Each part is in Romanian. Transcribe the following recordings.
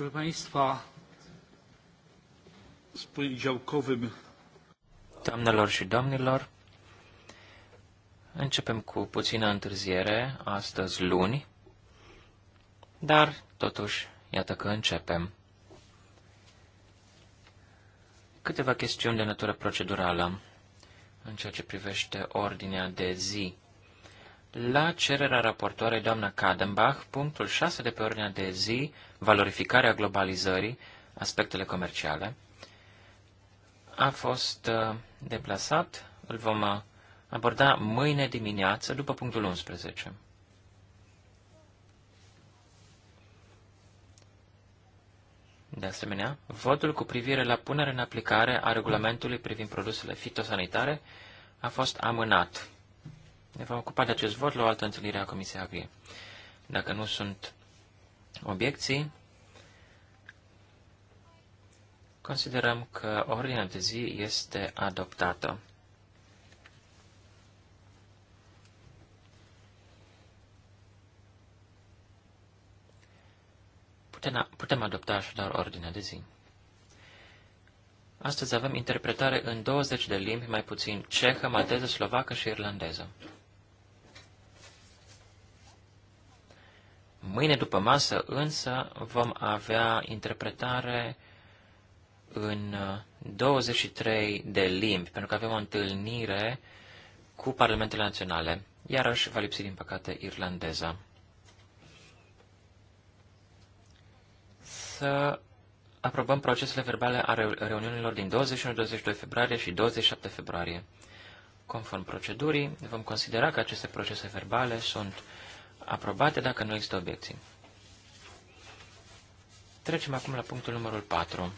Proszę Państwa, z poniedziałkowym... Doamnelor și domnilor, începem cu puțină întârziere, astăzi luni, dar totuși, iată că începem. Câteva chestiuni de natură procedurală în ceea ce privește ordinea de zi la cererea raportoarei doamna Kadenbach, punctul 6 de pe ordinea de zi, valorificarea globalizării, aspectele comerciale, a fost uh, deplasat, îl vom uh, aborda mâine dimineață, după punctul 11. De asemenea, votul cu privire la punerea în aplicare a regulamentului privind produsele fitosanitare a fost amânat ne va ocupa de acest vot la o altă întâlnire a Comisiei Agrie. Dacă nu sunt obiecții, considerăm că ordinea de zi este adoptată. Putem, putem adopta așadar ordinea de zi. Astăzi avem interpretare în 20 de limbi, mai puțin cehă, malteză, slovacă și irlandeză. Mâine după masă însă vom avea interpretare în 23 uh, de limbi, pentru că avem o întâlnire cu parlamentele naționale. Iarăși va lipsi, din păcate, irlandeza. Să aprobăm procesele verbale a reuniunilor din 21-22 februarie și 27 februarie. Conform procedurii, vom considera că aceste procese verbale sunt aprobate dacă nu există obiecții. Trecem acum la punctul numărul 4.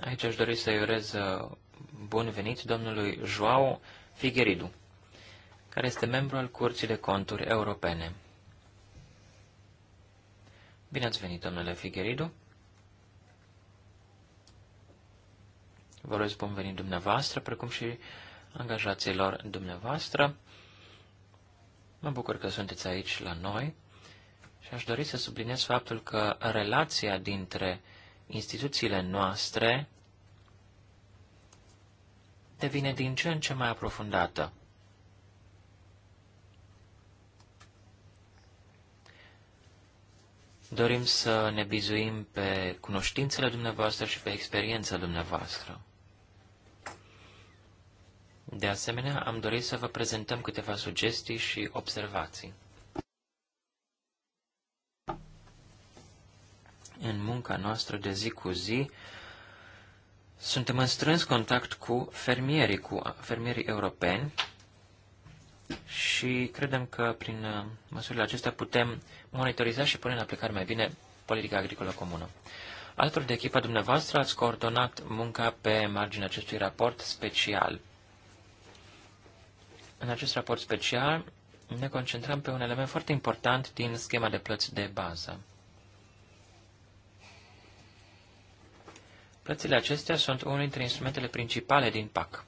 Aici aș dori să-i urez uh, bun venit domnului Joao Figueridu, care este membru al Curții de Conturi Europene. Bine ați venit, domnule Figueridu! Vă urez bun venit dumneavoastră, precum și angajaților dumneavoastră. Mă bucur că sunteți aici la noi și aș dori să subliniez faptul că relația dintre instituțiile noastre devine din ce în ce mai aprofundată. Dorim să ne bizuim pe cunoștințele dumneavoastră și pe experiența dumneavoastră. De asemenea, am dorit să vă prezentăm câteva sugestii și observații. În munca noastră de zi cu zi, suntem în strâns contact cu fermierii, cu fermierii europeni și credem că prin uh, măsurile acestea putem monitoriza și pune în aplicare mai bine politica agricolă comună. Alături de echipa dumneavoastră ați coordonat munca pe marginea acestui raport special în acest raport special ne concentrăm pe un element foarte important din schema de plăți de bază. Plățile acestea sunt unul dintre instrumentele principale din PAC.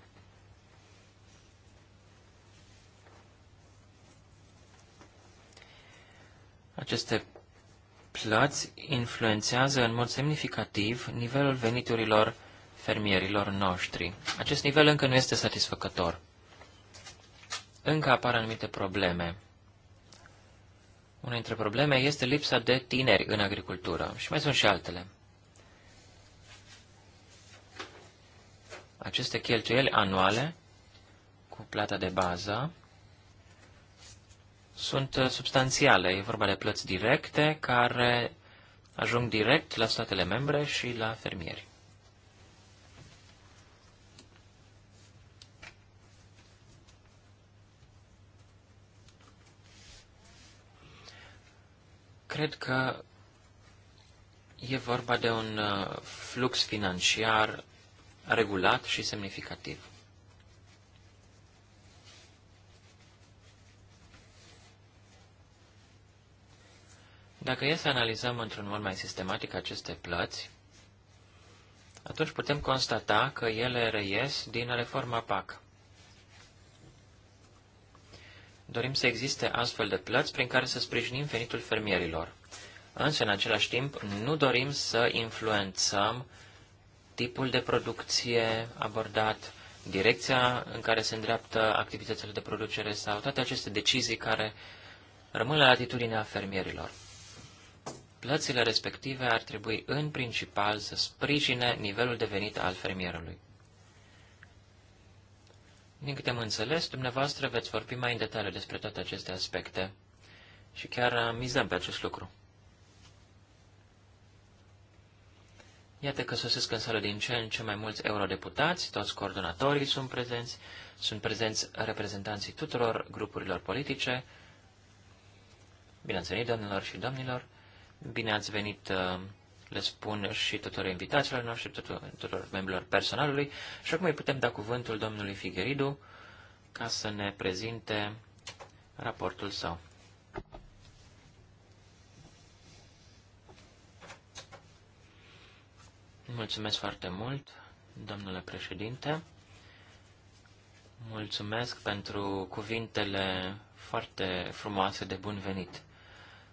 Aceste plăți influențează în mod semnificativ nivelul veniturilor fermierilor noștri. Acest nivel încă nu este satisfăcător încă apar anumite probleme. Una dintre probleme este lipsa de tineri în agricultură și mai sunt și altele. Aceste cheltuieli anuale cu plata de bază sunt uh, substanțiale. E vorba de plăți directe care ajung direct la statele membre și la fermieri. Cred că e vorba de un uh, flux financiar regulat și semnificativ. Dacă e să analizăm într-un mod mai sistematic aceste plăți, atunci putem constata că ele reies din reforma PAC. Dorim să existe astfel de plăți prin care să sprijinim venitul fermierilor. Însă, în același timp, nu dorim să influențăm tipul de producție abordat, direcția în care se îndreaptă activitățile de producere sau toate aceste decizii care rămân la latitudinea fermierilor. Plățile respective ar trebui în principal să sprijine nivelul de venit al fermierului. Din câte am înțeles, dumneavoastră veți vorbi mai în detaliu despre toate aceste aspecte și chiar mizăm pe acest lucru. Iată că sosesc în sală din ce în ce mai mulți eurodeputați, toți coordonatorii sunt prezenți, sunt prezenți reprezentanții tuturor grupurilor politice. Bine ați venit, domnilor și domnilor! Bine ați venit uh, le spun și tuturor invitațiilor noștri, tuturor, membrilor personalului. Și acum îi putem da cuvântul domnului Figeridu ca să ne prezinte raportul său. Mulțumesc foarte mult, domnule președinte. Mulțumesc pentru cuvintele foarte frumoase de bun venit.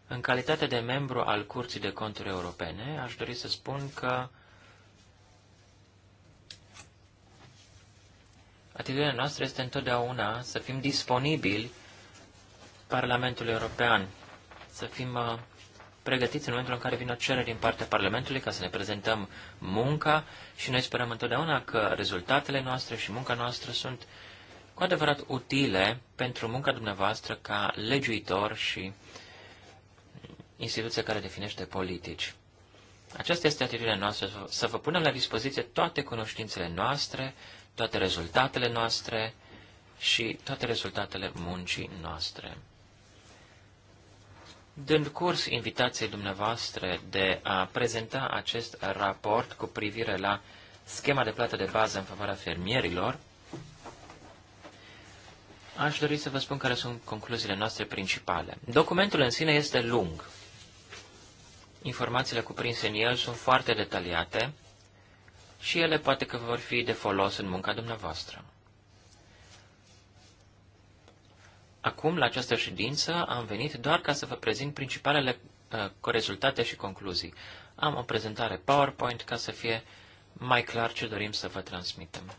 În calitate de membru al Curții de Conturi Europene, aș dori să spun că atitudinea noastră este întotdeauna să fim disponibili Parlamentului European, să fim uh, pregătiți în momentul în care vine o cerere din partea Parlamentului ca să ne prezentăm munca și noi sperăm întotdeauna că rezultatele noastre și munca noastră sunt cu adevărat utile pentru munca dumneavoastră ca legiuitor și uh, instituție care definește politici. Aceasta este atitudinea noastră, să vă punem la dispoziție toate cunoștințele noastre, toate rezultatele noastre și toate rezultatele muncii noastre. Dând curs invitației dumneavoastră de a prezenta acest raport cu privire la schema de plată de bază în favoarea fermierilor, aș dori să vă spun care sunt concluziile noastre principale. Documentul în sine este lung, informațiile cuprinse în el sunt foarte detaliate și ele poate că vor fi de folos în munca dumneavoastră. Acum, la această ședință, am venit doar ca să vă prezint principalele uh, rezultate și concluzii. Am o prezentare PowerPoint ca să fie mai clar ce dorim să vă transmitem.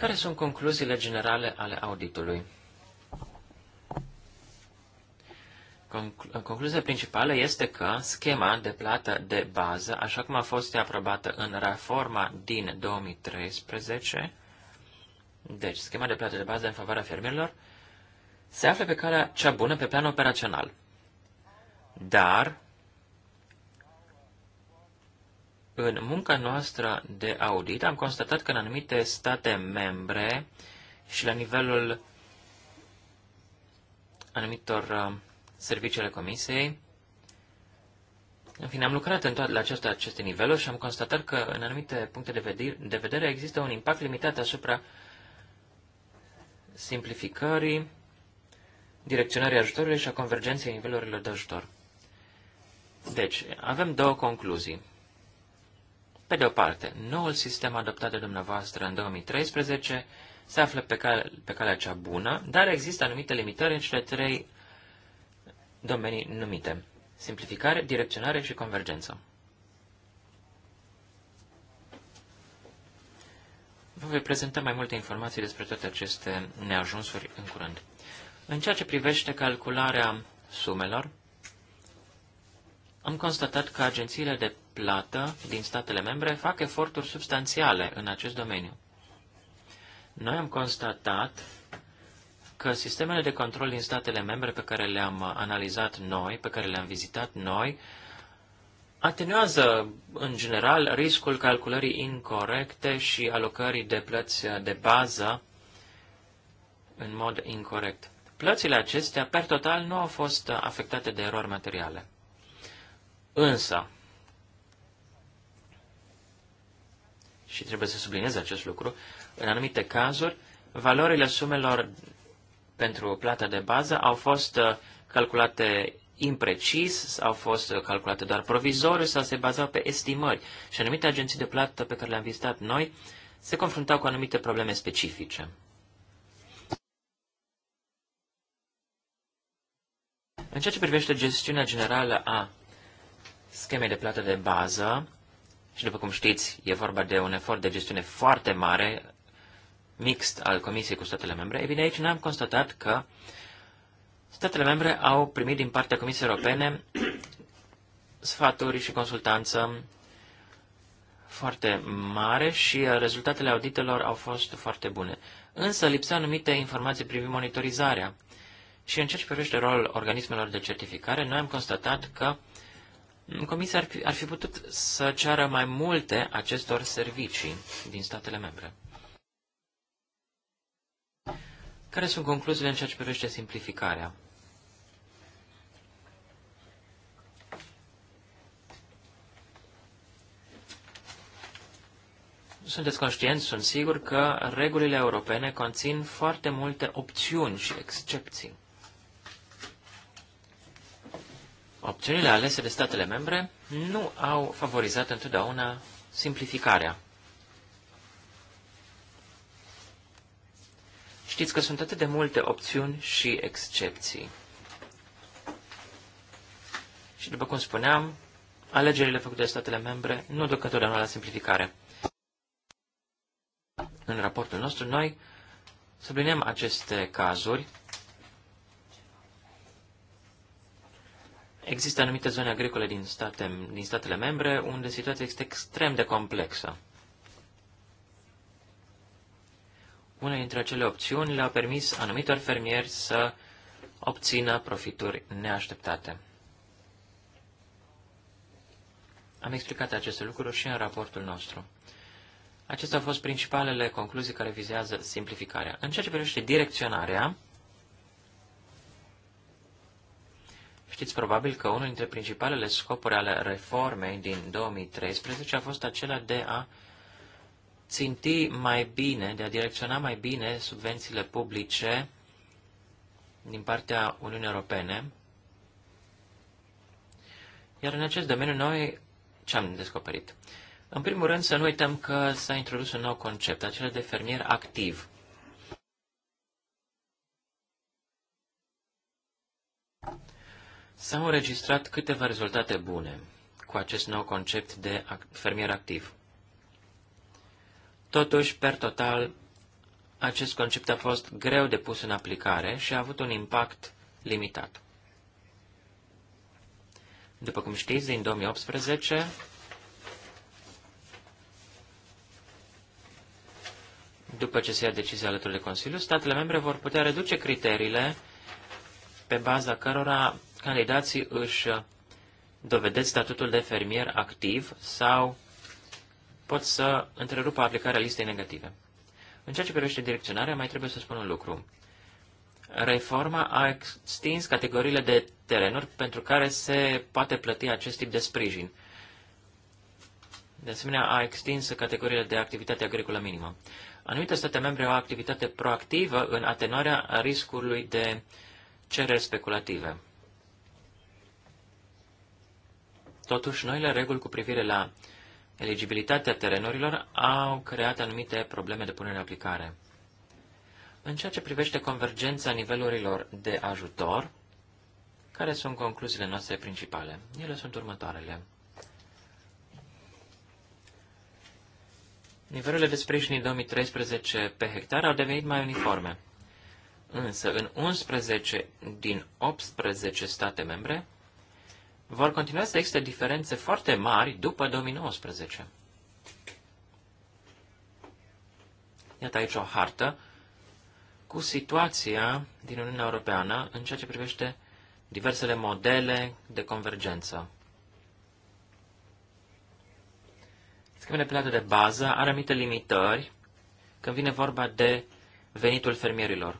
Care sunt concluziile generale ale auditului? Conclu concluzia principală este că schema de plată de bază, așa cum a fost aprobată în reforma din 2013, deci schema de plată de bază în favoarea fermierilor, se află pe calea cea bună pe plan operațional. Dar În munca noastră de audit am constatat că în anumite state membre și la nivelul anumitor uh, serviciile comisiei, în fine, am lucrat în toate la aceste, aceste niveluri și am constatat că în anumite puncte de vedere, de vedere există un impact limitat asupra simplificării, direcționării ajutorului și a convergenței nivelurilor de ajutor. Deci, avem două concluzii. Pe de o parte, noul sistem adoptat de dumneavoastră în 2013 se află pe, cal, pe calea cea bună, dar există anumite limitări în cele trei domenii numite. Simplificare, direcționare și convergență. Vă voi prezenta mai multe informații despre toate aceste neajunsuri în curând. În ceea ce privește calcularea sumelor, am constatat că agențiile de plată din statele membre fac eforturi substanțiale în acest domeniu. Noi am constatat că sistemele de control din statele membre pe care le-am analizat noi, pe care le-am vizitat noi, atenuează, în general, riscul calculării incorrecte și alocării de plăți de bază în mod incorrect. Plățile acestea, per total, nu au fost afectate de erori materiale. Însă, și trebuie să subliniez acest lucru, în anumite cazuri, valorile sumelor pentru plata de bază au fost uh, calculate imprecis, au fost uh, calculate doar provizoriu sau se bazau pe estimări. Și anumite agenții de plată pe care le-am vizitat noi se confruntau cu anumite probleme specifice. În ceea ce privește gestiunea generală a scheme de plată de bază, și după cum știți, e vorba de un efort de gestiune foarte mare, mixt al Comisiei cu statele membre, e bine, aici noi am constatat că statele membre au primit din partea Comisiei Europene sfaturi și consultanță foarte mare și rezultatele auditelor au fost foarte bune. Însă lipsea anumite informații privind monitorizarea. Și în ceea ce privește rolul organismelor de certificare, noi am constatat că Comisia ar fi, ar fi putut să ceară mai multe acestor servicii din statele membre. Care sunt concluziile în ceea ce privește simplificarea? Sunteți conștienți, sunt sigur, că regulile europene conțin foarte multe opțiuni și excepții. Opțiunile alese de statele membre nu au favorizat întotdeauna simplificarea. Știți că sunt atât de multe opțiuni și excepții. Și după cum spuneam, alegerile făcute de statele membre nu duc întotdeauna la simplificare. În raportul nostru, noi subliniem aceste cazuri Există anumite zone agricole din, state, din statele membre unde situația este extrem de complexă. Una dintre acele opțiuni le-a permis anumitor fermieri să obțină profituri neașteptate. Am explicat aceste lucruri și în raportul nostru. Acestea au fost principalele concluzii care vizează simplificarea. În ceea ce privește direcționarea, Știți probabil că unul dintre principalele scopuri ale reformei din 2013 a fost acela de a ținti mai bine, de a direcționa mai bine subvențiile publice din partea Uniunii Europene. Iar în acest domeniu noi ce am descoperit? În primul rând să nu uităm că s-a introdus un nou concept, acela de fermier activ. S-au înregistrat câteva rezultate bune cu acest nou concept de fermier activ. Totuși, per total, acest concept a fost greu de pus în aplicare și a avut un impact limitat. După cum știți, din 2018, după ce se ia decizia alături de Consiliu, statele membre vor putea reduce criteriile pe baza cărora candidații își uh, dovedesc statutul de fermier activ sau pot să întrerupă aplicarea listei negative. În ceea ce privește direcționarea, mai trebuie să spun un lucru. Reforma a extins categoriile de terenuri pentru care se poate plăti acest tip de sprijin. De asemenea, a extins categoriile de activitate agricolă minimă. Anumite state membre au activitate proactivă în atenuarea riscului de cereri speculative. Totuși, noile reguli cu privire la eligibilitatea terenurilor au creat anumite probleme de punere în aplicare. În ceea ce privește convergența nivelurilor de ajutor, care sunt concluziile noastre principale? Ele sunt următoarele. Nivelurile de sprijin din 2013 pe hectare au devenit mai uniforme. Însă, în 11 din 18 state membre, vor continua să existe diferențe foarte mari după 2019. Iată aici o hartă cu situația din Uniunea Europeană în ceea ce privește diversele modele de convergență. Schemele pilate de bază are anumite limitări când vine vorba de venitul fermierilor.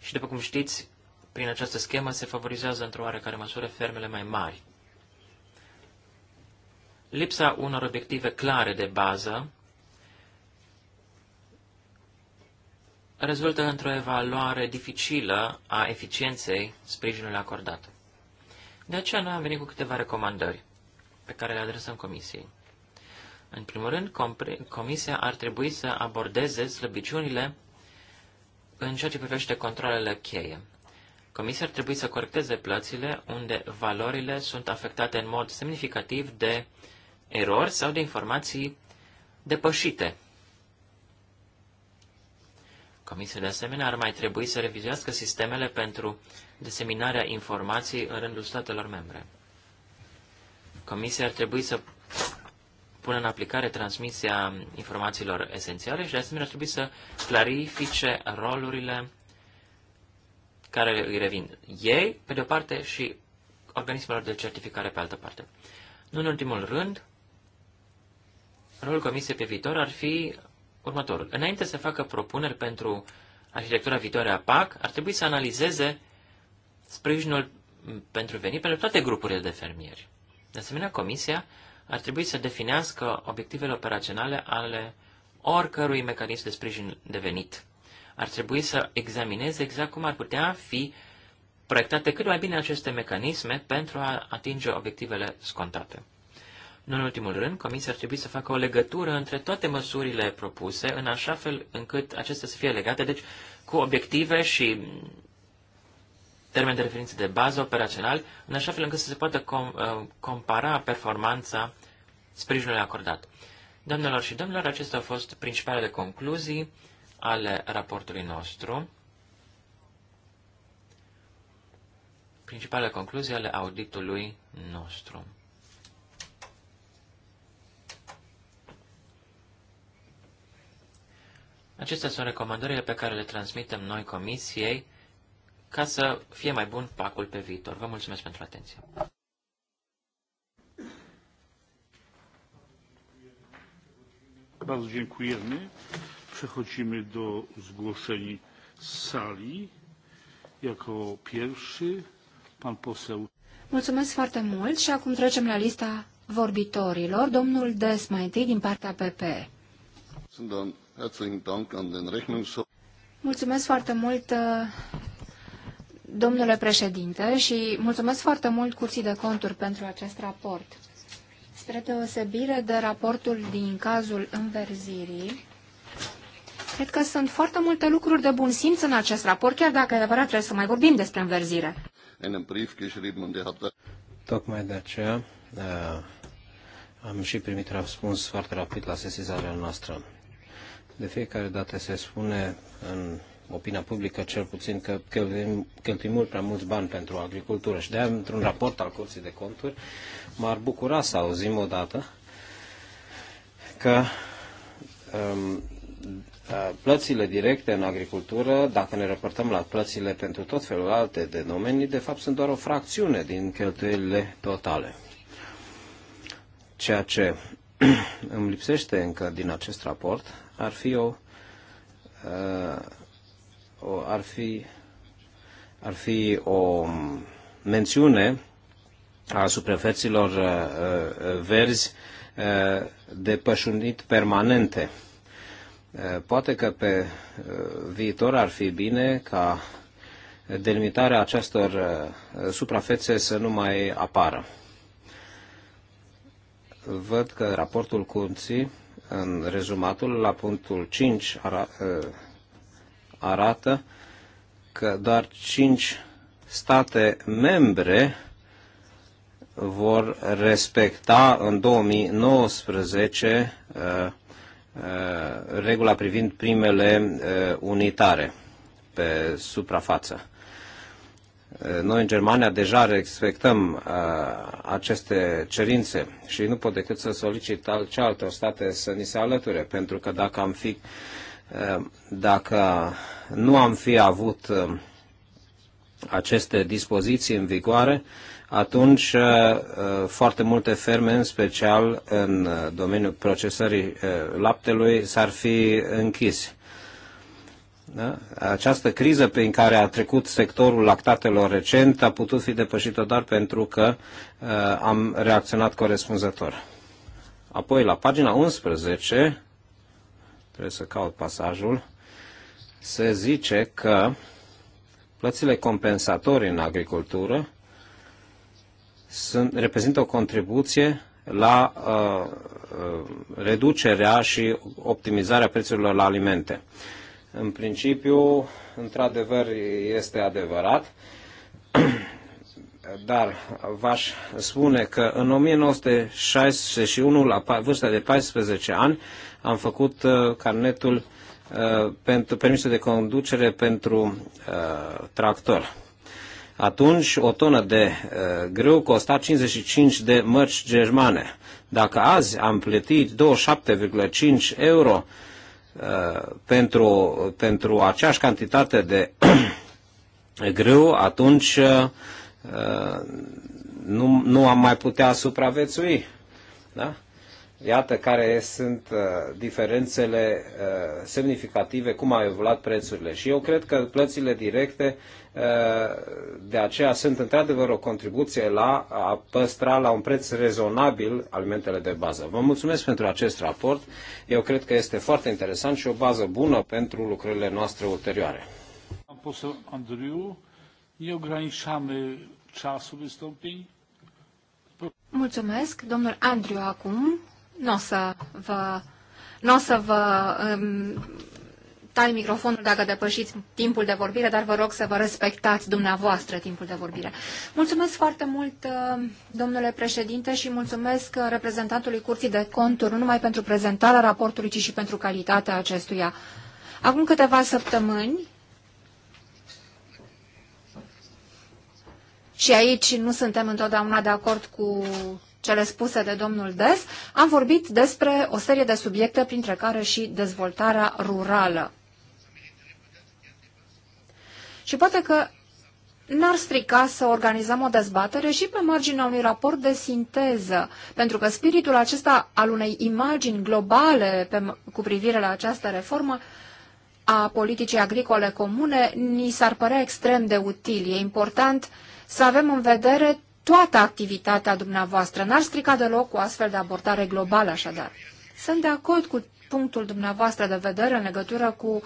Și după cum știți, prin această schemă se favorizează într-o oarecare măsură fermele mai mari. Lipsa unor obiective clare de bază rezultă într-o evaluare dificilă a eficienței sprijinului acordat. De aceea noi am venit cu câteva recomandări pe care le adresăm Comisiei. În primul rând, Comisia ar trebui să abordeze slăbiciunile în ceea ce privește controlele cheie. Comisia ar trebui să corecteze plățile unde valorile sunt afectate în mod semnificativ de erori sau de informații depășite. Comisia de asemenea ar mai trebui să revizuiască sistemele pentru diseminarea informației în rândul statelor membre. Comisia ar trebui să pună în aplicare transmisia informațiilor esențiale și de asemenea ar trebui să clarifice rolurile care îi revin ei, pe de o parte, și organismelor de certificare pe altă parte. Nu în ultimul rând, rolul comisiei pe viitor ar fi următorul. Înainte să facă propuneri pentru arhitectura viitoare a PAC, ar trebui să analizeze sprijinul pentru venit pentru toate grupurile de fermieri. De asemenea, comisia ar trebui să definească obiectivele operaționale ale oricărui mecanism de sprijin de venit. Ar trebui să examineze exact cum ar putea fi proiectate cât mai bine aceste mecanisme pentru a atinge obiectivele scontate. Nu în ultimul rând, Comisia ar trebui să facă o legătură între toate măsurile propuse, în așa fel încât acestea să fie legate, deci, cu obiective și termeni de referință de bază operațional, în așa fel încât să se poată com- uh, compara performanța sprijinului acordat. Doamnelor și domnilor, acestea au fost principalele concluzii ale raportului nostru. Principalele concluzii ale auditului nostru. Acestea sunt recomandările pe care le transmitem noi comisiei ca să fie mai bun pacul pe viitor. Vă mulțumesc pentru atenție. Bardzo dziękujemy. Przechodzimy do zgłoszeń z sali. Jako pierwszy pan poseł. Mulțumesc foarte mult și acum trecem la lista vorbitorilor. Domnul Des, mai întâi din partea PP. Sunt domn Mulțumesc foarte mult, uh, domnule președinte, și mulțumesc foarte mult Curții de Conturi pentru acest raport. Spre deosebire de raportul din cazul înverzirii, cred că sunt foarte multe lucruri de bun simț în acest raport, chiar dacă, adevărat, trebuie să mai vorbim despre înverzire. Tocmai de aceea, uh, am și primit răspuns foarte rapid la sesizarea noastră. De fiecare dată se spune în opinia publică cel puțin că cheltuim, cheltuim mult prea mulți bani pentru agricultură și de aia într-un raport al Curții de Conturi m-ar bucura să auzim odată că um, uh, plățile directe în agricultură, dacă ne raportăm la plățile pentru tot felul alte de domenii, de fapt sunt doar o fracțiune din cheltuielile totale. Ceea ce îmi lipsește încă din acest raport ar fi o, uh, o ar fi ar fi o mențiune a suprafețelor uh, uh, verzi de pășunit permanente. Poate că pe viitor ar fi bine ca delimitarea acestor suprafețe să nu mai apară. Văd că raportul Cunții în rezumatul la punctul 5 arată că doar 5 state membre vor respecta în 2019 regula privind primele unitare pe suprafață. Noi în Germania deja respectăm uh, aceste cerințe și nu pot decât să solicit cealaltă state să ni se alăture, pentru că dacă am fi uh, dacă nu am fi avut uh, aceste dispoziții în vigoare, atunci foarte multe ferme, în special în domeniul procesării laptelui, s-ar fi închis. Da? Această criză prin care a trecut sectorul lactatelor recent a putut fi depășită doar pentru că uh, am reacționat corespunzător. Apoi, la pagina 11, trebuie să caut pasajul, se zice că plățile compensatorii în agricultură sunt, reprezintă o contribuție la uh, uh, reducerea și optimizarea prețurilor la alimente. Uh, în principiu, într-adevăr, este adevărat, dar v-aș spune că în 1961, la vârsta de 14 ani, am făcut uh, carnetul uh, pentru permisul de conducere pentru uh, tractor. Atunci o tonă de uh, grâu costa 55 de mărci germane. Dacă azi am plătit 27,5 euro Uh, pentru, pentru aceeași cantitate de grâu, atunci uh, uh, nu, nu am mai putea supraviețui. Da? Iată care sunt uh, diferențele uh, semnificative, cum au evoluat prețurile. Și eu cred că plățile directe uh, de aceea sunt într-adevăr o contribuție la a păstra la un preț rezonabil alimentele de bază. Vă mulțumesc pentru acest raport. Eu cred că este foarte interesant și o bază bună pentru lucrările noastre ulterioare. Am pus Andriu, ne ograniczamy ceasul Mulțumesc. Domnul Andriu acum, nu o să vă, nu o să vă um, tai microfonul dacă depășiți timpul de vorbire, dar vă rog să vă respectați dumneavoastră timpul de vorbire. Mulțumesc foarte mult, uh, domnule președinte, și mulțumesc uh, reprezentantului Curții de Conturi, nu numai pentru prezentarea raportului, ci și pentru calitatea acestuia. Acum câteva săptămâni, și aici nu suntem întotdeauna de acord cu cele spuse de domnul Des, am vorbit despre o serie de subiecte, printre care și dezvoltarea rurală. Și poate că n-ar strica să organizăm o dezbatere și pe marginea unui raport de sinteză, pentru că spiritul acesta al unei imagini globale pe, cu privire la această reformă a politicii agricole comune ni s-ar părea extrem de util. E important să avem în vedere toată activitatea dumneavoastră. N-ar strica deloc o astfel de abordare globală, așadar. Sunt de acord cu punctul dumneavoastră de vedere în legătură cu uh,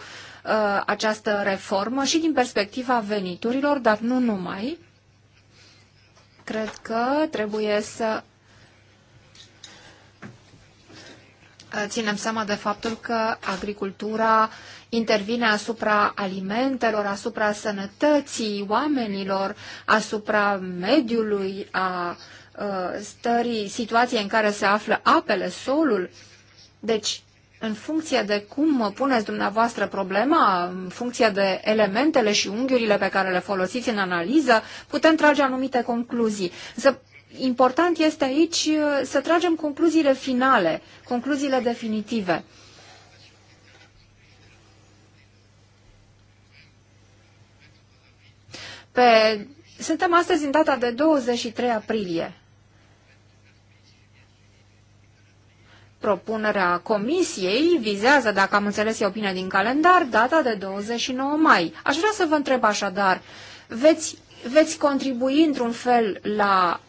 această reformă și din perspectiva veniturilor, dar nu numai. Cred că trebuie să Uh, ținem seama de faptul că agricultura intervine asupra alimentelor, asupra sănătății oamenilor, asupra mediului, a uh, stării, situației în care se află apele, solul. Deci, în funcție de cum puneți dumneavoastră problema, în funcție de elementele și unghiurile pe care le folosiți în analiză, putem trage anumite concluzii. Însă important este aici uh, să tragem concluziile finale, concluziile definitive. Pe... Suntem astăzi în data de 23 aprilie. Propunerea comisiei vizează, dacă am înțeles eu bine din calendar, data de 29 mai. Aș vrea să vă întreb așadar, veți veți contribui într-un fel la,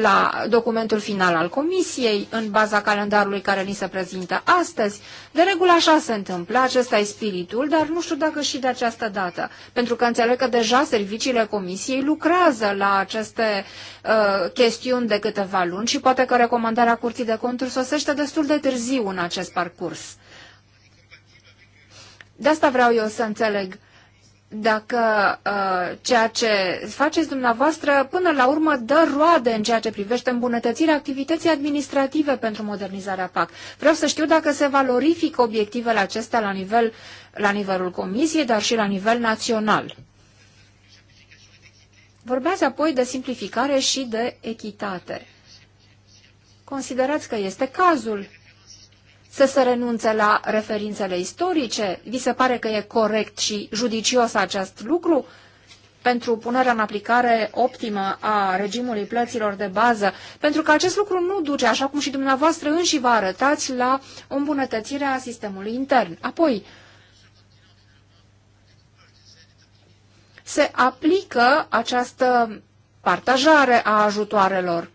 la documentul final al comisiei, în baza calendarului care ni se prezintă astăzi. De regulă așa se întâmplă, acesta e spiritul, dar nu știu dacă și de această dată, pentru că înțeleg că deja serviciile comisiei lucrează la aceste uh, chestiuni de câteva luni și poate că recomandarea Curții de Conturi sosește destul de târziu în acest parcurs. De asta vreau eu să înțeleg dacă uh, ceea ce faceți dumneavoastră până la urmă dă roade în ceea ce privește îmbunătățirea activității administrative pentru modernizarea PAC. Vreau să știu dacă se valorifică obiectivele acestea la, nivel, la nivelul comisiei, dar și la nivel național. Vorbeați apoi de simplificare și de echitate. Considerați că este cazul să se renunțe la referințele istorice? Vi se pare că e corect și judicios acest lucru? pentru punerea în aplicare optimă a regimului plăților de bază, pentru că acest lucru nu duce, așa cum și dumneavoastră înși vă arătați, la o îmbunătățire a sistemului intern. Apoi, se aplică această partajare a ajutoarelor.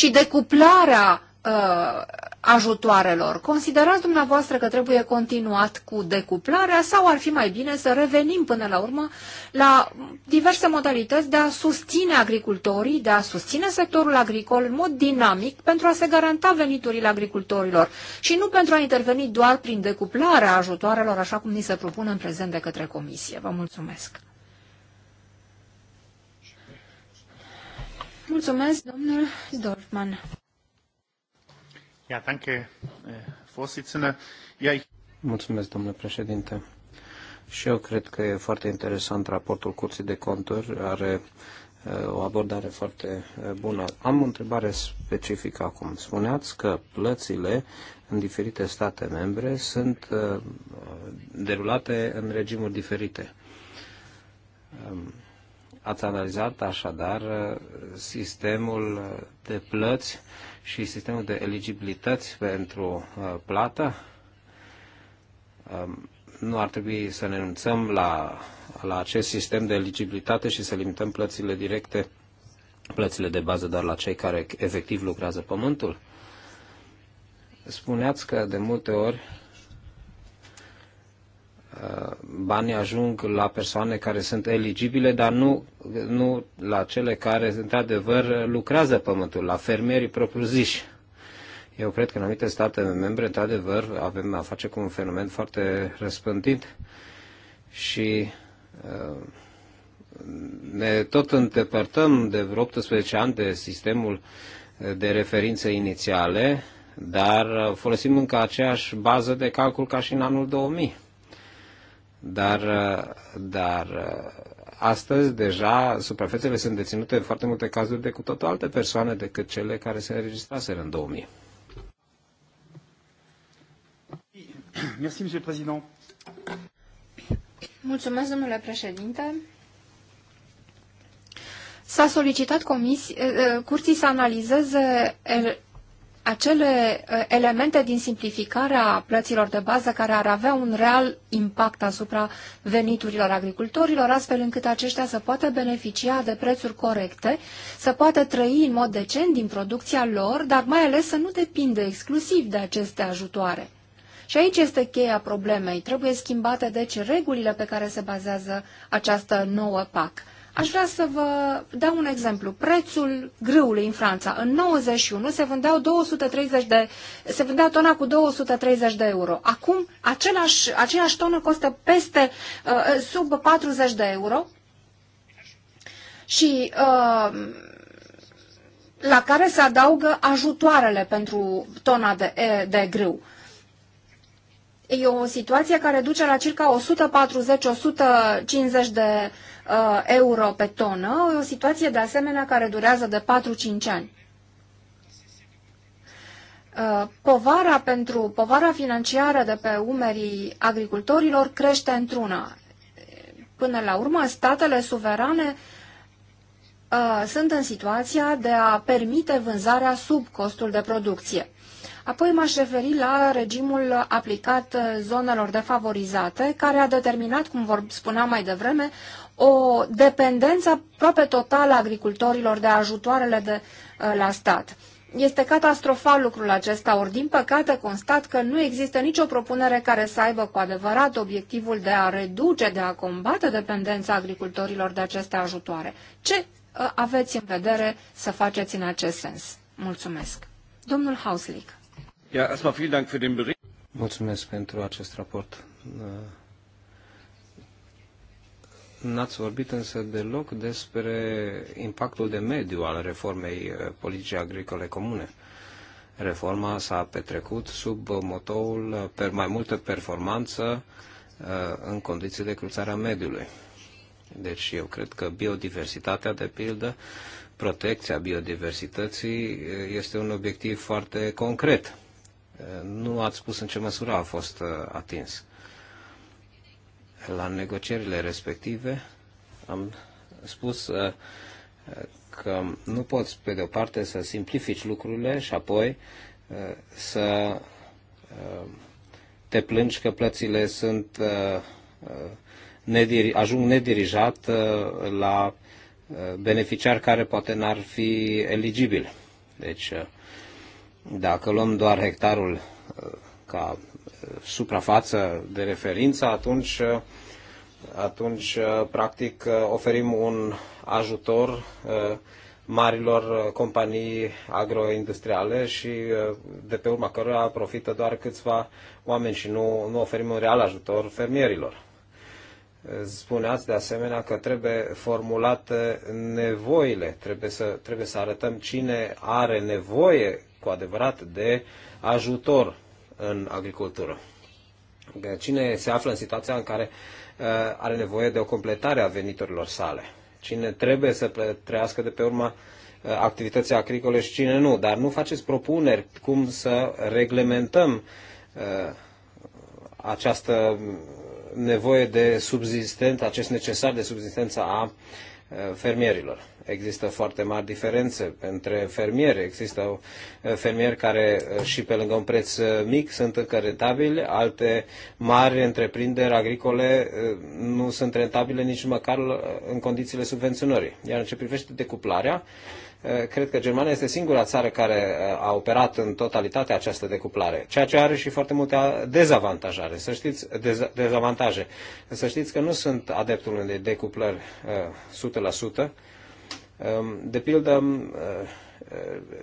și decuplarea uh, ajutoarelor. Considerați dumneavoastră că trebuie continuat cu decuplarea sau ar fi mai bine să revenim până la urmă la diverse modalități de a susține agricultorii, de a susține sectorul agricol în mod dinamic pentru a se garanta veniturile agricultorilor și nu pentru a interveni doar prin decuplarea ajutoarelor așa cum ni se propune în prezent de către Comisie. Vă mulțumesc! Mulțumesc, domnul Dorfman. Ja, eh, Ja, Mulțumesc, domnule președinte. Și eu cred că e foarte interesant raportul Curții de Conturi. Are eh, o abordare foarte eh, bună. Am o întrebare specifică acum. Spuneați că plățile în diferite state membre sunt derulate în regimuri diferite. Ați analizat așadar uh, sistemul de plăți și sistemul de eligibilități pentru uh, plată. Um, nu ar trebui să ne renunțăm la, la acest sistem de eligibilitate și să limităm plățile directe, plățile de bază doar la cei care efectiv lucrează pământul? Spuneați că de multe ori Uh, banii ajung la persoane care sunt eligibile, dar nu, nu la cele care, într-adevăr, lucrează pământul, la fermierii propriu-ziși. Eu cred că în anumite state membre, într-adevăr, avem a face cu un fenomen foarte răspândit și uh, ne tot îndepărtăm de vreo 18 ani de sistemul de referințe inițiale, dar folosim încă aceeași bază de calcul ca și în anul 2000 dar, dar astăzi deja suprafețele sunt deținute în foarte multe cazuri de cu totul alte persoane decât cele care se înregistraseră în 2000. Mulțumesc, domnule președinte. S-a solicitat comisi... Eh, eh, curții să analizeze acele uh, elemente din simplificarea plăților de bază care ar avea un real impact asupra veniturilor agricultorilor, astfel încât aceștia să poată beneficia de prețuri corecte, să poată trăi în mod decent din producția lor, dar mai ales să nu depindă exclusiv de aceste ajutoare. Și aici este cheia problemei. Trebuie schimbate, deci, regulile pe care se bazează această nouă PAC. Aș vrea să vă dau un exemplu. Prețul grâului în Franța în 91 se vândeau 230 de, se vândea tona cu 230 de euro. Acum același, aceeași tonă costă peste uh, sub 40 de euro și uh, la care se adaugă ajutoarele pentru tona de, de grâu. E o situație care duce la circa 140-150 de Uh, euro pe tonă, o situație de asemenea care durează de 4-5 ani. Uh, povara, pentru, povara financiară de pe umerii agricultorilor crește într-una. Până la urmă, statele suverane uh, sunt în situația de a permite vânzarea sub costul de producție. Apoi m-aș referi la regimul aplicat uh, zonelor defavorizate, care a determinat, cum vor spunea mai devreme, o dependență aproape totală a agricultorilor de ajutoarele de ă, la stat. Este catastrofal lucrul acesta, ori din păcate constat că nu există nicio propunere care să aibă cu adevărat obiectivul de a reduce, de a combate dependența agricultorilor de aceste ajutoare. Ce ă, aveți în vedere să faceți în acest sens? Mulțumesc. Domnul Hauslick. Mulțumesc pentru acest raport n-ați vorbit însă deloc despre impactul de mediu al reformei uh, politicii agricole comune. Reforma s-a petrecut sub uh, motoul uh, per mai multă performanță în condiții de cruțare a mediului. Deci eu cred că biodiversitatea, de pildă, protecția biodiversității este un obiectiv foarte concret. Nu ați spus în ce măsură a fost atins la negocierile respective am spus uh, că nu poți, pe de o parte, să simplifici lucrurile și apoi uh, să uh, te plângi că plățile sunt, ajung nedirijat la beneficiar care poate n-ar fi eligibil. Deci, dacă luăm doar hectarul ca suprafață de referință, atunci, atunci practic oferim un ajutor uh, marilor companii agroindustriale și uh, de pe urma cărora profită doar câțiva oameni și nu, nu oferim un real ajutor fermierilor. Spuneați de asemenea că trebuie formulate nevoile, trebuie să, trebuie să arătăm cine are nevoie cu adevărat de ajutor în agricultură. Cine se află în situația în care uh, are nevoie de o completare a veniturilor sale? Cine trebuie să trăiască de pe urma uh, activității agricole și cine nu? Dar nu faceți propuneri cum să reglementăm uh, această nevoie de subzistență, acest necesar de subzistență a fermierilor. Există foarte mari diferențe între fermieri. Există uh, fermieri care uh, și pe lângă un preț uh, mic sunt încă rentabili, alte mari întreprinderi agricole nu sunt rentabile nici măcar în condițiile subvenționării. Iar în ce privește decuplarea, cred că Germania este singura țară care a operat în totalitate această decuplare, ceea ce are și foarte multe dezavantajare, să știți, dez, dezavantaje. Să știți că nu sunt adeptul unei decuplări 100%, Ehm, de pildă, eh,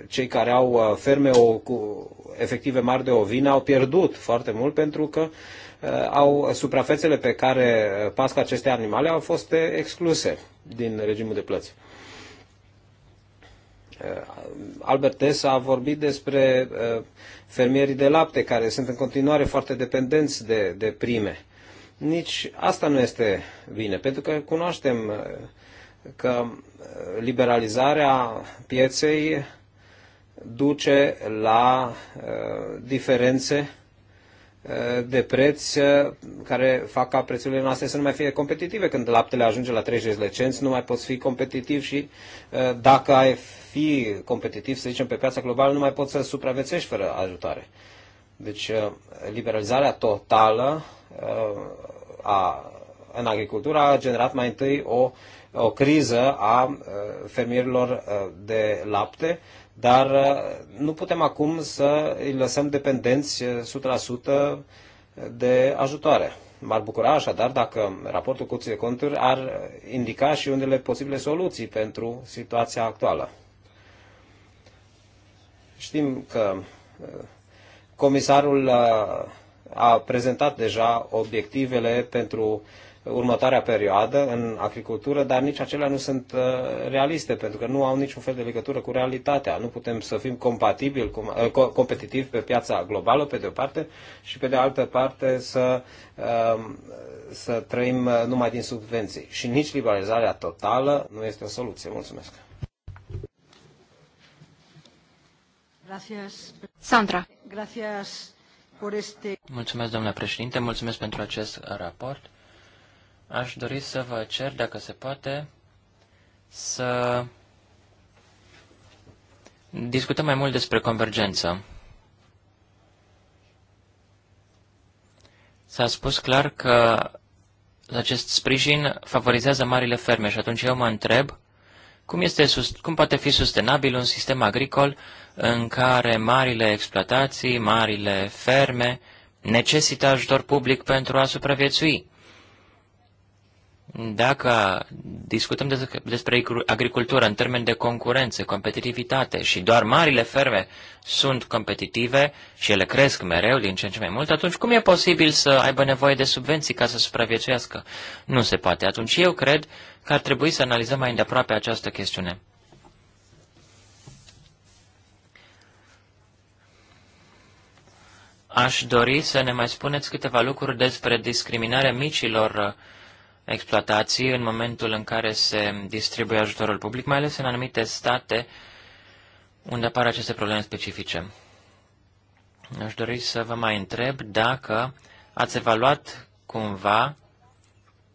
cei care au eh, ferme cu efective mari de ovine au pierdut foarte mult pentru că eh, au suprafețele pe care pasc aceste animale au fost excluse din regimul de plăți. Albert Tess a vorbit despre fermierii de lapte care sunt în continuare foarte dependenți de, de prime. Nici asta nu este bine, pentru că cunoaștem uh, că uh, liberalizarea pieței duce la uh, diferențe uh, de preț care fac ca prețurile noastre să nu mai fie competitive. Când laptele ajunge la 30 de cenți, nu mai poți fi competitiv și dacă ai fi competitiv, să zicem, pe piața globală, nu mai poți să supraviețești fără ajutare. Deci, liberalizarea totală a, în agricultură a generat mai întâi o uh, o criză a uh, fermierilor uh, de lapte, dar uh, nu putem acum să îi lăsăm dependenți 100% de ajutoare. M-ar bucura așadar dacă raportul Curții de Conturi ar indica și unele posibile soluții pentru situația actuală. Știm că comisarul a prezentat deja obiectivele pentru uh, următoarea perioadă în agricultură, dar nici acelea nu sunt uh, realiste, pentru că nu au niciun fel de legătură cu realitatea. Nu putem să fim compatibili, uh, competitivi pe piața globală, pe de o parte, și pe de altă parte să, uh, să trăim numai din subvenții. Și nici liberalizarea totală nu este o soluție. Mulțumesc! Sandra. Mulțumesc, domnule președinte, mulțumesc pentru acest raport aș dori să vă cer, dacă se poate, să discutăm mai mult despre convergență. S-a spus clar că acest sprijin favorizează marile ferme și atunci eu mă întreb cum, este, cum poate fi sustenabil un sistem agricol în care marile exploatații, marile ferme necesită ajutor public pentru a supraviețui. Dacă discutăm despre agricultură în termeni de concurență, competitivitate și doar marile ferme sunt competitive și ele cresc mereu din ce în ce mai mult, atunci cum e posibil să aibă nevoie de subvenții ca să supraviețuiască? Nu se poate. Atunci eu cred că ar trebui să analizăm mai îndeaproape această chestiune. Aș dori să ne mai spuneți câteva lucruri despre discriminarea micilor exploatații în momentul în care se distribuie ajutorul public, mai ales în anumite state unde apar aceste probleme specifice. Aș dori să vă mai întreb dacă ați evaluat cumva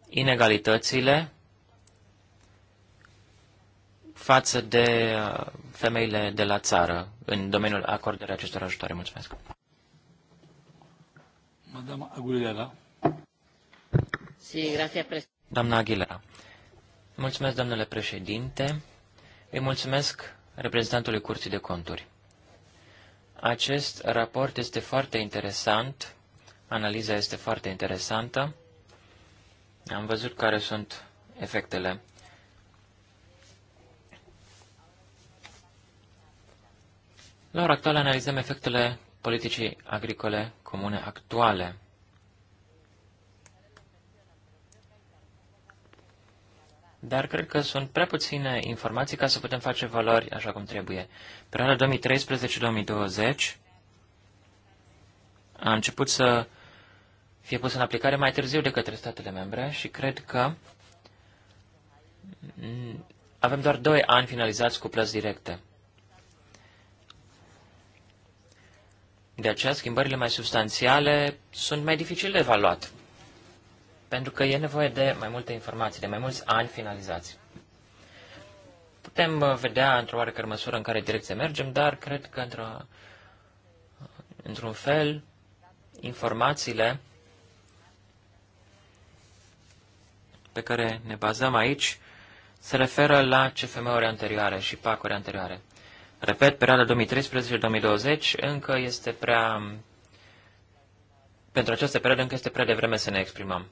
inegalitățile față de uh, femeile de la țară în domeniul acordării acestor ajutoare. Mulțumesc. Madame Aguilera. Doamna Aguilera. Mulțumesc, domnule președinte. Îi mulțumesc reprezentantului Curții de Conturi. Acest raport este foarte interesant, analiza este foarte interesantă. Am văzut care sunt efectele. La ora actuală analizăm efectele politicii agricole comune actuale. dar cred că sunt prea puține informații ca să putem face valori așa cum trebuie. Perioada 2013-2020 a început să fie pusă în aplicare mai târziu de către statele membre și cred că avem doar 2 ani finalizați cu plăți directe. De aceea, schimbările mai substanțiale sunt mai dificil de evaluat pentru că e nevoie de mai multe informații, de mai mulți ani finalizați. Putem uh, vedea într-o oarecare măsură în care direcție mergem, dar cred că într-o, uh, într-un fel informațiile pe care ne bazăm aici se referă la CFM-uri anterioare și PAC-uri anterioare. Repet, perioada 2013-2020 încă este prea... Pentru această perioadă încă este prea devreme să ne exprimăm.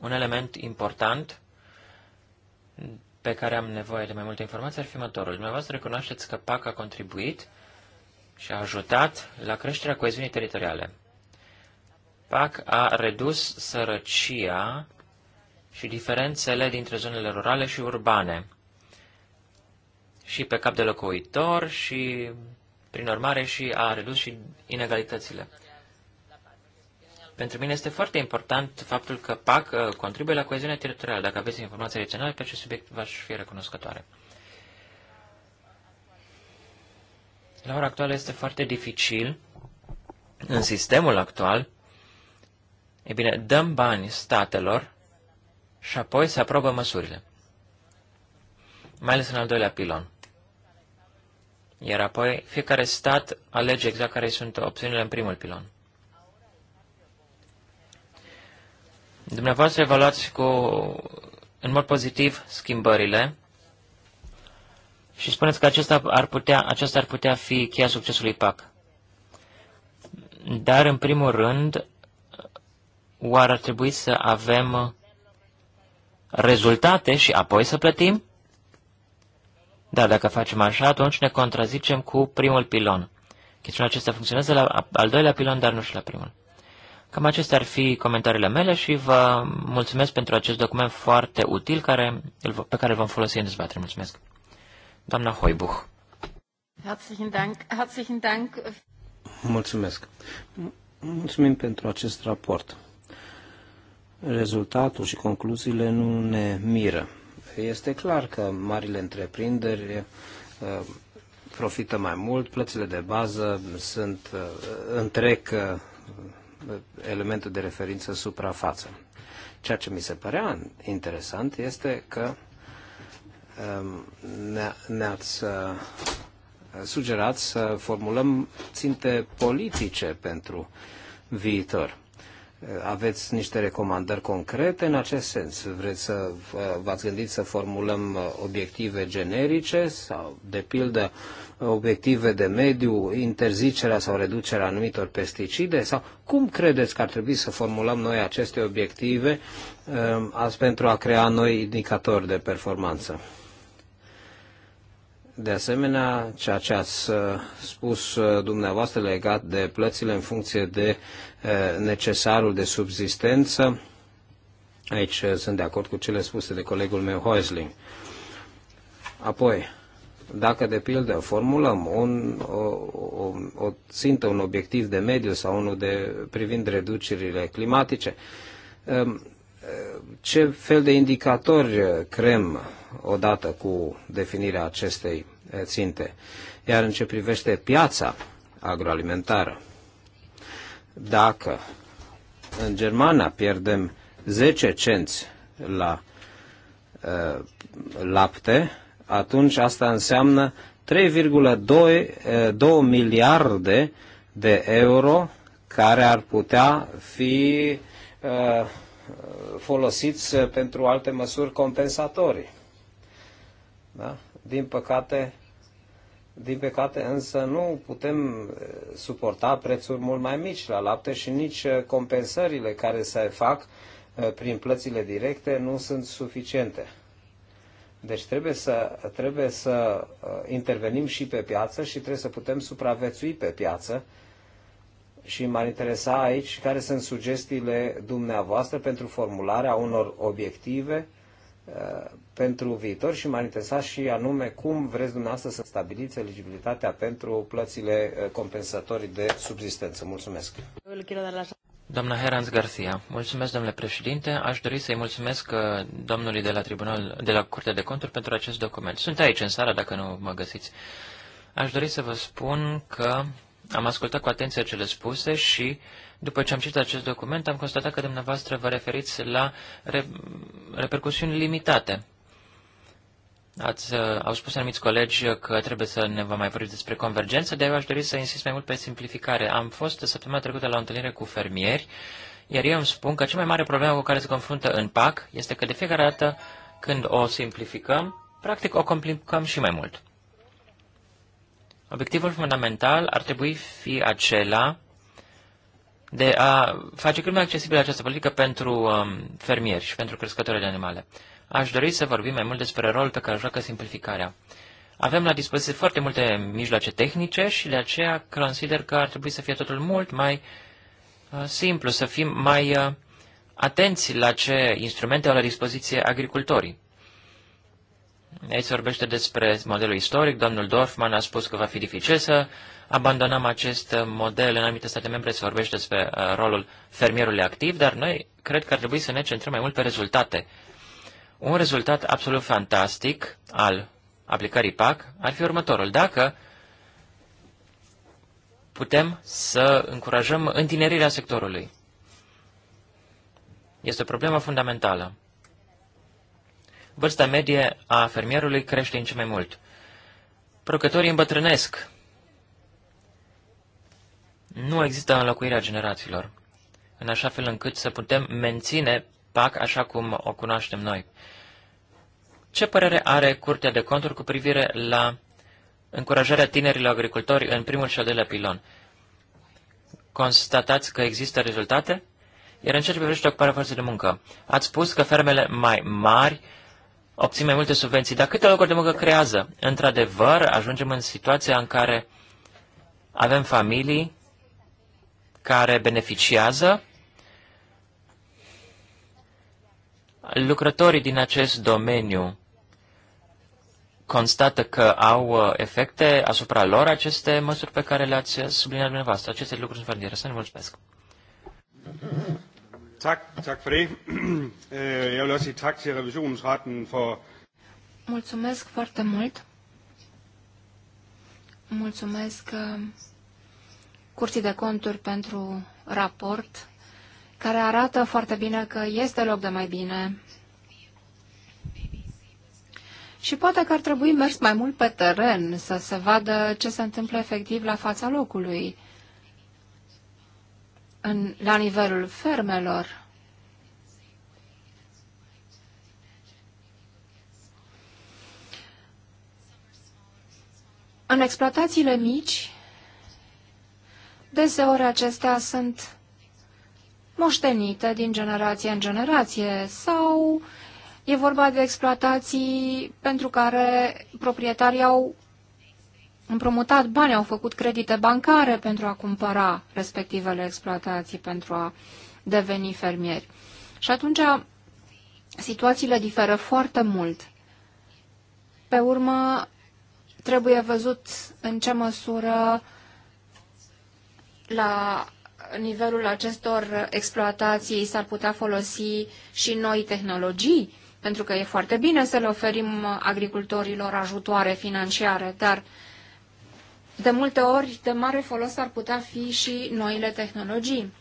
Un element important pe care am nevoie de mai multe informații ar fi următorul. Dumneavoastră recunoașteți că PAC a contribuit și a ajutat la creșterea coeziunii teritoriale. PAC a redus sărăcia și diferențele dintre zonele rurale și urbane, și pe cap de locuitor, și, prin urmare, și a redus și inegalitățile. Pentru mine este foarte important faptul că PAC uh, contribuie la coeziunea teritorială. Dacă aveți informații adiționale pe acest subiect, v-aș fi recunoscătoare. La ora actuală este foarte dificil, în sistemul actual, e bine, dăm bani statelor și apoi se aprobă măsurile. Mai ales în al doilea pilon. Iar apoi fiecare stat alege exact care sunt opțiunile în primul pilon. Dumneavoastră evaluați cu, în mod pozitiv schimbările și spuneți că acesta ar putea, acesta ar putea fi cheia succesului PAC. Dar, în primul rând, oare ar trebui să avem rezultate și apoi să plătim? Da, dacă facem așa, atunci ne contrazicem cu primul pilon. Chestiunea acesta funcționează la al doilea pilon, dar nu și la primul. Cam acestea ar fi comentariile mele și vă mulțumesc pentru acest document foarte util care, pe care îl vom folosi în dezbatere. Mulțumesc. Doamna Hoibuch. Mulțumesc. Mulțumim pentru acest raport. Rezultatul și concluziile nu ne miră. Este clar că marile întreprinderi eh, profită mai mult, plățile de bază sunt eh, întreg eh, elementul de referință suprafață. Ceea ce mi se părea interesant este că um, ne-ați uh, sugerat să formulăm ținte politice pentru viitor. Aveți niște recomandări concrete în acest sens? Vreți să uh, v-ați gândit să formulăm uh, obiective generice sau, de pildă, obiective de mediu, interzicerea sau reducerea anumitor pesticide? Sau cum credeți că ar trebui să formulăm noi aceste obiective uh, pentru a crea noi indicatori de performanță? De asemenea, ceea ce ați uh, spus uh, dumneavoastră legat de plățile în funcție de uh, necesarul de subzistență, aici sunt de acord cu cele spuse de colegul meu Hoisling. Apoi, dacă, de pildă, formulăm un, o, o, o țintă, un obiectiv de mediu sau unul de privind reducerile climatice, um, ce fel de indicatori creăm odată cu definirea acestei eh, ținte? Iar în ce privește piața agroalimentară, dacă în Germania pierdem 10 cenți la uh, lapte, atunci asta înseamnă 3,2 eh, miliarde de euro care ar putea fi eh, folosiți pentru alte măsuri compensatorii. Da? Din păcate, din păcate însă nu putem eh, suporta prețuri mult mai mici la lapte și nici compensările care se fac prin plățile directe nu sunt suficiente. Deci trebuie să, trebuie să uh, intervenim și pe piață și trebuie să putem supraviețui pe piață. Și m-ar interesa aici care sunt sugestiile dumneavoastră pentru formularea unor obiective uh, pentru viitor și m-ar interesa și anume cum vreți dumneavoastră să stabiliți eligibilitatea pentru plățile uh, compensatorii de subsistență. Mulțumesc! Doamna Herans Garcia, mulțumesc, domnule președinte. Aș dori să-i mulțumesc uh, domnului de la, Tribunal, de la Curtea de Conturi pentru acest document. Sunt aici, în sală, dacă nu mă găsiți. Aș dori să vă spun că am ascultat cu atenție cele spuse și, după ce am citit acest document, am constatat că dumneavoastră vă referiți la re- repercusiuni limitate. Ați, uh, au spus anumiți colegi că trebuie să ne vă mai vorbiți despre convergență, de eu aș dori să insist mai mult pe simplificare. Am fost săptămâna trecută la o întâlnire cu fermieri, iar eu îmi spun că cea mai mare problemă cu care se confruntă în PAC este că de fiecare dată când o simplificăm, practic o complicăm și mai mult. Obiectivul fundamental ar trebui fi acela de a face cât mai accesibilă această politică pentru um, fermieri și pentru crescătorii de animale aș dori să vorbim mai mult despre rolul pe care joacă simplificarea. Avem la dispoziție foarte multe mijloace tehnice și de aceea consider că ar trebui să fie totul mult mai uh, simplu, să fim mai uh, atenți la ce instrumente au la dispoziție agricultorii. Aici se vorbește despre modelul istoric. Domnul Dorfman a spus că va fi dificil să abandonăm acest uh, model. În anumite state membre se vorbește despre rolul fermierului activ, dar noi cred că ar trebui să ne centrăm mai mult pe rezultate un rezultat absolut fantastic al aplicării PAC ar fi următorul. Dacă putem să încurajăm întinerirea sectorului. Este o problemă fundamentală. Vârsta medie a fermierului crește în ce mai mult. Procătorii îmbătrânesc. Nu există înlocuirea generațiilor, în așa fel încât să putem menține PAC așa cum o cunoaștem noi. Ce părere are Curtea de Conturi cu privire la încurajarea tinerilor agricultori în primul și al doilea pilon? Constatați că există rezultate? Iar în ceea ce privește ocuparea forței de muncă, ați spus că fermele mai mari obțin mai multe subvenții, dar câte locuri de muncă creează? Într-adevăr, ajungem în situația în care avem familii care beneficiază lucrătorii din acest domeniu constată că au uh, efecte asupra lor aceste măsuri pe care le-ați subliniat dumneavoastră. Aceste lucruri sunt foarte interesante. Mulțumesc! Øh, Mulțumesc foarte mult. Mulțumesc uh, Curții de Conturi pentru raport care arată foarte bine că este loc de mai bine. Și poate că ar trebui mers mai mult pe teren, să se vadă ce se întâmplă efectiv la fața locului, în, la nivelul fermelor. În exploatațiile mici, deseori acestea sunt moștenite din generație în generație sau e vorba de exploatații pentru care proprietarii au împrumutat bani, au făcut credite bancare pentru a cumpăra respectivele exploatații, pentru a deveni fermieri. Și atunci situațiile diferă foarte mult. Pe urmă, trebuie văzut în ce măsură la nivelul acestor exploatații s-ar putea folosi și noi tehnologii, pentru că e foarte bine să le oferim agricultorilor ajutoare financiare, dar de multe ori de mare folos ar putea fi și noile tehnologii.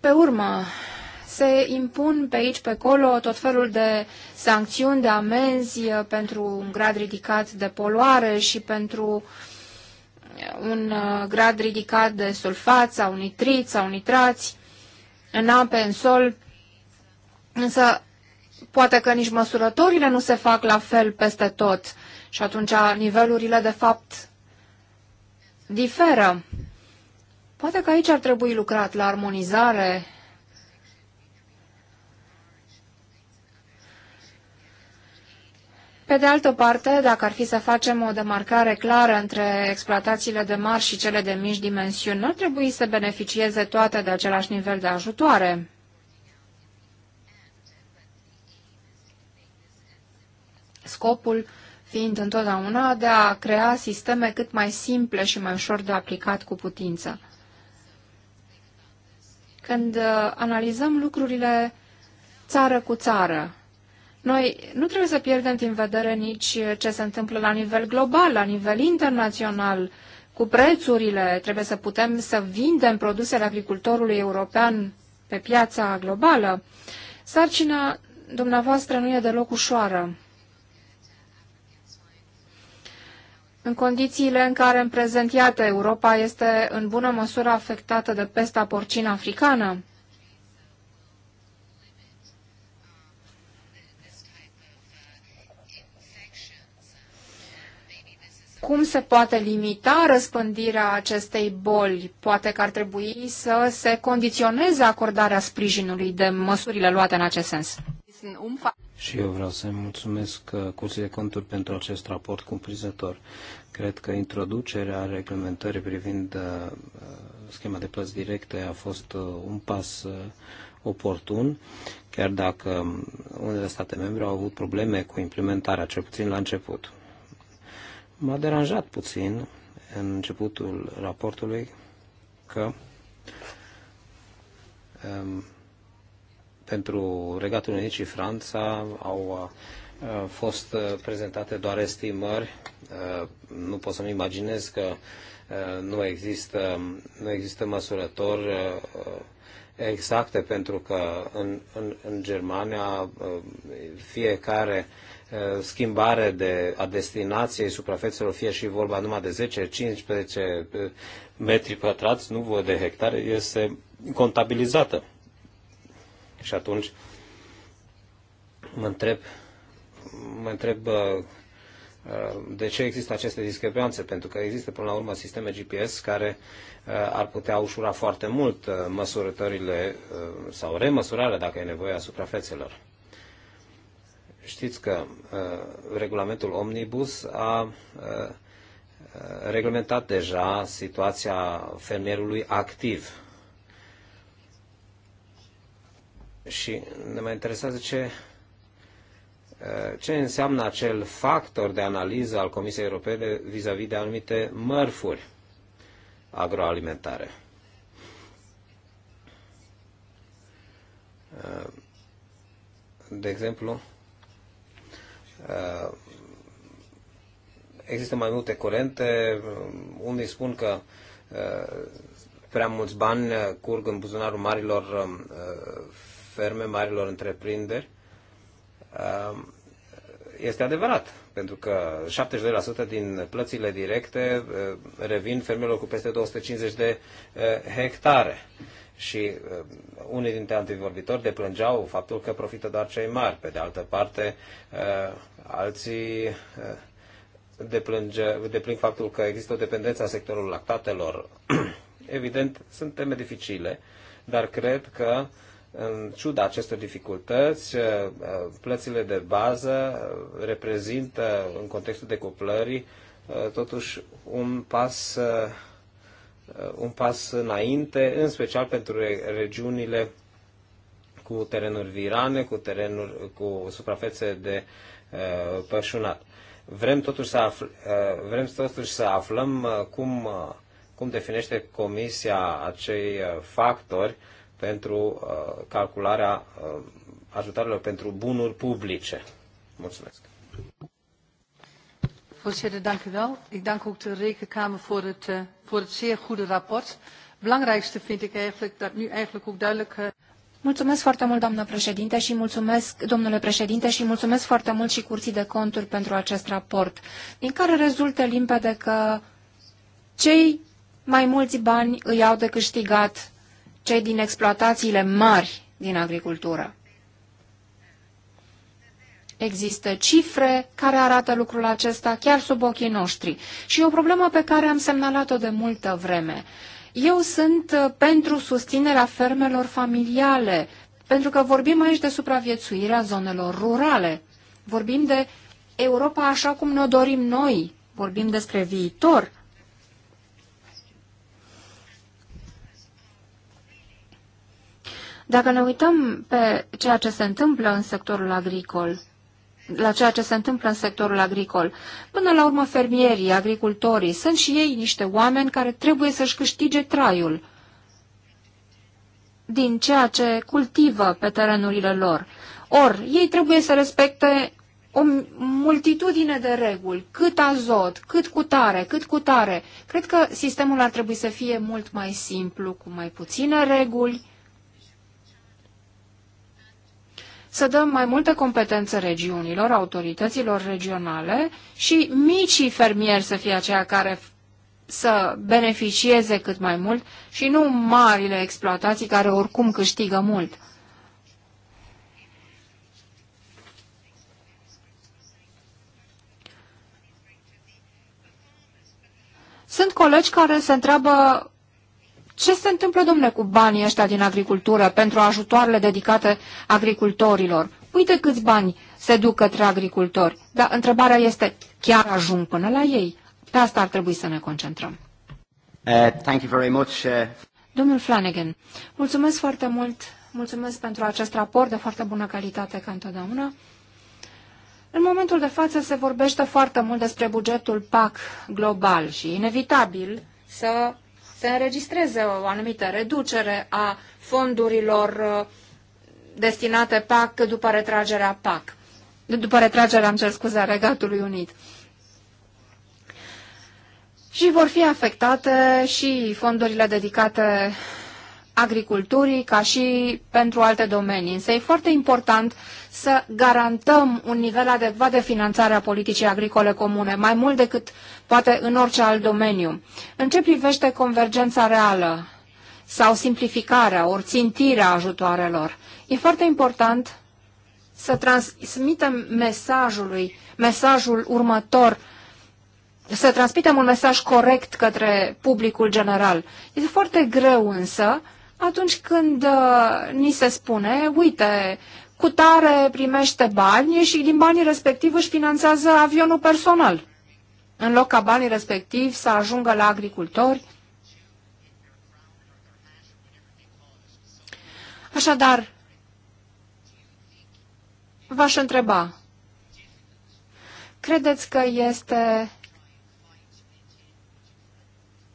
Pe urmă, se impun pe aici, pe acolo, tot felul de sancțiuni, de amenzi uh, pentru un grad ridicat de poluare și pentru uh, un uh, grad ridicat de sulfat sau nitrit sau nitrați în ape, în sol, însă poate că nici măsurătorile nu se fac la fel peste tot și atunci nivelurile de fapt diferă. Poate că aici ar trebui lucrat la armonizare Pe de altă parte, dacă ar fi să facem o demarcare clară între exploatațiile de mari și cele de mici dimensiuni, nu ar trebui să beneficieze toate de același nivel de ajutoare. Scopul fiind întotdeauna de a crea sisteme cât mai simple și mai ușor de aplicat cu putință. Când uh, analizăm lucrurile țară cu țară, noi nu trebuie să pierdem din vedere nici ce se întâmplă la nivel global, la nivel internațional, cu prețurile. Trebuie să putem să vindem produsele agricultorului european pe piața globală. Sarcina dumneavoastră nu e deloc ușoară. În condițiile în care, în prezent, iată, Europa este în bună măsură afectată de pesta porcină africană, cum se poate limita răspândirea acestei boli? Poate că ar trebui să se condiționeze acordarea sprijinului de măsurile luate în acest sens. Și eu vreau să-i mulțumesc uh, Curții de Conturi pentru acest raport cumprizător. Cred că introducerea reglementării privind uh, uh, schema de plăți directe a fost un pas oportun, chiar dacă um, unele state membre au avut probleme cu implementarea, cel puțin la început m-a deranjat puțin în începutul raportului că um, pentru Regatul Unicii Franța au uh, fost prezentate doar estimări. Nu pot să-mi imaginez că nu există, nu există măsurători exacte, pentru că în, în, în Germania fiecare schimbare de, a destinației suprafețelor, fie și vorba numai de 10-15 metri pătrați, nu de hectare, este contabilizată. Și atunci mă întreb mă întreb uh, de ce există aceste discrepanțe, pentru că există până la urmă sisteme GPS care uh, ar putea ușura foarte mult uh, măsurătorile sau remăsurarea, dacă e nevoie, a suprafețelor. Știți că regulamentul Omnibus a reglementat deja situația fermierului activ. Și ne mai interesează ce Eh, ce înseamnă acel factor de analiză al Comisiei Europene vis-a-vis -vis de anumite mărfuri agroalimentare. Eh, de exemplu, eh, există mai multe curente. Unii spun că prea mulți bani curg în buzunarul marilor ferme, marilor întreprinderi Um, este adevărat, pentru că 72% din plățile directe uh, revin fermelor cu peste 250 de uh, hectare. Și uh, unii dintre antivorbitori deplângeau faptul că profită doar cei mari. Pe de altă parte, alții deplânge, deplâng faptul că există o dependență a sectorului lactatelor. Evident, sunt teme dificile, dar cred că uh, în ciuda acestor dificultăți, uh, uh, plățile de bază uh, reprezintă, în contextul decuplării, totuși un pas, un pas înainte, în special pentru regiunile cu terenuri virane, cu, terenuri, cu suprafețe de pășunat. Vrem totuși să, afl, vrem totuși să aflăm cum, cum definește Comisia acei factori uh, pentru uh, calcularea uh, ajutoarelor pentru bunuri publice. Mulțumesc. Voorzitter, dank u wel. Ik dank ook de Rekenkamer voor het, uh, voor het zeer goede rapport. Belangrijkste vind ik eigenlijk dat nu eigenlijk ook duidelijk. Uh... Mulțumesc foarte mult, doamnă președinte, și mulțumesc, domnule președinte, și mulțumesc foarte mult și Curții de Conturi pentru acest raport, din care rezultă limpede că cei mai mulți bani îi au de câștigat cei din exploatațiile mari din agricultură. Există cifre care arată lucrul acesta chiar sub ochii noștri și e o problemă pe care am semnalat-o de multă vreme. Eu sunt uh, pentru susținerea fermelor familiale, pentru că vorbim aici de supraviețuirea zonelor rurale. Vorbim de Europa așa cum ne-o dorim noi, vorbim despre viitor Dacă ne uităm pe ceea ce se întâmplă în sectorul agricol, la ceea ce se întâmplă în sectorul agricol. Până la urmă, fermierii, agricultorii, sunt și ei niște oameni care trebuie să-și câștige traiul din ceea ce cultivă pe terenurile lor. Or, ei trebuie să respecte o multitudine de reguli, cât azot, cât cutare, cât cutare. Cred că sistemul ar trebui să fie mult mai simplu, cu mai puține reguli, să dăm mai multe competențe regiunilor, autorităților regionale și micii fermieri să fie aceia care să beneficieze cât mai mult și nu marile exploatații care oricum câștigă mult. Sunt colegi care se întreabă ce se întâmplă, domnule, cu banii ăștia din agricultură pentru ajutoarele dedicate agricultorilor? Uite câți bani se duc către agricultori. Dar întrebarea este, chiar ajung până la ei? Pe asta ar trebui să ne concentrăm. Uh, thank you very much. Uh... Domnul Flanagan, mulțumesc foarte mult, mulțumesc pentru acest raport de foarte bună calitate ca întotdeauna. În momentul de față se vorbește foarte mult despre bugetul PAC global și inevitabil să se înregistreze o anumită reducere a fondurilor uh, destinate PAC după retragerea PAC. După retragerea, am cer scuze, a Regatului Unit. Și vor fi afectate și fondurile dedicate agriculturii, ca și pentru alte domenii. Însă e foarte important să garantăm un nivel adecvat de finanțare a politicii agricole comune, mai mult decât poate în orice alt domeniu. În ce privește convergența reală sau simplificarea, ori țintirea ajutoarelor, e foarte important să transmitem mesajului, mesajul următor, să transmitem un mesaj corect către publicul general. Este foarte greu însă atunci când uh, ni se spune, uite, cu tare primește bani și din banii respectiv își finanțează avionul personal. În loc ca banii respectivi să ajungă la agricultori. Așadar, v-aș întreba, credeți că este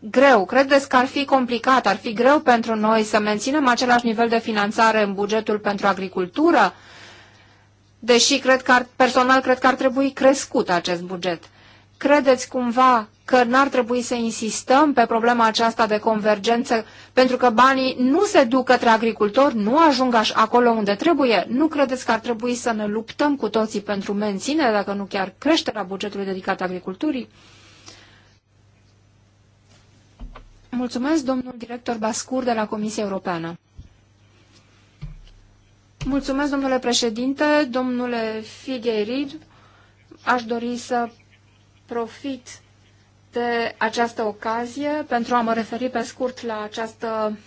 greu? Credeți că ar fi complicat, ar fi greu pentru noi să menținem același nivel de finanțare în bugetul pentru agricultură? Deși cred că ar, personal cred că ar trebui crescut acest buget. Credeți cumva că n-ar trebui să insistăm pe problema aceasta de convergență, pentru că banii nu se duc către agricultori, nu ajung acolo unde trebuie. Nu credeți că ar trebui să ne luptăm cu toții pentru menținerea, dacă nu chiar creșterea bugetului dedicat agriculturii? Mulțumesc, domnul director Bascur de la Comisia Europeană. Mulțumesc, domnule președinte, domnule Figueirid. Aș dori să profit de această ocazie pentru a mă referi pe scurt la această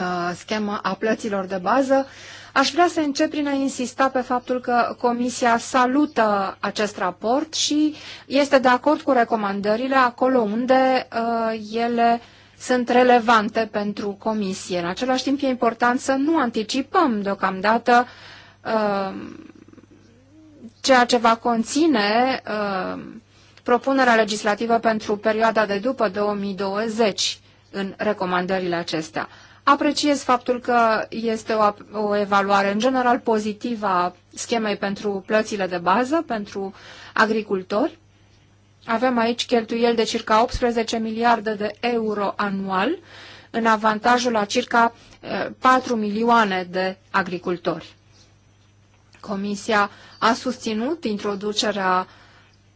uh, schemă a plăților de bază. Uh, Aș vrea să încep prin a insista pe faptul că Comisia salută acest raport și este de acord cu recomandările acolo unde uh, ele sunt relevante pentru Comisie. În același timp, e important să nu anticipăm deocamdată uh, ceea ce va conține uh, propunerea legislativă pentru perioada de după 2020 în recomandările acestea. Apreciez faptul că este o, o evaluare în general pozitivă a schemei pentru plățile de bază, pentru agricultori. Avem aici cheltuieli de circa 18 miliarde de euro anual, în avantajul a circa 4 eh, milioane de agricultori. Comisia a susținut introducerea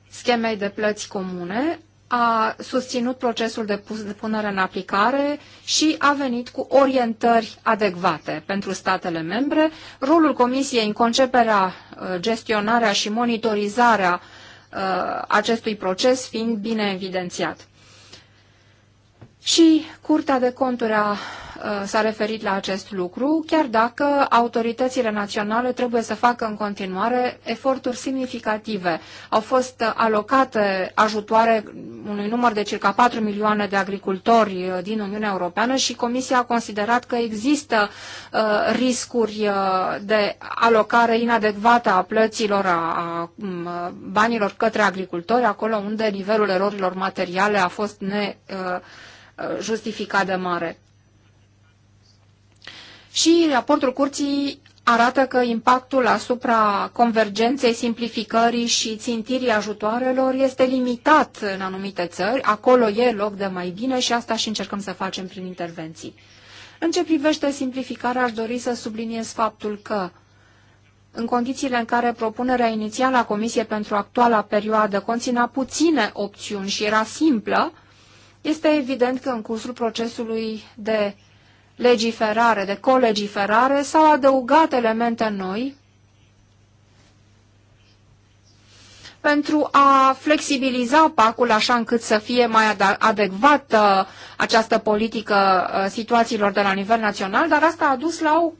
schemei de plăți comune, a susținut procesul de, punere în aplicare și a venit cu orientări adecvate pentru statele membre. Rolul Comisiei în conceperea, uh, gestionarea și monitorizarea uh, acestui proces fiind bine evidențiat. Și Curtea de Conturi a Uh, s-a referit la acest lucru, chiar dacă autoritățile naționale trebuie să facă în continuare eforturi semnificative. Au fost uh, alocate ajutoare unui număr de circa 4 milioane de agricultori uh, din Uniunea Europeană și Comisia a considerat că există riscuri de alocare inadecvată a plăților, a mm, banilor către agricultori, acolo unde nivelul erorilor materiale a fost ne justificat de mare. Și raportul curții arată că impactul asupra convergenței, simplificării și țintirii ajutoarelor este limitat în anumite țări. Acolo e loc de mai bine și asta și încercăm să facem prin intervenții. În ce privește simplificarea, aș dori să subliniez faptul că în condițiile în care propunerea inițială a Comisiei pentru actuala perioadă conținea puține opțiuni și era simplă, este evident că în cursul procesului de legiferare, de colegiferare, s-au adăugat elemente noi pentru a flexibiliza pacul așa încât să fie mai adecvată această politică uh, situațiilor de la nivel național, dar asta a dus la o,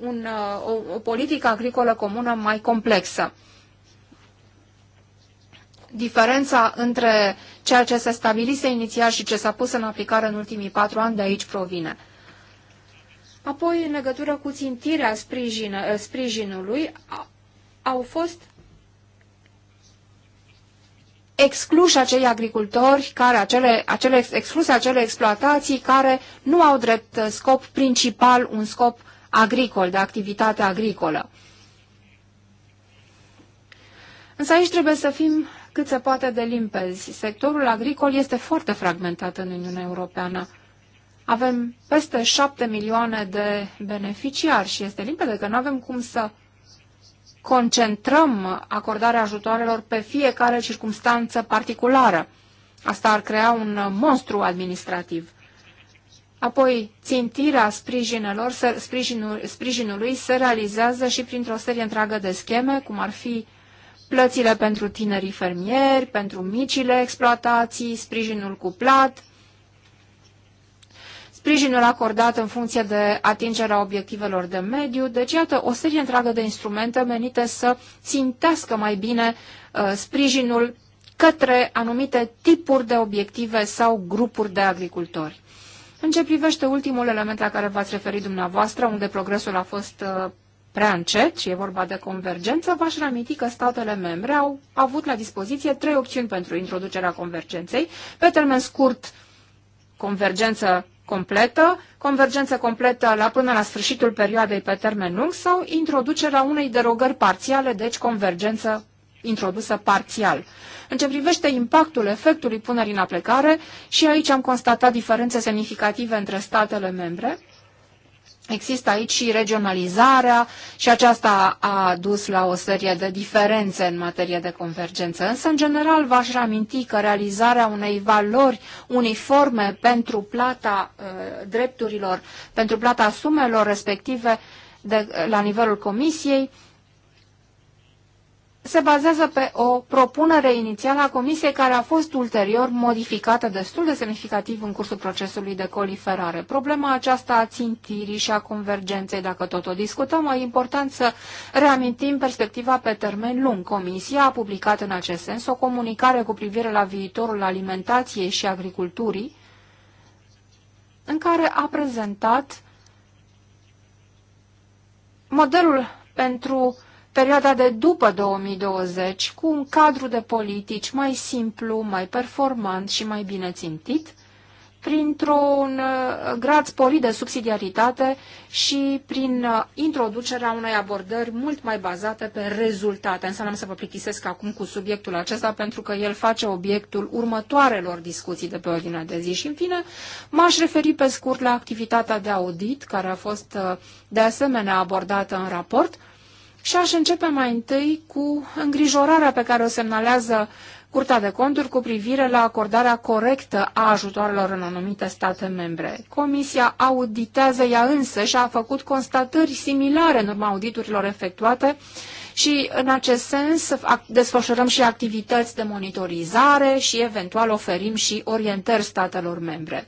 un, uh, o, o politică agricolă comună mai complexă diferența între ceea ce se stabilise inițial și ce s-a pus în aplicare în ultimii patru ani de aici provine. Apoi, în legătură cu țintirea sprijină, eh, sprijinului, au fost excluși acei agricultori, care, acele, acele, excluse acele exploatații care nu au drept eh, scop principal un scop agricol, de activitate agricolă. Însă aici trebuie să fim cât se poate de limpezi. Sectorul agricol este foarte fragmentat în Uniunea Europeană. Avem peste șapte milioane de beneficiari și este limpede că nu avem cum să concentrăm acordarea ajutoarelor pe fiecare circumstanță particulară. Asta ar crea un monstru administrativ. Apoi, țintirea sprijinelor, sprijinul, sprijinului se realizează și printr-o serie întreagă de scheme, cum ar fi plățile pentru tinerii fermieri, pentru micile exploatații, sprijinul cuplat, sprijinul acordat în funcție de atingerea obiectivelor de mediu. Deci, iată, o serie întreagă de instrumente menite să țintească mai bine uh, sprijinul către anumite tipuri de obiective sau grupuri de agricultori. În ce privește ultimul element la care v-ați referit dumneavoastră, unde progresul a fost uh, prea încet și e vorba de convergență, v-aș reaminti că statele membre au avut la dispoziție trei opțiuni pentru introducerea convergenței. Pe termen scurt, convergență completă, convergență completă la până la sfârșitul perioadei pe termen lung sau introducerea unei derogări parțiale, deci convergență introdusă parțial. În ce privește impactul efectului punerii în aplicare, și aici am constatat diferențe semnificative între statele membre, Există aici și regionalizarea și aceasta a dus la o serie de diferențe în materie de convergență. Însă, în general, v-aș aminti că realizarea unei valori uniforme pentru plata uh, drepturilor, pentru plata sumelor respective de, la nivelul comisiei, uh, se bazează pe o propunere inițială a Comisiei care a fost ulterior modificată destul de semnificativ în cursul procesului de coliferare. Problema aceasta a țintirii și a convergenței, dacă tot o discutăm, e important să reamintim perspectiva pe termen lung. Comisia a publicat în acest sens o comunicare cu privire la viitorul alimentației și agriculturii, în care a prezentat modelul pentru perioada de după 2020 cu un cadru de politici mai simplu, mai performant și mai bine țintit, printr-un uh, grad sporit de subsidiaritate și prin uh, introducerea unei abordări mult mai bazate pe rezultate. Însă am să vă plictisesc acum cu subiectul acesta pentru că el face obiectul următoarelor discuții de pe ordinea de zi. Și în fine, m-aș referi pe scurt la activitatea de audit care a fost uh, de asemenea abordată în raport și aș începe mai întâi cu îngrijorarea pe care o semnalează Curtea de Conturi cu privire la acordarea corectă a ajutoarelor în anumite state membre. Comisia auditează ea însă și a făcut constatări similare în urma auditurilor efectuate și în acest sens desfășurăm și activități de monitorizare și eventual oferim și orientări statelor membre.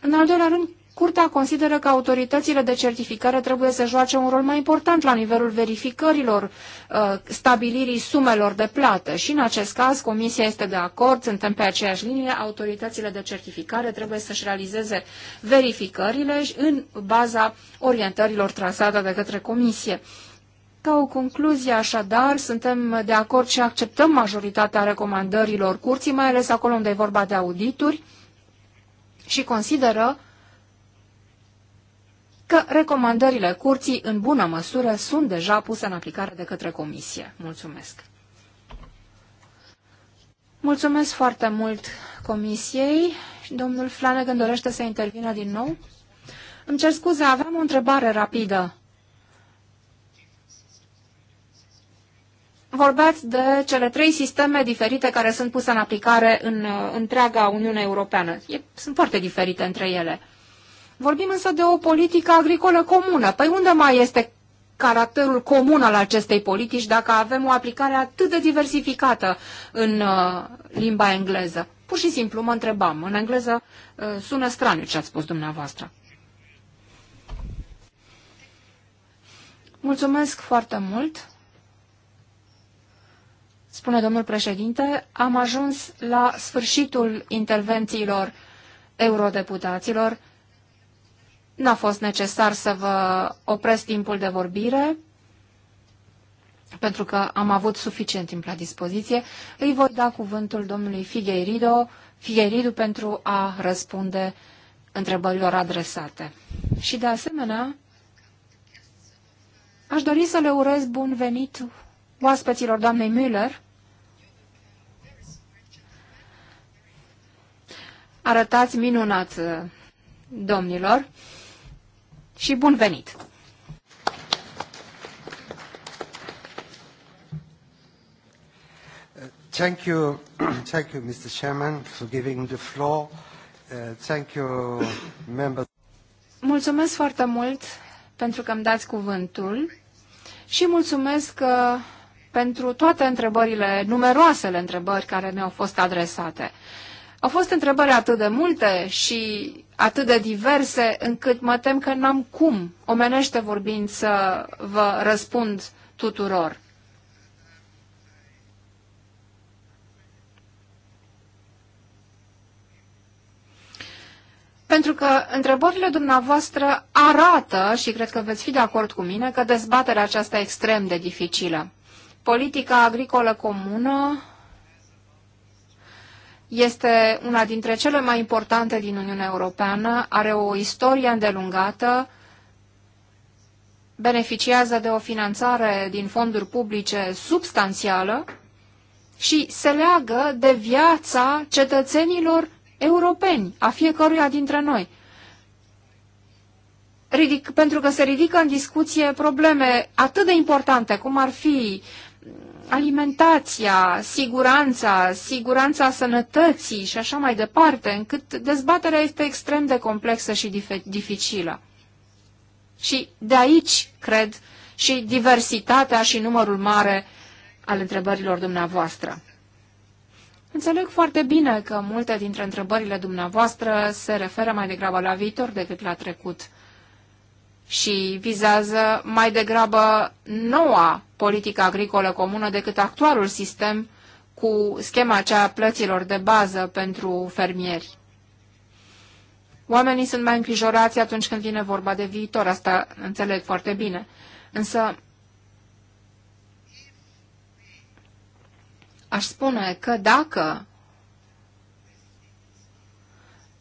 În al doilea rând, Curtea consideră că autoritățile de certificare trebuie să joace un rol mai important la nivelul verificărilor uh, stabilirii sumelor de plată și în acest caz Comisia este de acord, suntem pe aceeași linie, autoritățile de certificare trebuie să-și realizeze verificările în baza orientărilor trasate de către Comisie. Ca o concluzie, așadar, suntem de acord și acceptăm majoritatea recomandărilor curții, mai ales acolo unde e vorba de audituri, și consideră că recomandările curții, în bună măsură, sunt deja puse în aplicare de către comisie. Mulțumesc! Mulțumesc foarte mult comisiei. Domnul Flanagan dorește să intervină din nou? Îmi cer scuze, aveam o întrebare rapidă. Vorbeați de cele trei sisteme diferite care sunt puse în aplicare în uh, întreaga Uniune Europeană. E, sunt foarte diferite între ele. Vorbim însă de o politică agricolă comună. Păi unde mai este caracterul comun al acestei politici dacă avem o aplicare atât de diversificată în uh, limba engleză? Pur și simplu mă întrebam. În engleză uh, sună straniu ce ați spus dumneavoastră. Mulțumesc foarte mult, spune domnul președinte. Am ajuns la sfârșitul intervențiilor eurodeputaților. N-a fost necesar să vă opresc timpul de vorbire, pentru că am avut suficient timp la dispoziție. Îi voi da cuvântul domnului Figueiredo, Figueiredo pentru a răspunde întrebărilor adresate. Și de asemenea, aș dori să le urez bun venit oaspeților doamnei Müller, Arătați minunat, domnilor și bun venit! Thank you, thank you, Mr. Chairman, for giving the floor. Uh, thank you, members. Mulțumesc foarte mult pentru că îmi dați cuvântul și mulțumesc uh, pentru toate întrebările, numeroasele întrebări care mi-au fost adresate. Au fost întrebări atât de multe și atât de diverse, încât mă tem că n-am cum, omenește vorbind, să vă răspund tuturor. Pentru că întrebările dumneavoastră arată, și cred că veți fi de acord cu mine, că dezbaterea aceasta e extrem de dificilă. Politica agricolă comună este una dintre cele mai importante din Uniunea Europeană, are o istorie îndelungată, beneficiază de o finanțare din fonduri publice substanțială și se leagă de viața cetățenilor europeni, a fiecăruia dintre noi. Ridic, pentru că se ridică în discuție probleme atât de importante cum ar fi uh, alimentația, siguranța, siguranța sănătății și așa mai departe, încât dezbaterea este extrem de complexă și dificilă. Și de aici, cred, și diversitatea și numărul mare al întrebărilor dumneavoastră. Înțeleg foarte bine că multe dintre întrebările dumneavoastră se referă mai degrabă la viitor decât la trecut și vizează mai degrabă noua politică agricolă comună decât actualul sistem cu schema aceea plăților de bază pentru fermieri. Oamenii sunt mai îngrijorați atunci când vine vorba de viitor, asta înțeleg foarte bine. Însă, aș spune că dacă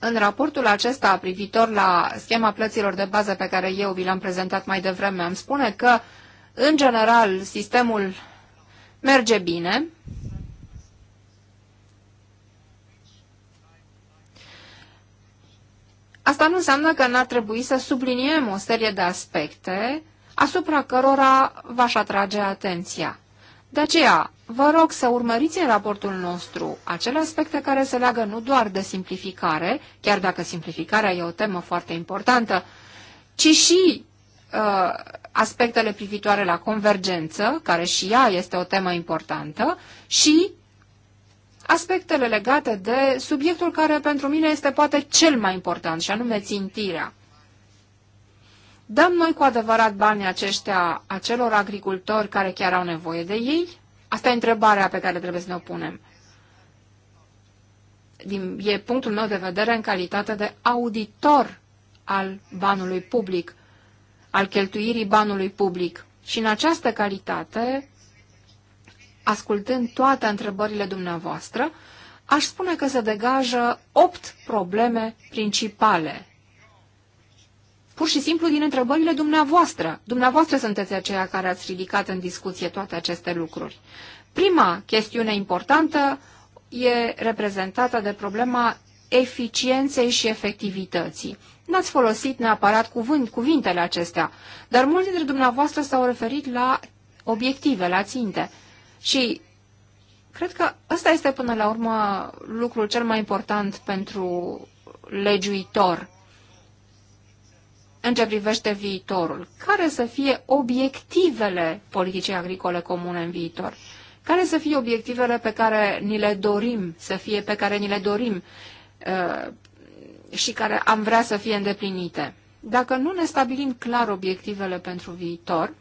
în raportul acesta privitor la schema plăților de bază pe care eu vi l-am prezentat mai devreme, am spune că, în general, sistemul merge bine, Asta nu înseamnă că n-ar trebui să subliniem o serie de aspecte asupra cărora v-aș atrage atenția. De aceea, vă rog să urmăriți în raportul nostru acele aspecte care se leagă nu doar de simplificare, chiar dacă simplificarea e o temă foarte importantă, ci și uh, aspectele privitoare la convergență, care și ea este o temă importantă, și aspectele legate de subiectul care pentru mine este poate cel mai important, și anume țintirea. Dăm noi cu adevărat banii aceștia acelor agricultori care chiar au nevoie de ei? Asta e întrebarea pe care trebuie să ne o punem. Din, e punctul meu de vedere în calitate de auditor al banului public, al cheltuirii banului public. Și în această calitate, ascultând toate întrebările dumneavoastră, aș spune că se degajă opt probleme principale pur și simplu din întrebările dumneavoastră. Dumneavoastră sunteți aceia care ați ridicat în discuție toate aceste lucruri. Prima chestiune importantă e reprezentată de problema eficienței și efectivității. N-ați folosit neapărat cuvânt, cuvintele acestea, dar mulți dintre dumneavoastră s-au referit la obiective, la ținte. Și cred că ăsta este până la urmă lucrul cel mai important pentru legiuitor în ce privește viitorul. Care să fie obiectivele politicii agricole comune în viitor? Care să fie obiectivele pe care ni le dorim, să fie pe care ni le dorim uh, și care am vrea să fie îndeplinite? Dacă nu ne stabilim clar obiectivele pentru viitor,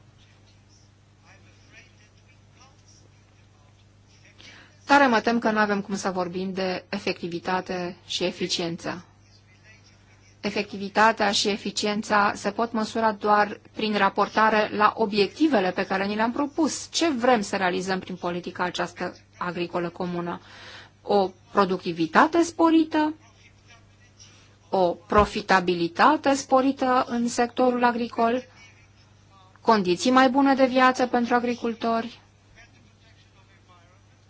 tare mă tem că nu avem cum să vorbim de efectivitate și eficiență efectivitatea și eficiența se pot măsura doar prin raportare la obiectivele pe care ni le-am propus. Ce vrem să realizăm prin politica această agricolă comună? O productivitate sporită, o profitabilitate sporită în sectorul agricol, condiții mai bune de viață pentru agricultori,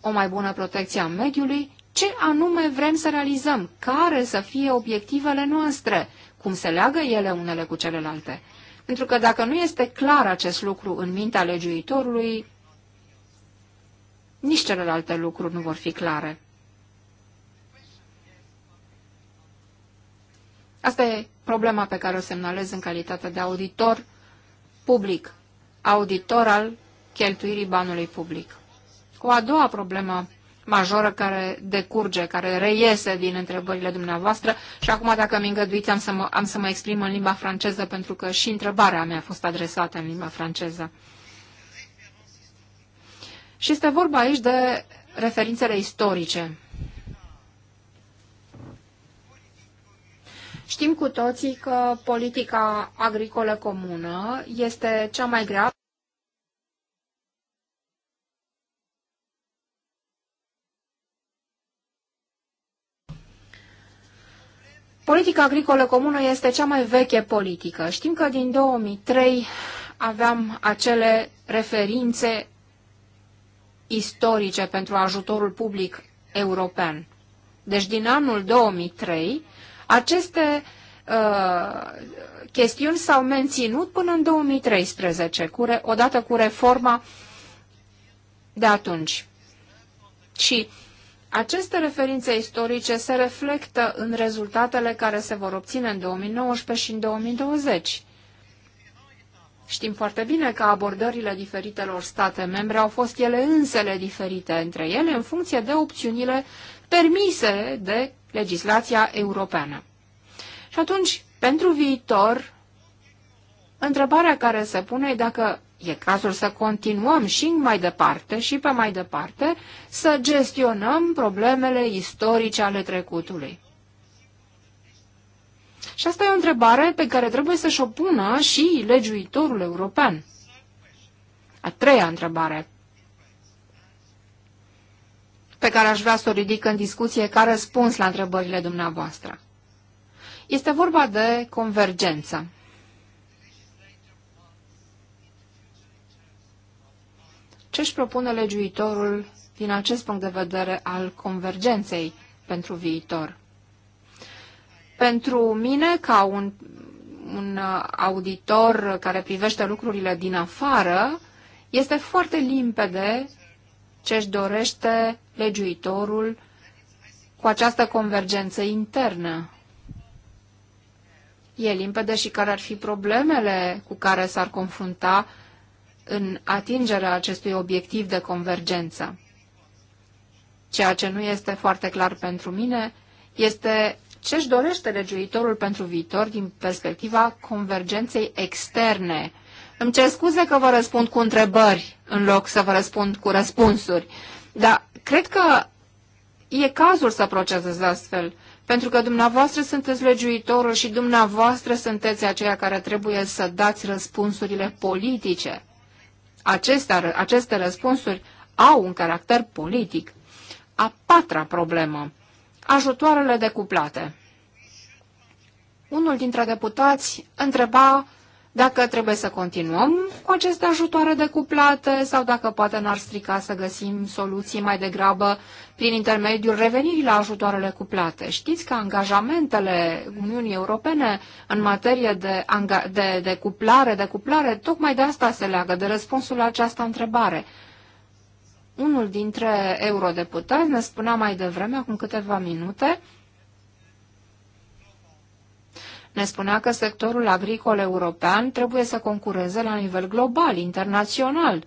o mai bună protecție a mediului ce anume vrem să realizăm, care să fie obiectivele noastre, cum se leagă ele unele cu celelalte. Pentru că dacă nu este clar acest lucru în mintea legiuitorului, nici celelalte lucruri nu vor fi clare. Asta e problema pe care o semnalez în calitate de auditor public, auditor al cheltuirii banului public. O a doua problemă majoră care decurge, care reiese din întrebările dumneavoastră și acum, dacă mi îngăduiți, am să, mă, am să mă exprim în limba franceză pentru că și întrebarea mea a fost adresată în limba franceză. Și este vorba aici de referințele istorice. Știm cu toții că politica agricolă comună este cea mai grea Politica agricolă comună este cea mai veche politică. Știm că din 2003 aveam acele referințe istorice pentru ajutorul public european. Deci din anul 2003 aceste uh, chestiuni s-au menținut până în 2013, cu re, odată cu reforma de atunci. Și aceste referințe istorice se reflectă în rezultatele care se vor obține în 2019 și în 2020. Știm foarte bine că abordările diferitelor state membre au fost ele însele diferite între ele în funcție de opțiunile permise de legislația europeană. Și atunci, pentru viitor, întrebarea care se pune e dacă e cazul să continuăm și mai departe și pe mai departe să gestionăm problemele istorice ale trecutului. Și asta e o întrebare pe care trebuie să-și o pună și legiuitorul european. A treia întrebare pe care aș vrea să o ridic în discuție ca răspuns la întrebările dumneavoastră. Este vorba de convergență. ce își propune legiuitorul din acest punct de vedere al convergenței pentru viitor. Pentru mine, ca un, un auditor care privește lucrurile din afară, este foarte limpede ce își dorește legiuitorul cu această convergență internă. E limpede și care ar fi problemele cu care s-ar confrunta în atingerea acestui obiectiv de convergență. Ceea ce nu este foarte clar pentru mine este ce își dorește legiuitorul pentru viitor din perspectiva convergenței externe. Îmi cer scuze că vă răspund cu întrebări în loc să vă răspund cu răspunsuri, dar cred că e cazul să procesez astfel, pentru că dumneavoastră sunteți legiuitorul și dumneavoastră sunteți aceia care trebuie să dați răspunsurile politice aceste, aceste răspunsuri au un caracter politic. A patra problemă, ajutoarele decuplate. Unul dintre deputați întreba dacă trebuie să continuăm cu aceste ajutoare de cuplată sau dacă poate n-ar strica să găsim soluții mai degrabă prin intermediul revenirii la ajutoarele cuplate. Știți că angajamentele Uniunii Europene în materie de, de, de cuplare, de cuplare, tocmai de asta se leagă, de răspunsul la această întrebare. Unul dintre eurodeputați ne spunea mai devreme, acum câteva minute, ne spunea că sectorul agricol european trebuie să concureze la nivel global, internațional.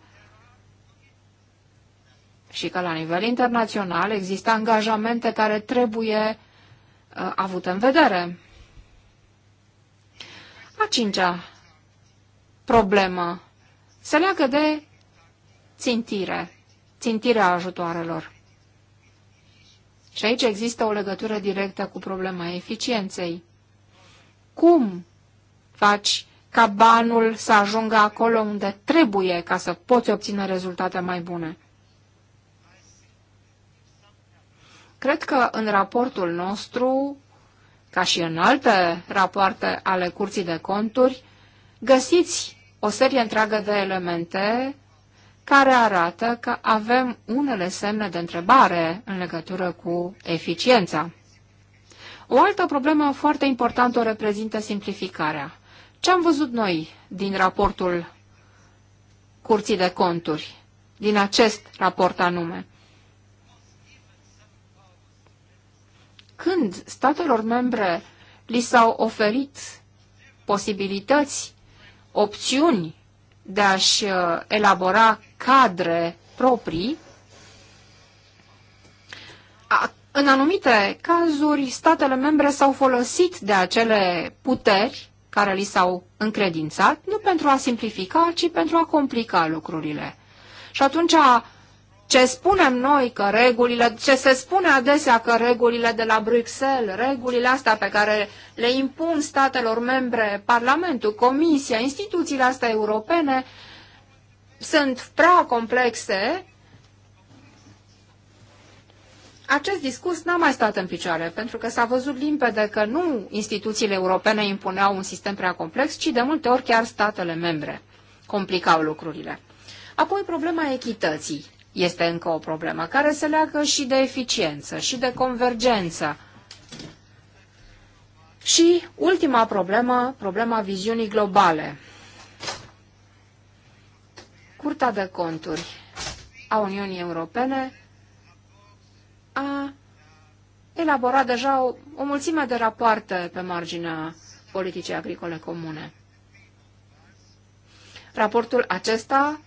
Și că la nivel internațional există angajamente care trebuie uh, avute în vedere. A cincea problemă se leagă de țintire, țintirea ajutoarelor. Și aici există o legătură directă cu problema eficienței cum faci ca banul să ajungă acolo unde trebuie ca să poți obține rezultate mai bune. Cred că în raportul nostru, ca și în alte rapoarte ale Curții de Conturi, găsiți o serie întreagă de elemente care arată că avem unele semne de întrebare în legătură cu eficiența. O altă problemă foarte importantă o reprezintă simplificarea. Ce am văzut noi din raportul Curții de Conturi, din acest raport anume? Când statelor membre li s-au oferit posibilități, opțiuni de a-și uh, elabora cadre proprii, în anumite cazuri, statele membre s-au folosit de acele puteri care li s-au încredințat, nu pentru a simplifica, ci pentru a complica lucrurile. Și atunci, ce spunem noi că regulile, ce se spune adesea că regulile de la Bruxelles, regulile astea pe care le impun statelor membre, Parlamentul, Comisia, instituțiile astea europene, sunt prea complexe acest discurs n-a mai stat în picioare, pentru că s-a văzut limpede că nu instituțiile europene impuneau un sistem prea complex, ci de multe ori chiar statele membre complicau lucrurile. Apoi problema echității este încă o problemă, care se leagă și de eficiență, și de convergență. Și ultima problemă, problema viziunii globale. Curtea de conturi a Uniunii Europene a elaborat deja o, o mulțime de rapoarte pe marginea politicii agricole comune. Raportul acesta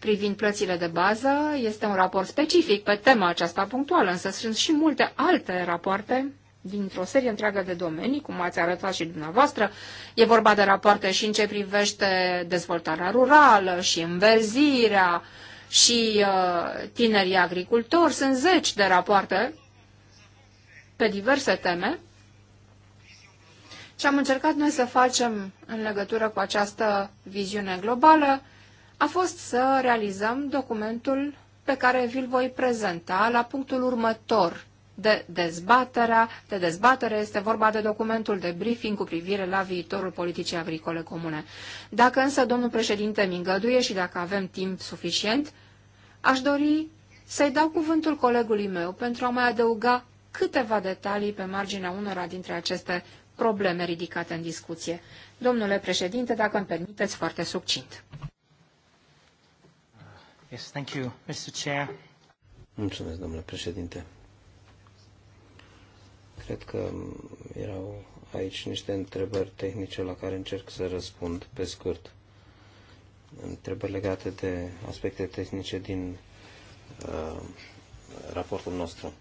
privind plățile de bază este un raport specific pe tema aceasta punctuală, însă sunt și multe alte rapoarte dintr-o serie întreagă de domenii, cum ați arătat și dumneavoastră. E vorba de rapoarte și în ce privește dezvoltarea rurală și înverzirea, și uh, tinerii agricultori. Sunt zeci de rapoarte pe diverse teme. Ce am încercat noi să facem în legătură cu această viziune globală a fost să realizăm documentul pe care vi-l voi prezenta la punctul următor de dezbaterea. De dezbatere este vorba de documentul de briefing cu privire la viitorul politicii agricole comune. Dacă însă domnul președinte mi îngăduie și dacă avem timp suficient, Aș dori să-i dau cuvântul colegului meu pentru a mai adăuga câteva detalii pe marginea unora dintre aceste probleme ridicate în discuție. Domnule președinte, dacă îmi permiteți, foarte succint. Yes, thank you, Mr. Chair. Mulțumesc, domnule președinte. Cred că erau aici niște întrebări tehnice la care încerc să răspund pe scurt întrebări legate de aspecte tehnice din uh, raportul nostru,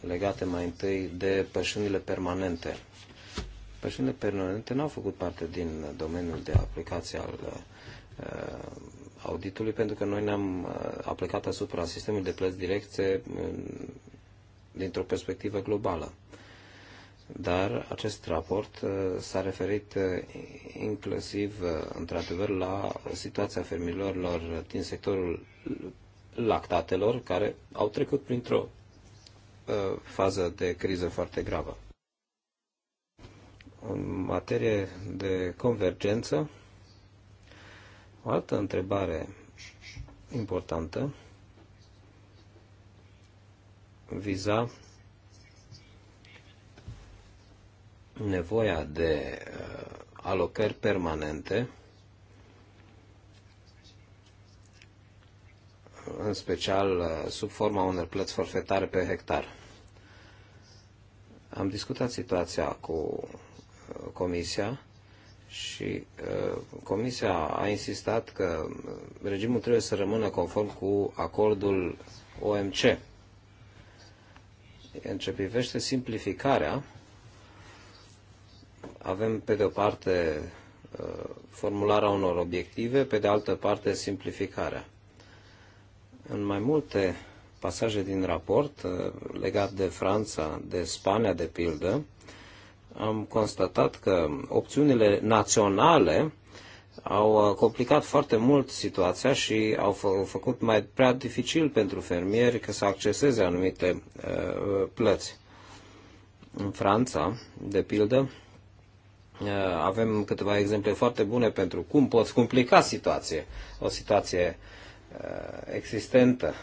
legate mai întâi de pășunile permanente. Pășunile permanente nu au făcut parte din domeniul de aplicație al uh, auditului, pentru că noi ne-am uh, aplicat asupra sistemului de plăți directe dintr-o perspectivă globală dar acest raport uh, s-a referit uh, inclusiv, uh, într-adevăr, la situația fermierilor din sectorul lactatelor, care au trecut printr-o fază de criză foarte gravă. În materie de convergență, o altă întrebare importantă viza nevoia de uh, alocări permanente, în special uh, sub forma unor plăți forfetare pe hectar. Am discutat situația cu uh, Comisia și Comisia a insistat că regimul trebuie să rămână conform cu acordul OMC. În ce privește simplificarea, avem, pe de o parte, uh, formularea unor obiective, pe de altă parte, simplificarea. În mai multe pasaje din raport, uh, legat de Franța, de Spania, de pildă, am constatat că opțiunile naționale au uh, complicat foarte mult situația și au fă, făcut mai prea dificil pentru fermieri că să acceseze anumite uh, plăți. În Franța, de pildă, Eh, avem câteva exemple foarte bune pentru cum poți complica situație, o situație eh, existentă.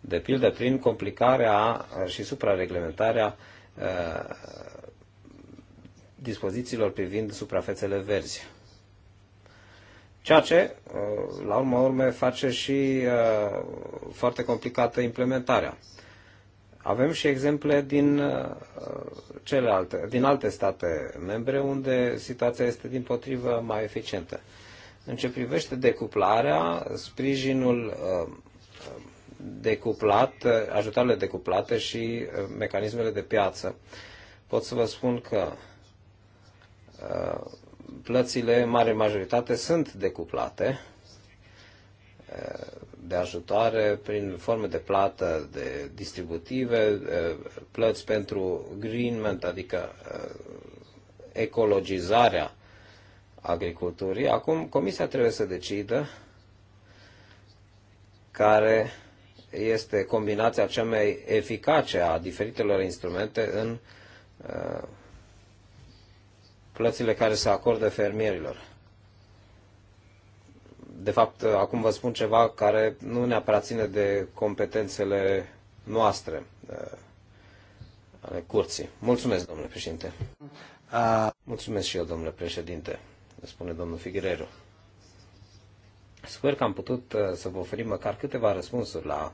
De pildă, prin complicarea eh, și suprareglementarea dispozițiilor privind suprafețele verzi. Ceea ce, la urmă urme, face și foarte complicată implementarea. Avem și exemple din uh, celelalte, din alte state membre unde situația este din potrivă mai eficientă. În ce privește decuplarea, sprijinul uh, decuplat, ajutoarele decuplate și uh, mecanismele de piață. Pot să vă spun că plățile, în mare majoritate, sunt decuplate de ajutoare prin forme de plată, de distributive, eh, plăți pentru greenment, adică eh, ecologizarea agriculturii. Acum Comisia trebuie să decidă care este combinația cea mai eficace a diferitelor instrumente în eh, plățile care se acordă fermierilor. De fapt, acum vă spun ceva care nu neapărat ține de competențele noastre ale curții. Mulțumesc, domnule președinte. Mulțumesc și eu, domnule președinte, spune domnul Figuereru. Sper că am putut uh, să vă oferim măcar câteva răspunsuri la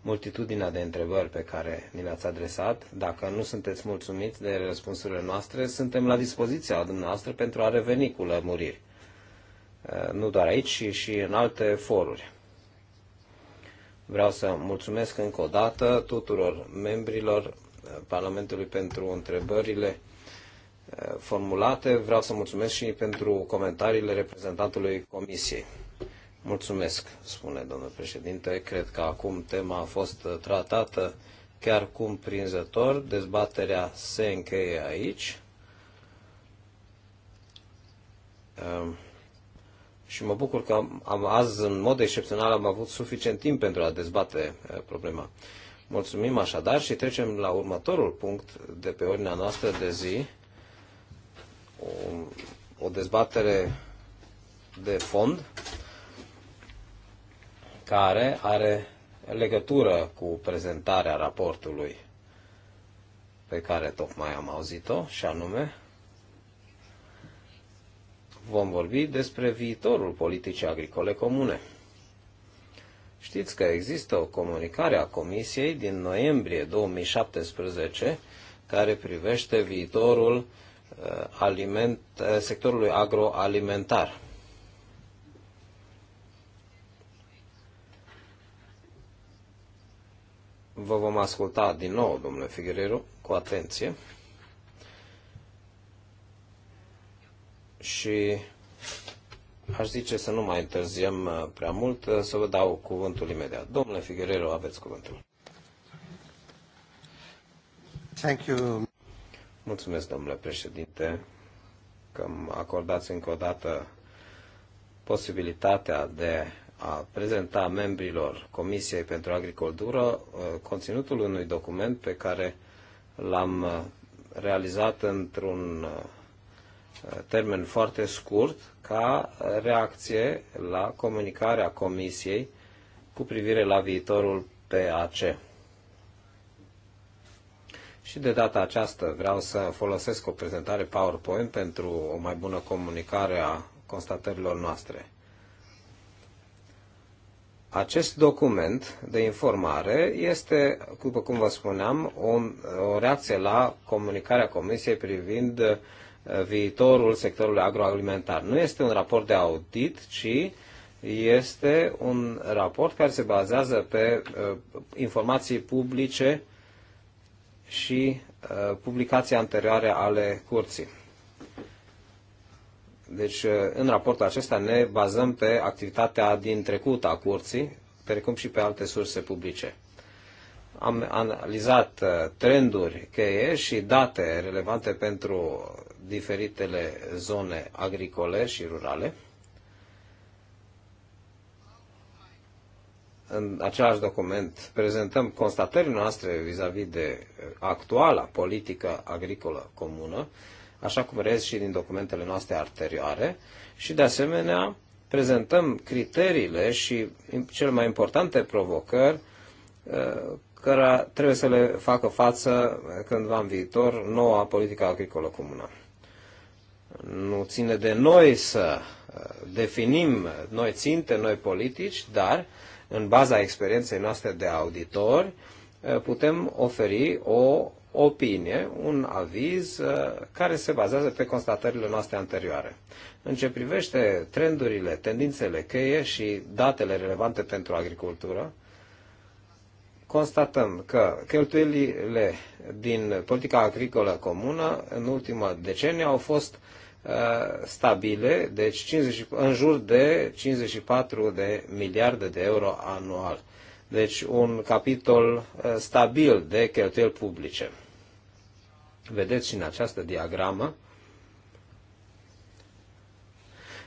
multitudinea de întrebări pe care ni le-ați adresat. Dacă nu sunteți mulțumiți de răspunsurile noastre, suntem la dispoziția dumneavoastră pentru a reveni cu lămuriri. Eh, nu doar aici, ci și în alte foruri. Vreau să mulțumesc încă o dată tuturor membrilor eh, Parlamentului pentru întrebările eh, formulate. Vreau să mulțumesc și pentru comentariile reprezentantului Comisiei. Mulțumesc, spune domnul președinte. Cred că acum tema a fost tratată chiar cumprinzător. Dezbaterea se încheie aici și mă bucur că am, azi, în mod excepțional, am avut suficient timp pentru a dezbate eh, problema. Mulțumim așadar și trecem la următorul punct de pe ordinea noastră de zi. O, o dezbatere de fond care are legătură cu prezentarea raportului pe care tocmai am auzit-o, și anume vom vorbi despre viitorul politicii agricole comune. Știți că există o comunicare a Comisiei din noiembrie 2017 care privește viitorul uh, aliment, uh, sectorului agroalimentar. Vă vom asculta din nou, domnule Figueredo, cu atenție. și aș zice să nu mai întârziem uh, prea mult, uh, să vă dau cuvântul imediat. Domnule Figuerero, aveți cuvântul. Thank you. Mulțumesc, domnule președinte, că îmi acordați încă o dată posibilitatea de a prezenta membrilor Comisiei pentru Agricultură uh, conținutul unui document pe care l-am realizat într-un termen foarte scurt ca reacție la comunicarea Comisiei cu privire la viitorul PAC. Și de data aceasta vreau să folosesc o prezentare PowerPoint pentru o mai bună comunicare a constatărilor noastre. Acest document de informare este, după cum vă spuneam, o, o reacție la comunicarea Comisiei privind viitorul sectorului agroalimentar. Nu este un raport de audit, ci este un raport care se bazează pe uh, informații publice și uh, publicații anterioare ale curții. Deci, uh, în raportul acesta ne bazăm pe activitatea din trecut a curții, precum și pe alte surse publice am analizat uh, trenduri cheie și date relevante pentru diferitele zone agricole și rurale. În același document prezentăm constatările noastre vis-a-vis -vis de uh, actuala politică agricolă comună, așa cum rez și din documentele noastre arterioare, și de asemenea prezentăm criteriile și cele mai importante provocări uh, care trebuie să le facă față cândva în viitor noua politică agricolă comună. Nu ține de noi să uh, definim noi ținte, noi politici, dar în baza experienței noastre de auditori uh, putem oferi o opinie, un aviz uh, care se bazează pe constatările noastre anterioare. În ce privește trendurile, tendințele cheie și datele relevante pentru agricultură, constatăm că cheltuielile din politica agricolă comună în ultima decenie au fost uh, stabile, deci 50, în jur de 54 de miliarde de euro anual. Deci un capitol uh, stabil de cheltuieli publice. Vedeți și în această diagramă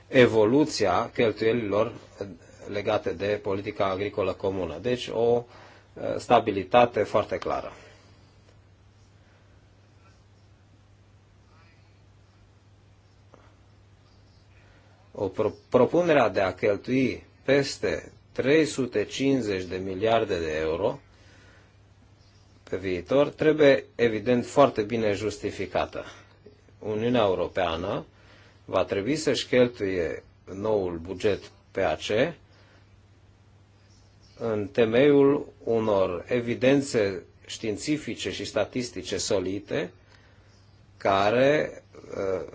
evoluția cheltuielilor legate de politica agricolă comună. Deci o uh, stabilitate foarte clară. O pro- propunerea de a cheltui peste 350 de miliarde de euro pe viitor trebuie evident foarte bine justificată. Uniunea Europeană va trebui să-și cheltuie noul buget PAC în temeiul unor evidențe științifice și statistice solide care uh,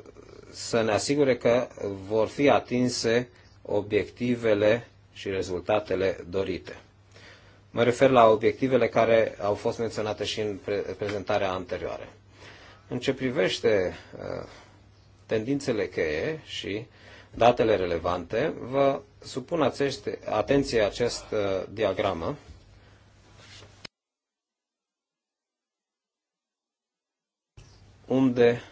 să ne asigure că vor fi atinse obiectivele și rezultatele dorite. Mă refer la obiectivele care au fost menționate și în prezentarea anterioară. În ce privește uh, tendințele cheie și datele relevante, vă supun acești, atenție acest uh, diagramă. unde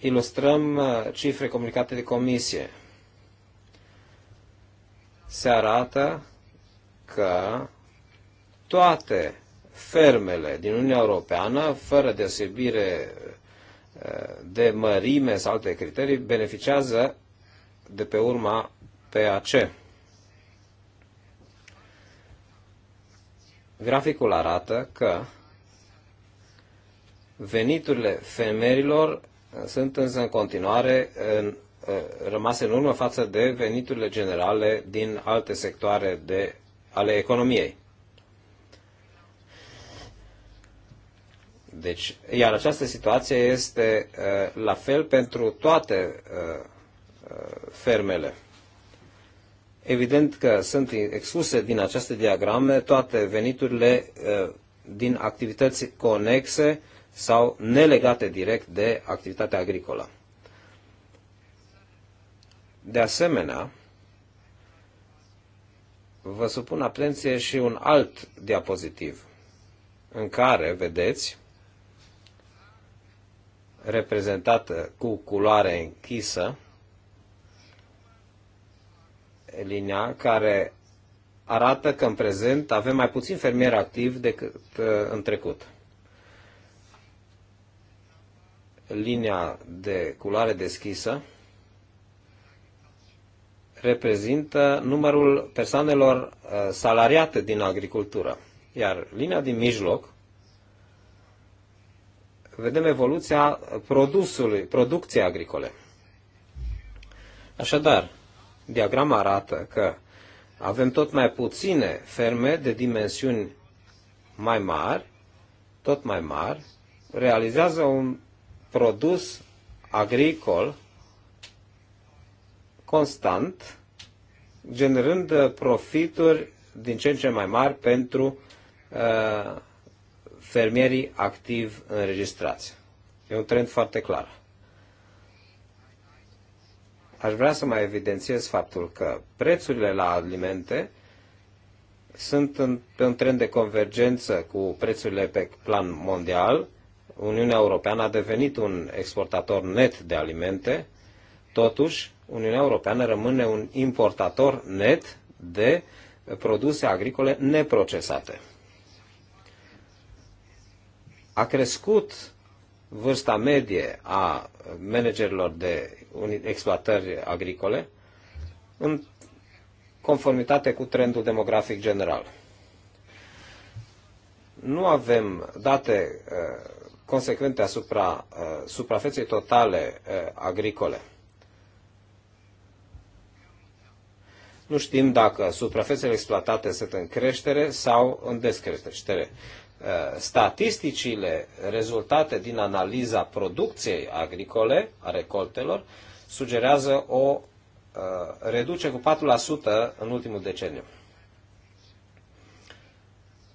ilustrăm uh, cifre comunicate de comisie. Se arată că toate fermele din Uniunea Europeană, fără deosebire de mărime sau alte criterii beneficiază de pe urma PAC. Graficul arată că veniturile femeilor sunt însă în continuare în, rămase în urmă față de veniturile generale din alte sectoare de, ale economiei. Deci, iar această situație este uh, la fel pentru toate uh, uh fermele. Evident că sunt excluse din aceste diagrame toate veniturile uh, din activități conexe sau nelegate direct de activitatea agricolă. De asemenea, vă supun atenție și un alt diapozitiv în care vedeți reprezentată cu culoare închisă, linia care arată că în prezent avem mai puțin fermier activ decât uh, în trecut. Linia de culoare deschisă reprezintă numărul persoanelor uh, salariate din agricultură, iar linia din mijloc vedem evoluția produsului, producției agricole. Așadar, diagrama arată că avem tot mai puține ferme de dimensiuni mai mari, tot mai mari, realizează un produs agricol constant, generând profituri din ce în ce mai mari pentru uh, fermierii activ înregistrați. E un trend foarte clar. Aș vrea să mai evidențiez faptul că prețurile la alimente sunt în, pe un trend de convergență cu prețurile pe plan mondial. Uniunea Europeană a devenit un exportator net de alimente, totuși Uniunea Europeană rămâne un importator net de produse agricole neprocesate a crescut vârsta medie a managerilor de exploatări agricole în conformitate cu trendul demografic general. Nu avem date uh, consecvente asupra uh, suprafeței totale uh, agricole. Nu știm dacă suprafețele exploatate sunt în creștere sau în descreștere. Uh, statisticile rezultate din analiza producției agricole, a recoltelor, sugerează o uh, reducere cu 4% în ultimul deceniu.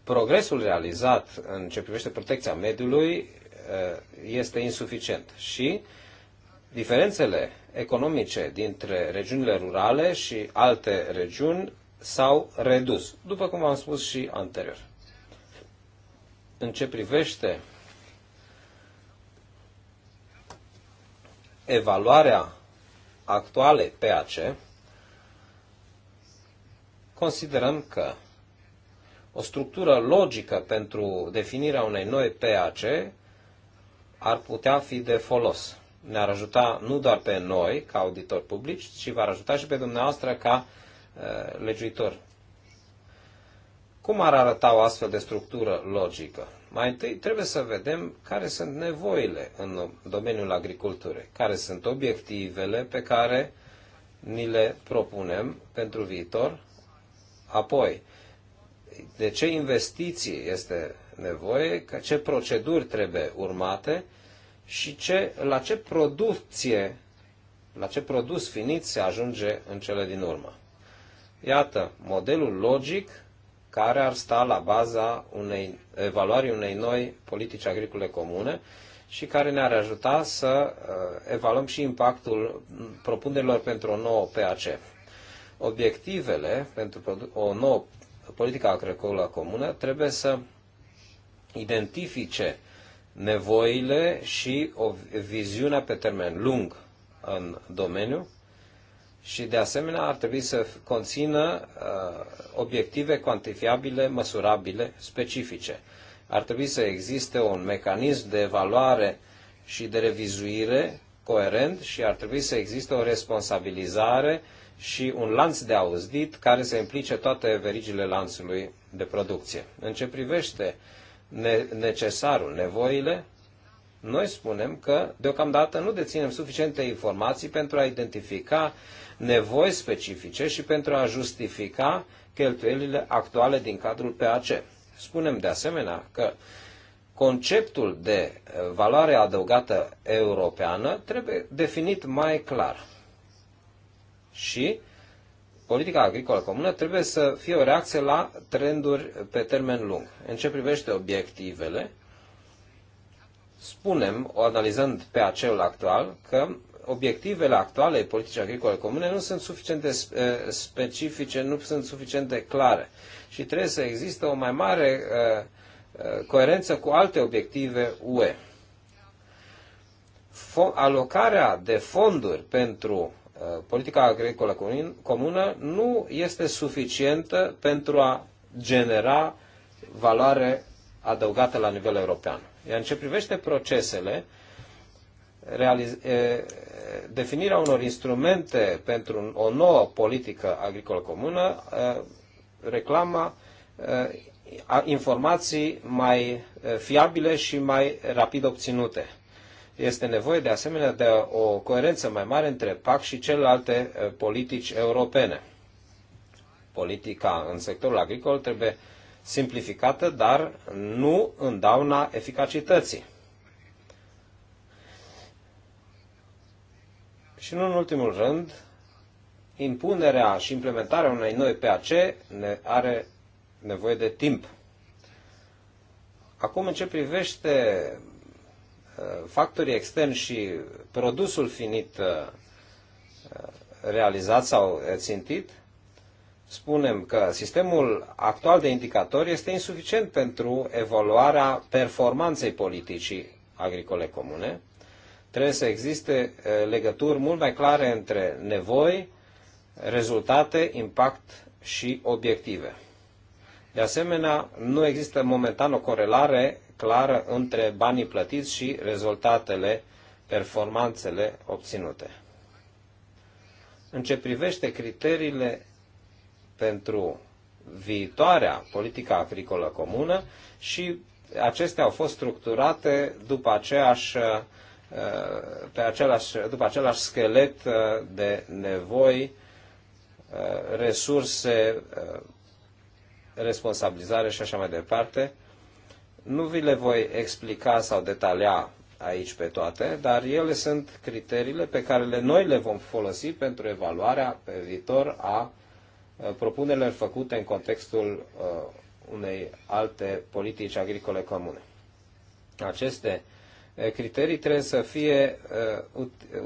Progresul realizat în ce privește protecția mediului uh, este insuficient și diferențele economice dintre regiunile rurale și alte regiuni s-au redus, după cum am spus și anterior în ce privește evaluarea actuale PAC, considerăm că o structură logică pentru definirea unei noi PAC ar putea fi de folos. Ne-ar ajuta nu doar pe noi, ca auditori publici, ci va ajuta și pe dumneavoastră ca uh, legiuitor cum ar arăta o astfel de structură logică? Mai întâi trebuie să vedem care sunt nevoile în domeniul agriculturii, care sunt obiectivele pe care ni le propunem pentru viitor, apoi de ce investiții este nevoie, ce proceduri trebuie urmate și ce, la ce producție, la ce produs finit se ajunge în cele din urmă. Iată, modelul logic care ar sta la baza unei evaluării unei noi politici agricole comune și care ne-ar ajuta să uh, evaluăm și impactul propunerilor pentru o nouă PAC. Obiectivele pentru o nouă politică agricolă comună trebuie să identifice nevoile și o viziunea pe termen lung în domeniu, și de asemenea ar trebui să conțină uh, obiective cuantifiabile, măsurabile, specifice. Ar trebui să existe un mecanism de evaluare și de revizuire coerent și ar trebui să existe o responsabilizare și un lanț de auzit care să implice toate verigile lanțului de producție. În ce privește necesarul, nevoile, noi spunem că deocamdată nu deținem suficiente informații pentru a identifica nevoi specifice și pentru a justifica cheltuielile actuale din cadrul PAC. Spunem de asemenea că conceptul de valoare adăugată europeană trebuie definit mai clar. Și politica agricolă comună trebuie să fie o reacție la trenduri pe termen lung. În ce privește obiectivele, spunem, analizând pe acel actual, că obiectivele actuale politici agricole comune nu sunt suficient de eh, specifice, nu sunt suficient de clare și trebuie să existe o mai mare eh, eh, coerență cu alte obiective UE. Alocarea de fonduri pentru politica agricolă comună nu este suficientă pentru a genera valoare adăugată la nivel european. Iar în ce privește procesele, realiz- definirea unor instrumente pentru o nouă politică agricolă comună reclama informații mai fiabile și mai rapid obținute. Este nevoie de asemenea de o coerență mai mare între PAC și celelalte politici europene. Politica în sectorul agricol trebuie uh, simplificată, dar nu în dauna eficacității. Și nu în ultimul rând, impunerea și implementarea unei noi PAC ne are nevoie de timp. Acum, în ce privește uh, factorii externi și produsul finit uh, uh, realizat sau țintit, spunem că sistemul actual de indicatori este insuficient pentru evaluarea performanței politicii agricole comune. Trebuie să existe legături mult mai clare între nevoi, rezultate, impact și obiective. De asemenea, nu există momentan o corelare clară între banii plătiți și rezultatele, performanțele obținute. În ce privește criteriile pentru viitoarea politică agricolă comună și acestea au fost structurate după aceeași uh, pe același, după același schelet uh, de nevoi, uh, resurse, responsabilizare și așa mai departe. Nu vi le voi explica sau detalia aici pe toate, dar ele sunt criteriile pe care le noi le vom folosi pentru evaluarea pe viitor a Uh, propunerile făcute în contextul uh, unei alte politici agricole comune. Aceste uh, criterii trebuie să fie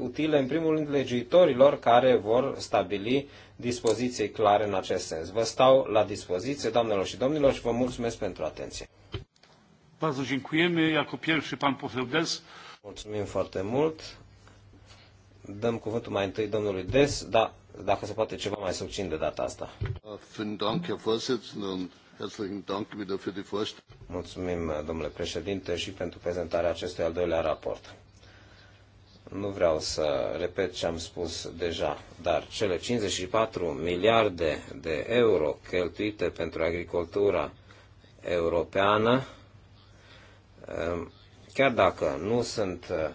utile, în primul rând, legiuitorilor care vor stabili dispoziții clare în acest sens. Vă stau la dispoziție, doamnelor și domnilor, și vă mulțumesc pentru atenție. Bardzo dziękujemy. Jako pierwszy pan poseł Des. Mulțumim foarte mult. Dăm cuvântul mai întâi domnului Des, dar dacă se poate ceva mai succint de data asta. Mulțumim, domnule președinte, și pentru prezentarea acestui al doilea raport. Nu vreau să repet ce am spus deja, dar cele 54 miliarde de euro cheltuite pentru agricultura europeană, um, chiar dacă nu sunt uh,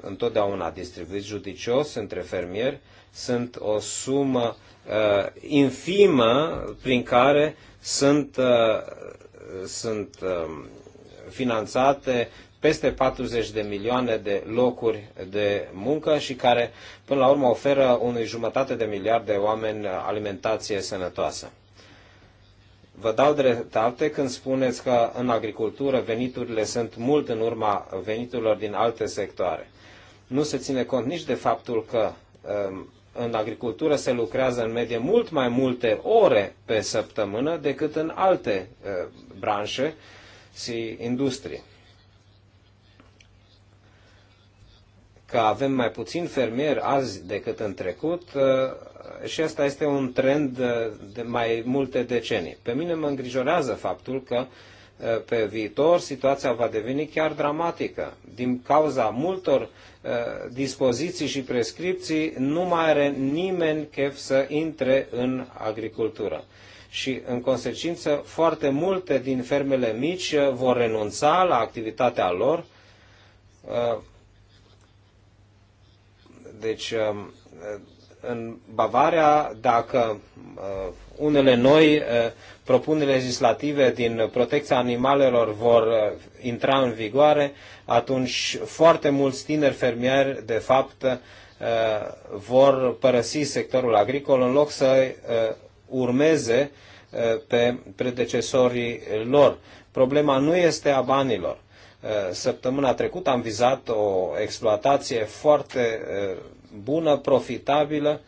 întotdeauna distribuiți judicios între fermieri, sunt o sumă uh, infimă prin care sunt, uh, sunt uh, finanțate peste 40 de milioane de locuri de muncă și care până la urmă oferă unui jumătate de miliard de oameni alimentație sănătoasă. Vă dau dreptate când spuneți că în agricultură veniturile sunt mult în urma veniturilor din alte sectoare. Nu se ține cont nici de faptul că um, în agricultură se lucrează în medie mult mai multe ore pe săptămână decât în alte uh, branșe și industrie. Că avem mai puțin fermieri azi decât în trecut uh, și asta este un trend uh, de mai multe decenii. Pe mine mă îngrijorează faptul că uh, Uh, pe viitor situația va deveni chiar dramatică. Din cauza multor uh, dispoziții și prescripții nu mai are nimeni chef să intre în agricultură. Și, în consecință, foarte multe din fermele mici uh, vor renunța la activitatea lor. Deci, um, în Bavaria, dacă uh, unele noi uh, propuneri legislative din protecția animalelor vor uh, intra în vigoare, atunci foarte mulți tineri fermieri, de fapt, vor părăsi sectorul agricol în loc să urmeze pe predecesorii lor. Problema nu este a banilor. Săptămâna trecută am vizat o exploatație foarte bună, profitabilă,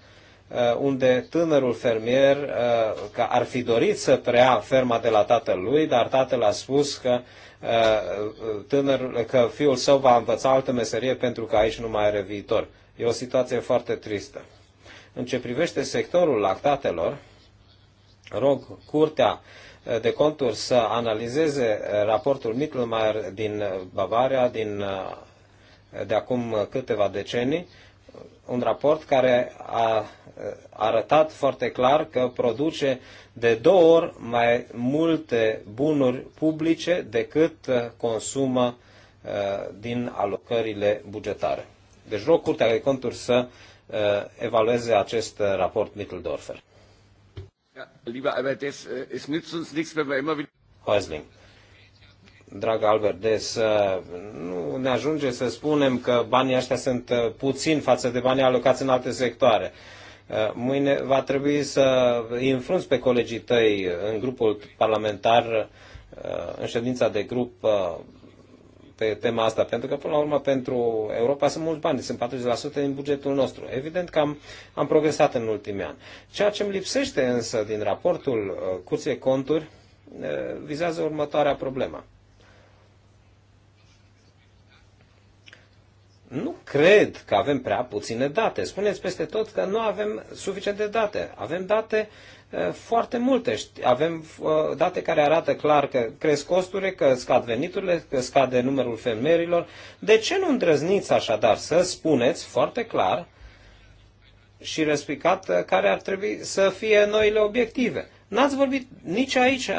uh, unde tânărul fermier uh, că ar fi dorit să preia ferma de la tatălui, dar tatăl a spus că, uh, tânăr, că fiul său va învăța altă meserie pentru că aici nu mai are viitor. E o situație foarte tristă. În ce privește sectorul lactatelor, rog Curtea de Conturi să analizeze raportul Mittelmeier din Bavaria din, de acum câteva decenii, un raport care a arătat foarte clar că produce de două ori mai multe bunuri publice decât uh, consumă uh, din alocările bugetare. Deci rog Curtea de Conturi să uh, evalueze acest raport Mitteldorfer. Ja, lieber Albert, es, es nützt uns nichts, wenn wir immer wieder... Häusling dragă Albert, de să nu ne ajunge să spunem că banii ăștia sunt uh, puțini față de banii alocați în alte sectoare. Uh, mâine va trebui să înfrunți pe colegii tăi în grupul parlamentar, uh, în ședința de grup pe tema asta, pentru că, până la urmă, pentru Europa sunt mulți bani, sunt 40% din bugetul nostru. Evident că am, am progresat în ultimii ani. Ceea ce îmi lipsește însă din raportul Curții Conturi vizează următoarea problemă. Nu cred că avem prea puține date. Spuneți peste tot că nu avem suficiente date. Avem date foarte multe. Avem date care arată clar că cresc costurile, că scad veniturile, că scade numărul fermierilor. De ce nu îndrăzniți așadar să spuneți foarte clar și respicat care ar trebui să fie noile obiective? N-ați vorbit nici aici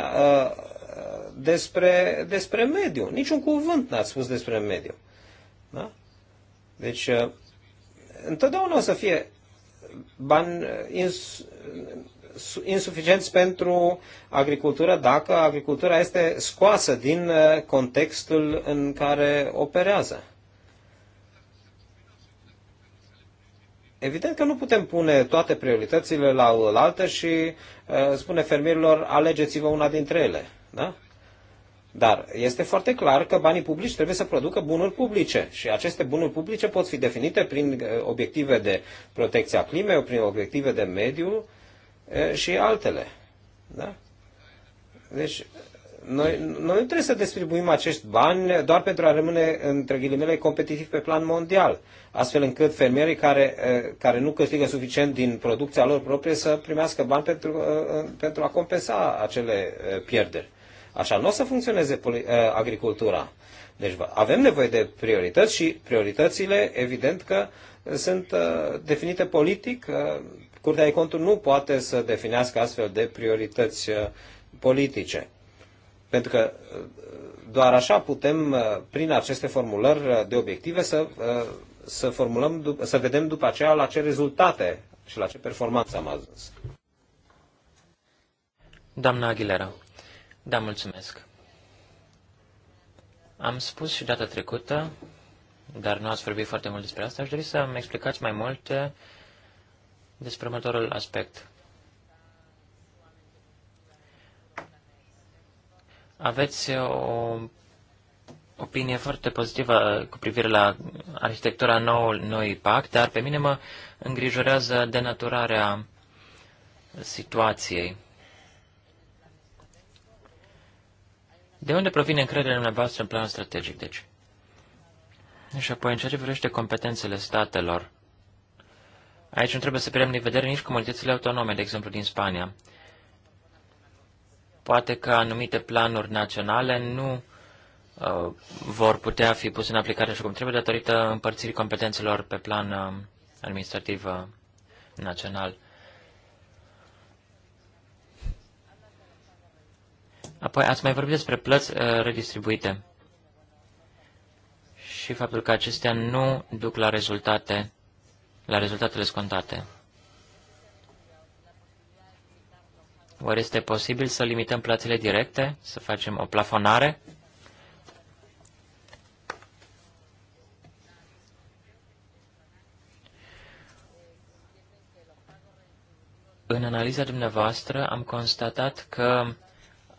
despre, despre mediu. Niciun cuvânt n-ați spus despre mediu. Da? Deci, uh, întotdeauna o să fie bani uh, uh, insuficienți pentru agricultură dacă agricultura este scoasă din contextul în care operează. Evident că nu putem pune toate prioritățile la oaltă și uh, spune fermierilor, alegeți-vă una dintre ele. Da? Dar este foarte clar că banii publici trebuie să producă bunuri publice și aceste bunuri publice pot fi definite prin uh, obiective de protecție a climei, prin obiective de mediu uh, și altele. Da? Deci, noi, noi nu trebuie să distribuim acești bani doar pentru a rămâne, între ghilimele, competitiv pe plan mondial, astfel încât fermierii care, uh, care nu câștigă suficient din producția lor proprie să primească bani pentru, pentru a compensa acele pierderi. Așa nu o să funcționeze eh, agricultura. Deci avem nevoie de priorități și prioritățile, evident că sunt eh, definite politic. Eh, Curtea de conturi nu poate să definească astfel de priorități politice. Pentru că doar așa putem, prin aceste formulări de obiective, să, să, formulăm, să vedem după aceea la ce rezultate și la ce performanță am ajuns. Doamna Aguilera. Da, mulțumesc. Am spus și data trecută, dar nu ați vorbit foarte mult despre asta, aș dori să-mi explicați mai multe despre următorul aspect. Aveți o opinie foarte pozitivă cu privire la arhitectura nou- noi pact, dar pe mine mă îngrijorează denaturarea situației. De unde provine încrederea dumneavoastră în planul strategic, deci? Și apoi, în ceea ce privește competențele statelor, aici nu trebuie să pierdem din vedere nici comunitățile autonome, de exemplu, din Spania. Poate că anumite planuri naționale nu uh, vor putea fi puse în aplicare așa cum trebuie, datorită împărțirii competențelor pe plan uh, administrativ uh, național. Apoi ați mai vorbit despre plăți uh, redistribuite și faptul că acestea nu duc la rezultate, la rezultatele scontate. Oare este posibil să limităm plățile directe, să facem o plafonare? În analiza dumneavoastră am constatat că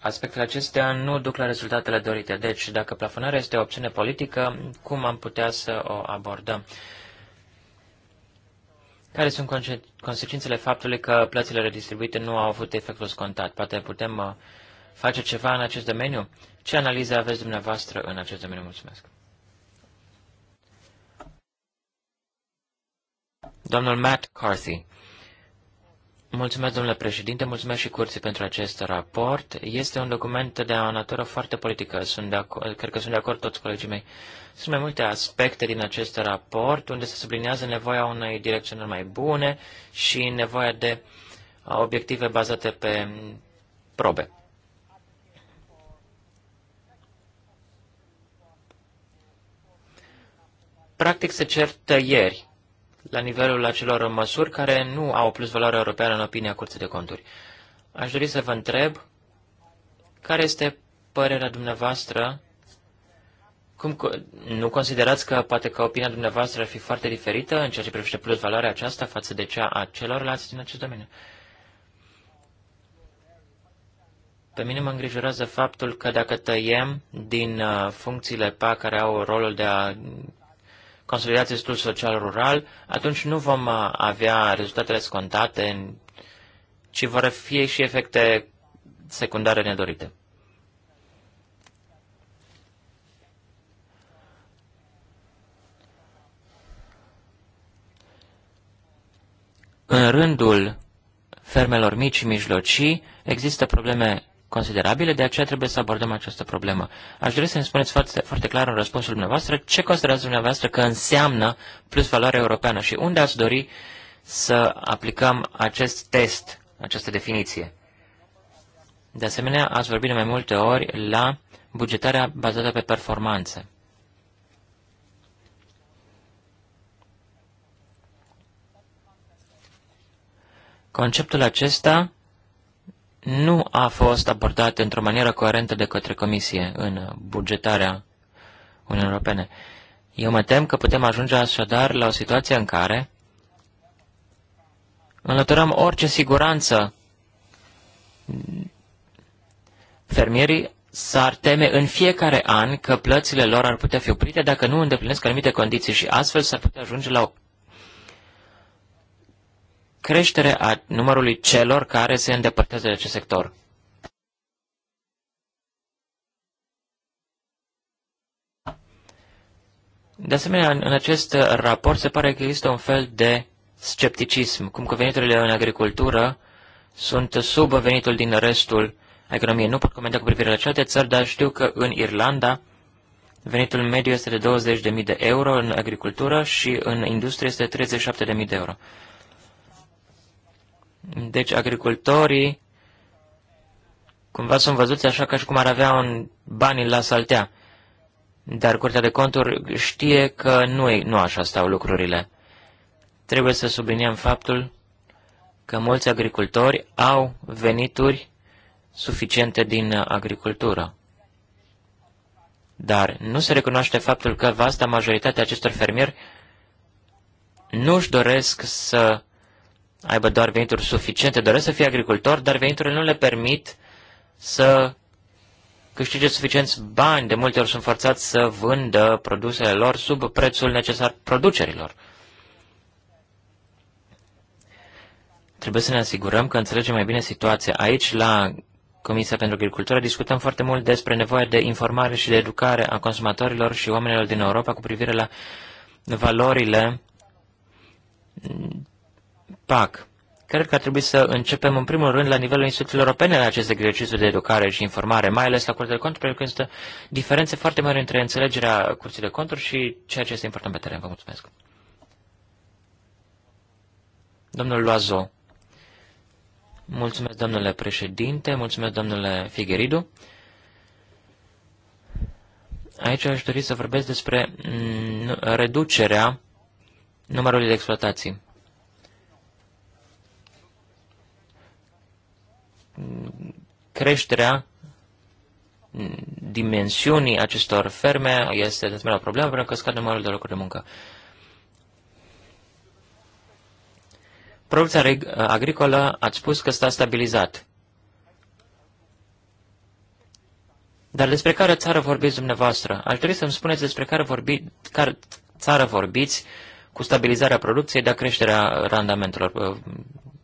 Aspectele acestea nu duc la rezultatele dorite, deci dacă plafonarea este o opțiune politică, cum am putea să o abordăm? Care sunt consecințele faptului că plățile redistribuite nu au avut efectul scontat? Poate putem uh, face ceva în acest domeniu? Ce analize aveți dumneavoastră în acest domeniu? Mulțumesc! Domnul Matt Carthy Mulțumesc, domnule președinte, mulțumesc și curții pentru acest raport. Este un document de o natură foarte politică, sunt de acord, cred că sunt de acord toți colegii mei. Sunt mai multe aspecte din acest raport unde se sublinează nevoia unei direcționări mai bune și nevoia de obiective bazate pe probe. Practic se cer tăieri la nivelul acelor măsuri care nu au plus valoare europeană în opinia Curții de Conturi. Aș dori să vă întreb care este părerea dumneavoastră cum, nu considerați că poate că opinia dumneavoastră ar fi foarte diferită în ceea ce privește plus valoarea aceasta față de cea a celorlalți din acest domeniu? Pe mine mă îngrijorează faptul că dacă tăiem din uh, funcțiile PA care au rolul de a consolidați testul social rural, atunci nu vom uh, avea rezultatele scontate, ci vor fi și efecte secundare nedorite. În rândul fermelor mici și mijlocii există probleme considerabile, de aceea trebuie să abordăm această problemă. Aș dori să-mi spuneți foarte, foarte clar în răspunsul dumneavoastră ce considerați dumneavoastră că înseamnă plus valoare europeană și unde ați dori să aplicăm acest test, această definiție. De asemenea, ați vorbit de mai multe ori la bugetarea bazată pe performanțe. Conceptul acesta nu a fost abordată într-o manieră coerentă de către Comisie în bugetarea Uniunii Europene. Eu mă tem că putem ajunge așadar la o situație în care înlăturăm orice siguranță. Fermierii s-ar teme în fiecare an că plățile lor ar putea fi oprite dacă nu îndeplinesc anumite condiții și astfel s-ar putea ajunge la o creștere a numărului celor care se îndepărtează de acest sector. De asemenea, în acest raport se pare că există un fel de scepticism, cum că veniturile în agricultură sunt sub venitul din restul economiei. Nu pot comenta cu privire la celelalte țări, dar știu că în Irlanda venitul mediu este de 20.000 de euro în agricultură și în industrie este de 37.000 de euro. Deci agricultorii cumva sunt văzuți așa ca și cum ar avea un bani la saltea. Dar Curtea de Conturi știe că nu, nu așa stau lucrurile. Trebuie să subliniem faptul că mulți agricultori au venituri suficiente din agricultură. Dar nu se recunoaște faptul că vasta majoritatea acestor fermieri nu își doresc să aibă doar venituri suficiente, doresc să fie agricultor, dar veniturile nu le permit să câștige suficienți bani. De multe ori sunt forțați să vândă produsele lor sub prețul necesar producerilor. Trebuie să ne asigurăm că înțelegem mai bine situația. Aici, la Comisia pentru Agricultură, discutăm foarte mult despre nevoia de informare și de educare a consumatorilor și oamenilor din Europa cu privire la valorile PAC. Cred că ar trebui să începem în primul rând la nivelul instituțiilor europene la acest exercițiu de educare și informare, mai ales la Curtea de Conturi, pentru că există diferențe foarte mari între înțelegerea Curții de Conturi și ceea ce este important pe teren. Vă mulțumesc. Domnul Loazo. Mulțumesc, domnule președinte, mulțumesc, domnule Figueridu. Aici aș dori să vorbesc despre reducerea numărului de exploatații. creșterea dimensiunii acestor ferme este de asemenea o problemă pentru că scade numărul de locuri de muncă. Producția agricolă ați spus că s-a stabilizat. Dar despre care țară vorbiți dumneavoastră? Ar trebui să-mi spuneți despre care, vorbi, care țară vorbiți cu stabilizarea producției, dar creșterea randamentelor, uh,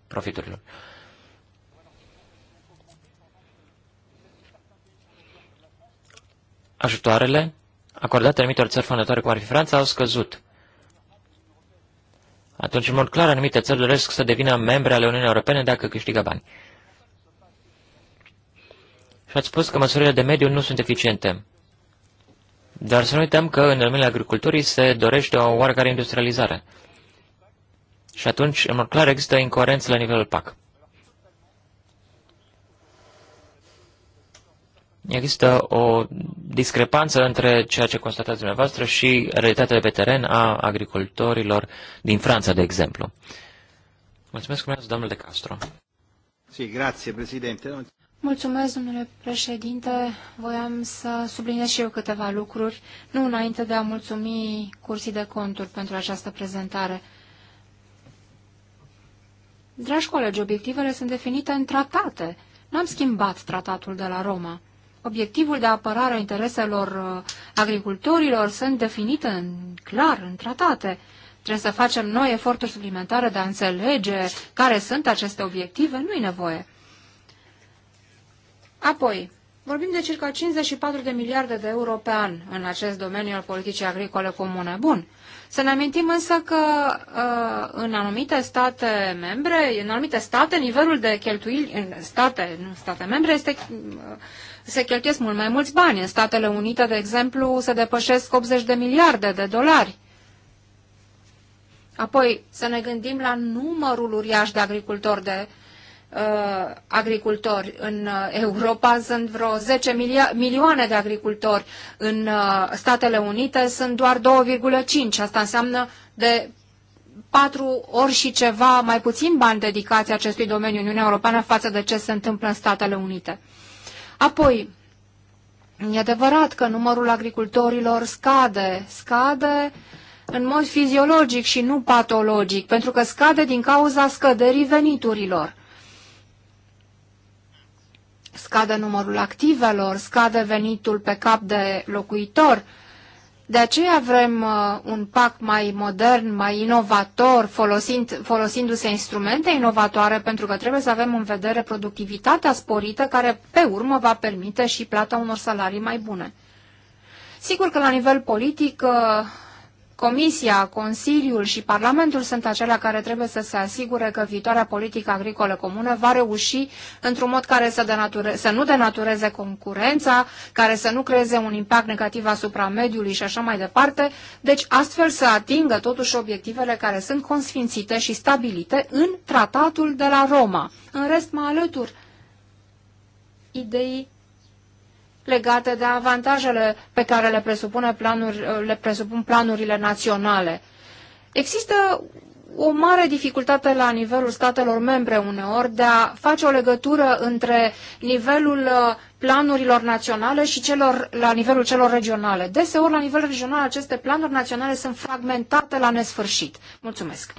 profiturilor. Uh, ajutoarele acordate anumitor țări fondatoare, cu ar fi Franța, au scăzut. Atunci, în mod clar, anumite țări doresc să devină membre ale Uniunii Europene dacă câștigă bani. Și ați spus că măsurile de mediu nu sunt eficiente. Dar să nu uităm că în domeniul agriculturii se dorește o oarecare industrializare. Și atunci, în mod clar, există incoerență la nivelul PAC. Există o discrepanță între ceea ce constatați dumneavoastră și realitatea de pe teren a agricultorilor din Franța, de exemplu. Mulțumesc, urmează domnul De Castro. Sí, grazie, președinte. Mulțumesc, domnule președinte. Voiam să subliniez și eu câteva lucruri, nu înainte de a mulțumi cursii de Conturi pentru această prezentare. Dragi colegi, obiectivele sunt definite în tratate. N-am schimbat tratatul de la Roma obiectivul de apărare a intereselor uh, agricultorilor sunt definite în clar în tratate. Trebuie să facem noi eforturi suplimentare de a înțelege care sunt aceste obiective, nu-i nevoie. Apoi, vorbim de circa 54 de miliarde de euro pe an în acest domeniu al politicii agricole comune. Bun. Să ne amintim însă că uh, în anumite state membre, în anumite state, nivelul de cheltuieli în state, nu state membre, este uh, se cheltuiesc mult mai mulți bani. În Statele Unite, de exemplu, se depășesc 80 de miliarde de dolari. Apoi să ne gândim la numărul uriaș de agricultori de uh, agricultori. În uh, Europa sunt vreo 10 milioane de agricultori. În uh, Statele Unite sunt doar 2,5. Asta înseamnă de patru ori și ceva mai puțin bani dedicați acestui domeniu Uniunea Europeană față de ce se întâmplă în Statele Unite. Apoi, e adevărat că numărul agricultorilor scade, scade în mod fiziologic și nu patologic, pentru că scade din cauza scăderii veniturilor. Scade numărul activelor, scade venitul pe cap de locuitor, de aceea vrem uh, un PAC mai modern, mai inovator, folosind, folosindu-se instrumente inovatoare, pentru că trebuie să avem în vedere productivitatea sporită, care pe urmă va permite și plata unor salarii mai bune. Sigur că la nivel politic uh, Comisia, Consiliul și Parlamentul sunt acelea care trebuie să se asigure că viitoarea politică agricolă comună va reuși într-un mod care să, denature, să nu denatureze concurența, care să nu creeze un impact negativ asupra mediului și așa mai departe, deci astfel să atingă totuși obiectivele care sunt consfințite și stabilite în tratatul de la Roma. În rest, mă alătur ideii legate de avantajele pe care le, presupune planuri, le presupun planurile naționale. Există o mare dificultate la nivelul statelor membre uneori de a face o legătură între nivelul uh, planurilor naționale și celor, la nivelul celor regionale. Deseori, la nivel regional, aceste planuri naționale sunt fragmentate la nesfârșit. Mulțumesc.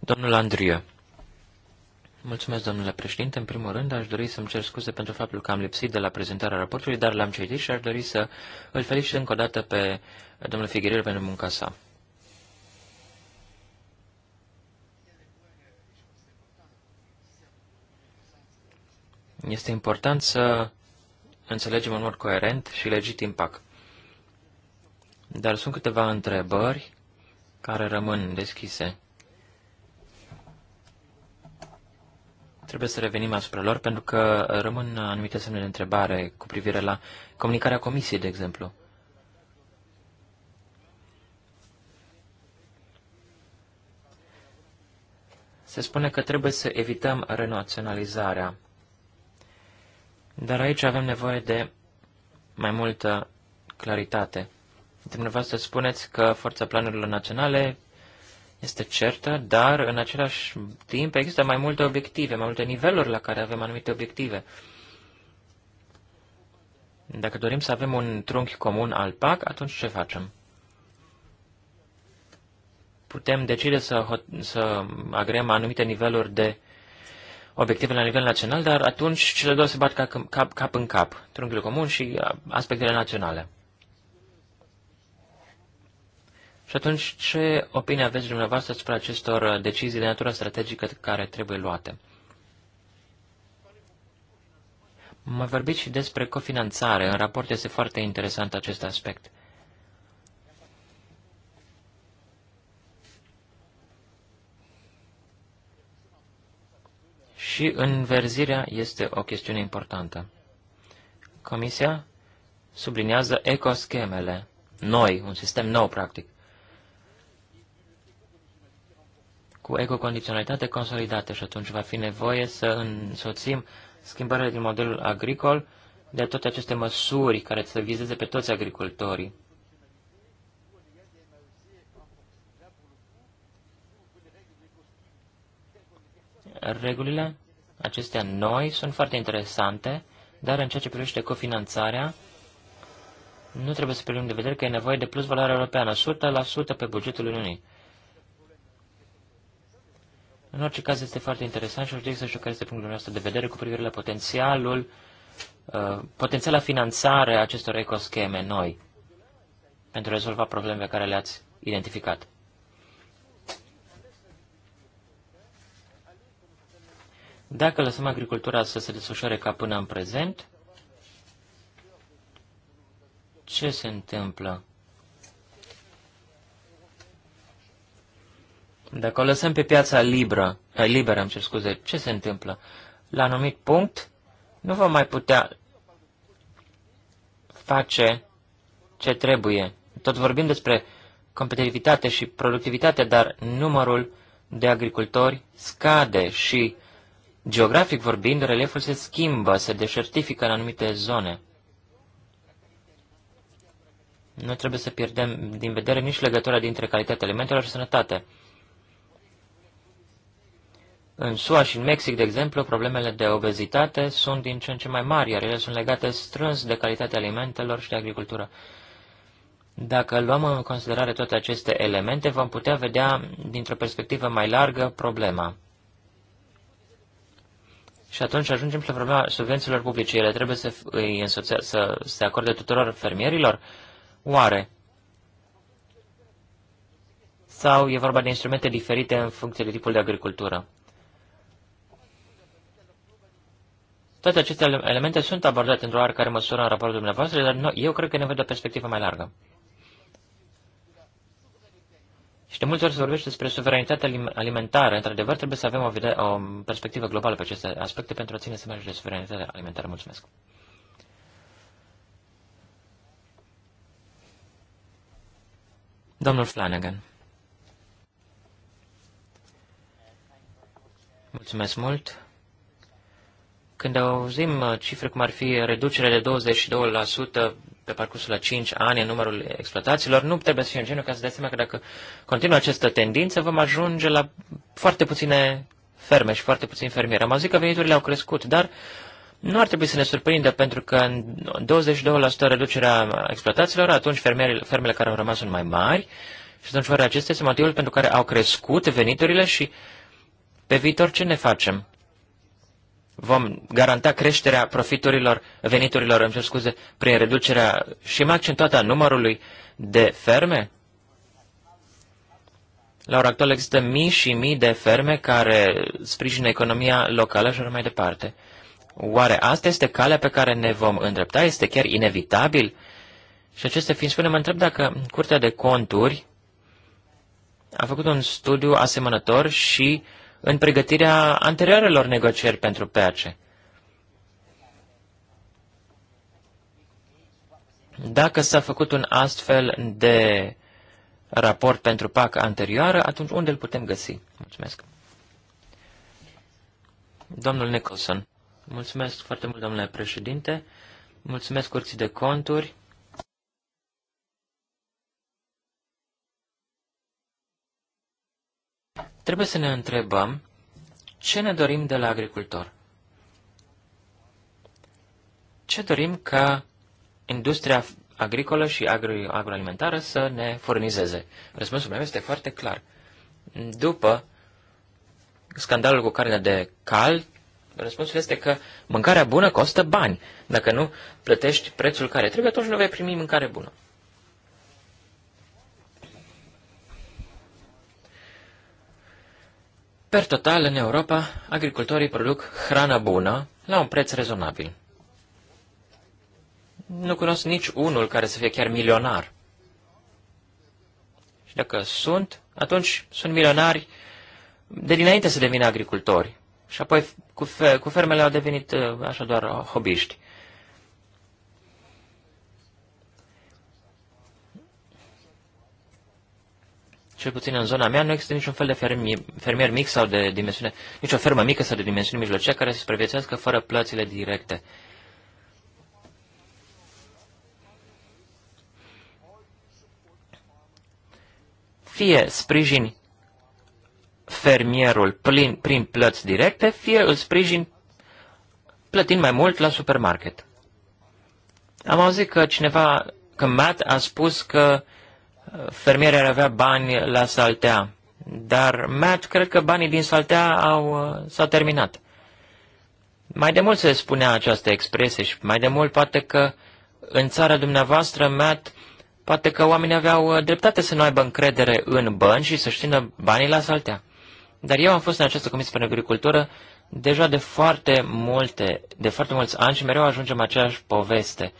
Domnul Andrie. Mulțumesc, domnule președinte. În primul rând, aș dori să-mi cer scuze pentru faptul că am lipsit de la prezentarea raportului, dar l-am citit și aș dori să îl felicit încă o dată pe domnul Figueiredo pentru munca sa. Este important să înțelegem în mod coerent și legitim PAC. Dar sunt câteva întrebări care rămân deschise. Trebuie să revenim asupra lor pentru că uh, rămân anumite semne de întrebare cu privire la comunicarea comisiei, de exemplu. Se spune că trebuie să evităm renaționalizarea, dar aici avem nevoie de mai multă claritate. Dumneavoastră spuneți că forța planurilor naționale este certă, dar în același timp există mai multe obiective, mai multe niveluri la care avem anumite obiective. Dacă dorim să avem un trunchi comun al PAC, atunci ce facem? Putem decide să, să agreăm anumite niveluri de obiective la nivel național, dar atunci cele două se bat cap, cap, cap în cap, trunchiul comun și uh, aspectele naționale. Și atunci, ce opinie aveți dumneavoastră asupra acestor uh, decizii de natură strategică care trebuie luate? Mă vorbit și despre cofinanțare. În raport este foarte interesant acest aspect. Și înverzirea este o chestiune importantă. Comisia subliniază ecoschemele, noi, un sistem nou, practic. cu ecocondiționalitate consolidată și atunci va fi nevoie să însoțim schimbările din modelul agricol de toate aceste măsuri care să vizeze pe toți agricultorii. Regulile acestea noi sunt foarte interesante, dar în ceea ce privește cofinanțarea, nu trebuie să privim de vedere că e nevoie de plus valoare europeană, 100% pe bugetul Uniunii. În orice caz este foarte interesant și aș dori să știu care este punctul nostru de vedere cu privire la potențialul, uh, potențiala finanțare a acestor ecoscheme noi pentru a rezolva problemele care le-ați identificat. Dacă lăsăm agricultura să se desfășoare ca până în prezent, ce se întâmplă? Dacă o lăsăm pe piața liberă, eh, liberă, îmi cer scuze, ce se întâmplă? La anumit punct nu vom mai putea face ce trebuie. Tot vorbim despre competitivitate și productivitate, dar numărul de agricultori scade și, geografic vorbind, relieful se schimbă, se deșertifică în anumite zone. Nu trebuie să pierdem din vedere nici legătura dintre calitatea alimentelor și sănătate. În SUA și în Mexic, de exemplu, problemele de obezitate sunt din ce în ce mai mari, iar ele sunt legate strâns de calitatea alimentelor și de agricultură. Dacă luăm în considerare toate aceste elemente, vom putea vedea dintr-o perspectivă mai largă problema. Și atunci ajungem la problema subvențiilor publice. Ele trebuie să, îi însoțe, să se acorde tuturor fermierilor? Oare? Sau e vorba de instrumente diferite în funcție de tipul de agricultură? Toate aceste elemente sunt abordate într-o oarecare măsură în raportul dumneavoastră, dar nu. eu cred că ne nevoie o perspectivă mai largă. Și de multe ori se vorbește despre suveranitatea alimentară. Într-adevăr, trebuie să avem o, vide- o perspectivă globală pe aceste aspecte pentru a ține seama de suveranitatea alimentară. Mulțumesc! Domnul Flanagan. Mulțumesc mult. Când auzim uh, cifre cum ar fi reducerea de 22% pe parcursul la 5 ani în numărul exploatațiilor, nu trebuie să fie genul ca să dea seama că dacă continuă această tendință, vom ajunge la foarte puține ferme și foarte puțini fermieri. Am auzit că veniturile au crescut, dar nu ar trebui să ne surprindă pentru că în 22% reducerea exploatațiilor, atunci fermele care au rămas sunt mai mari și atunci oare acesta este motivul pentru care au crescut veniturile și pe viitor ce ne facem? vom garanta creșterea profiturilor, veniturilor, îmi cer scuze, prin reducerea și mai accentuată a numărului de ferme? La ora actuală există mii și mii de ferme care sprijină economia locală și mai departe. Oare asta este calea pe care ne vom îndrepta? Este chiar inevitabil? Și aceste fiind spune, mă întreb dacă Curtea de Conturi a făcut un studiu asemănător și uh, în pregătirea anterioarelor negocieri pentru PAC. Dacă s-a făcut un astfel de raport pentru PAC anterioară, atunci unde îl putem găsi? Mulțumesc. Domnul Nicholson. Mulțumesc foarte mult, domnule președinte. Mulțumesc curții de conturi Trebuie să ne întrebăm ce ne dorim de la agricultor. Ce dorim ca industria agricolă și agro- agroalimentară să ne furnizeze? Răspunsul meu este foarte clar. După scandalul cu carne de cal, răspunsul este că mâncarea bună costă bani. Dacă nu plătești prețul care trebuie, atunci nu vei primi mâncare bună. Per total, în Europa, agricultorii produc hrană bună la un preț rezonabil. Nu cunosc nici unul care să fie chiar milionar. Și dacă sunt, atunci sunt milionari de dinainte să devină agricultori. Și apoi cu, fe- cu fermele au devenit uh, așa doar uh, hobiști. Cel puțin în zona mea nu există niciun fel de fermier, fermier mic sau de dimensiune, nicio fermă mică sau de dimensiune mijlocie care să supraviețuiască fără plățile directe. Fie sprijini fermierul plin, prin plăți directe, fie îl sprijini plătind mai mult la supermarket. Am auzit că cineva, că Matt a spus că uh, fermierii ar avea bani la saltea. Dar Matt, cred că banii din saltea au, uh, s-au terminat. Mai de mult se spunea această expresie și mai de mult poate că în țara dumneavoastră, Matt, poate că oamenii aveau uh, dreptate să nu aibă încredere în bani și să-și țină banii la saltea. Dar eu am fost în această comisie pentru agricultură deja de foarte multe, de foarte mulți ani și mereu ajungem aceeași poveste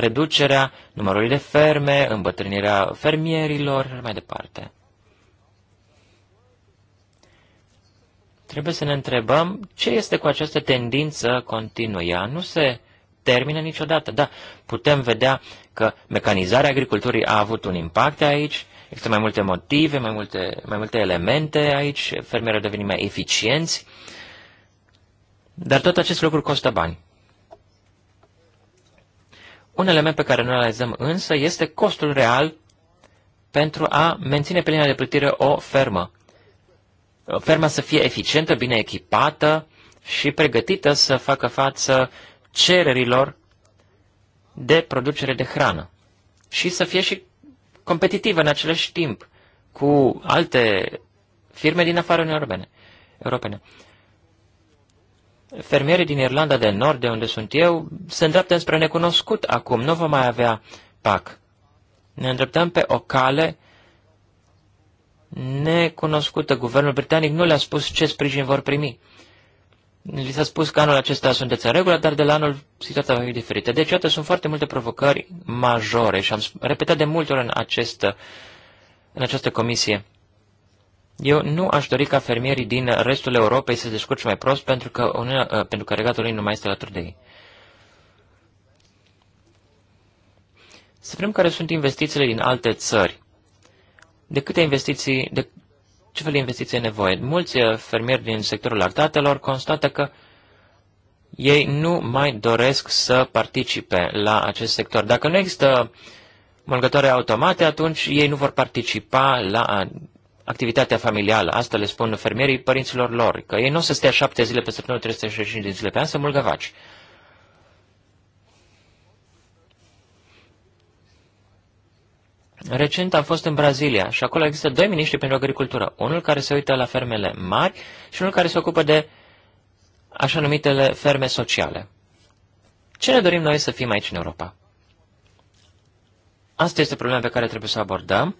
reducerea numărului de ferme, îmbătrânirea fermierilor, mai departe. Trebuie să ne întrebăm ce este cu această tendință continuă. Ea nu se termină niciodată. Da, putem vedea că mecanizarea agriculturii a avut un impact aici, există mai multe motive, mai multe, mai multe elemente aici, fermierii au devenit mai eficienți, dar tot acest lucru costă bani. Un element pe care nu analizăm însă este costul real pentru a menține pe linia de plutire o fermă. Ferma să fie eficientă, bine echipată și pregătită să facă față cererilor de producere de hrană și să fie și competitivă în același timp cu alte firme din afara Uniunii Europene. europene fermierii din Irlanda de Nord, de unde sunt eu, se îndreaptă spre necunoscut acum. Nu vom mai avea PAC. Ne îndreptăm pe o cale necunoscută. Guvernul britanic nu le-a spus ce sprijin vor primi. Li s-a spus că anul acesta sunteți în regulă, dar de la anul situația va fi diferită. Deci, iată, sunt foarte multe provocări majore și am repetat de multe ori în, acest, în această comisie. Eu nu aș dori ca fermierii din restul Europei să se descurce mai prost pentru că, Uniunea, ă, pentru că regatul ei nu mai este alături de ei. Să vedem care sunt investițiile din alte țări. De câte investiții, de ce fel de investiții e nevoie? Mulți ă, fermieri din sectorul lactatelor constată că ei nu mai doresc să participe la acest sector. Dacă nu există mângătoare automate, atunci ei nu vor participa la activitatea familială. Asta le spun fermierii părinților lor, că ei nu o să stea șapte zile pe săptămână, 365 de zile pe an să vaci. Recent am fost în Brazilia și acolo există doi miniștri pentru agricultură, unul care se uită la fermele mari și unul care se ocupă de așa numitele ferme sociale. Ce ne dorim noi să fim aici în Europa? Asta este problema pe care trebuie să o abordăm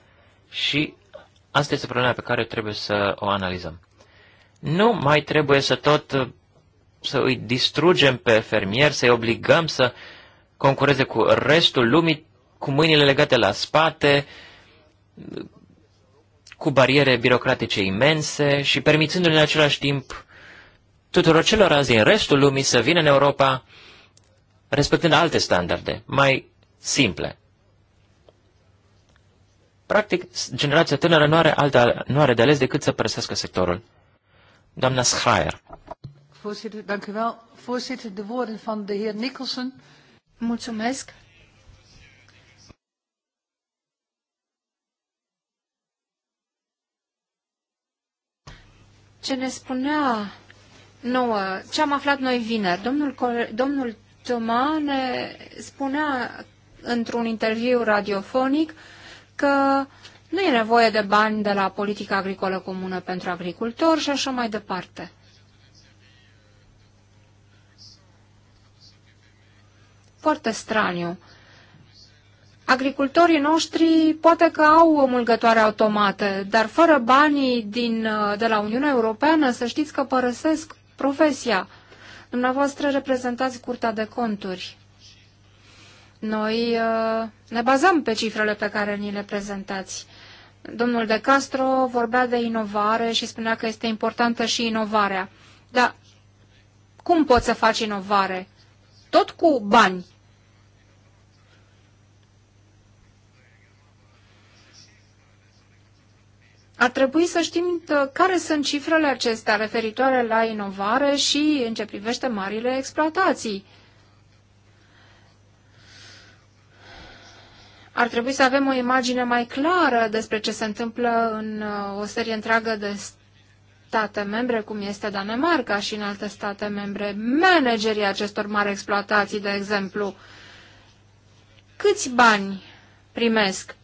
și Asta este problema pe care trebuie să o analizăm. Nu mai trebuie să tot să îi distrugem pe fermier, să-i obligăm să concureze cu restul lumii, cu mâinile legate la spate, cu bariere birocratice imense și permițându-le în același timp tuturor celor azi în restul lumii să vină în Europa respectând alte standarde, mai simple. Practic, generația tânără nu are, alta, nu are de ales decât să părăsească sectorul. Doamna Schreier. Mulțumesc. Ce ne spunea nouă, ce am aflat noi vineri, domnul, domnul Toma ne spunea într-un interviu radiofonic uh, că nu e nevoie de bani de la politica agricolă comună pentru agricultori și așa mai departe. Foarte straniu. Agricultorii noștri poate că au mulgătoare automate, dar fără banii din, de la Uniunea Europeană să știți că părăsesc profesia. Dumneavoastră reprezentați Curtea de Conturi noi uh, ne bazăm pe cifrele pe care ni le prezentați. Domnul De Castro vorbea de inovare și spunea că este importantă și inovarea. Dar cum poți să faci inovare? Tot cu bani. Ar trebui să știm uh, care sunt cifrele acestea referitoare la inovare și în ce privește marile exploatații. ar trebui să avem o imagine mai clară despre ce se întâmplă în uh, o serie întreagă de state membre, cum este Danemarca și în alte state membre, managerii acestor mari exploatații, de exemplu. Câți bani primesc?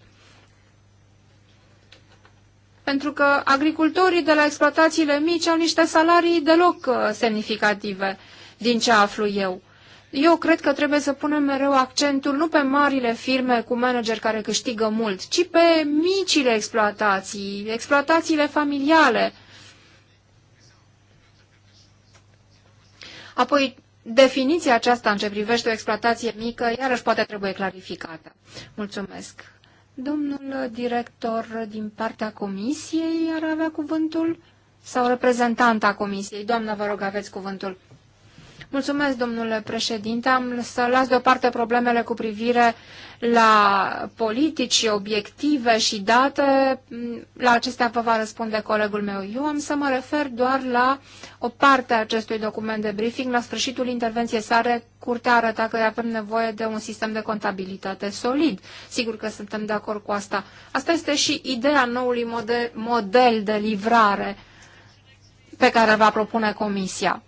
Pentru că agricultorii de la exploatațiile mici au niște salarii deloc uh, semnificative, din ce aflu eu. Eu cred că trebuie să punem mereu accentul nu pe marile firme cu manageri care câștigă mult, ci pe micile exploatații, exploatațiile familiale. Apoi, definiția aceasta în ce privește o exploatație mică, iarăși poate trebuie clarificată. Mulțumesc. Domnul director din partea comisiei ar avea cuvântul? Sau reprezentanta comisiei? Doamna, vă rog, aveți cuvântul. Mulțumesc, domnule președinte. Am să las deoparte problemele cu privire la politici, obiective și date. La acestea vă va răspunde colegul meu. Eu am să mă refer doar la o parte a acestui document de briefing. La sfârșitul intervenției sare, curtea arăta că avem nevoie de un sistem de contabilitate solid. Sigur că suntem de acord cu asta. Asta este și ideea noului model, model de livrare pe care va propune Comisia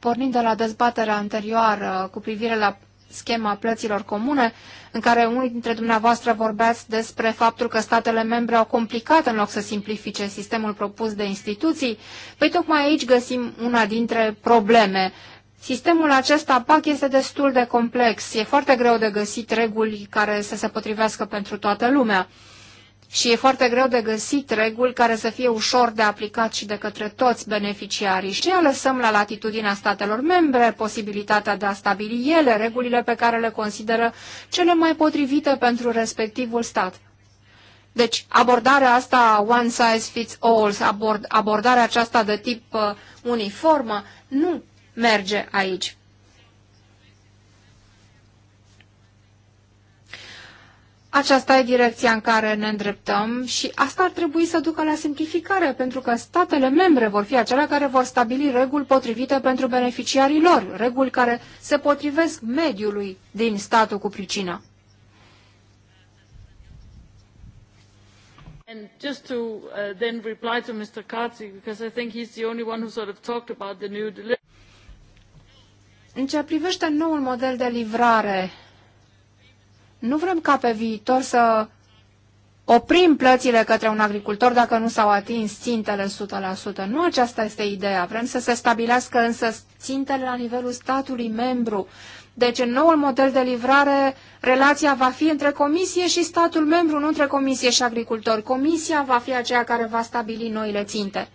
pornind de la dezbaterea anterioară cu privire la schema plăților comune, în care unii dintre dumneavoastră vorbeați despre faptul că statele membre au complicat în loc să simplifice sistemul propus de instituții, păi tocmai aici găsim una dintre probleme. Sistemul acesta PAC este destul de complex, e foarte greu de găsit reguli care să se potrivească pentru toată lumea și e foarte greu de găsit reguli care să fie ușor de aplicat și de către toți beneficiarii. Și lăsăm la latitudinea statelor membre posibilitatea de a stabili ele regulile pe care le consideră cele mai potrivite pentru respectivul stat. Deci, abordarea asta one size fits all, abord, abordarea aceasta de tip uh, uniformă, nu merge aici. Aceasta e direcția în care ne îndreptăm și asta ar trebui să ducă la simplificare, pentru că statele membre vor fi acelea care vor stabili reguli potrivite pentru beneficiarii lor, reguli care se potrivesc mediului din statul cu pricina. And just to uh, then reply to Mr. Carty, because I think he's the only one who sort of talked about the new delivery. În ce privește noul model de livrare nu vrem ca pe viitor să oprim plățile către un agricultor dacă nu s-au atins țintele 100%. Nu aceasta este ideea. Vrem să se stabilească însă țintele la nivelul statului membru. Deci în noul model de livrare, relația va fi între comisie și statul membru, nu între comisie și agricultor. Comisia va fi aceea care va stabili noile ținte.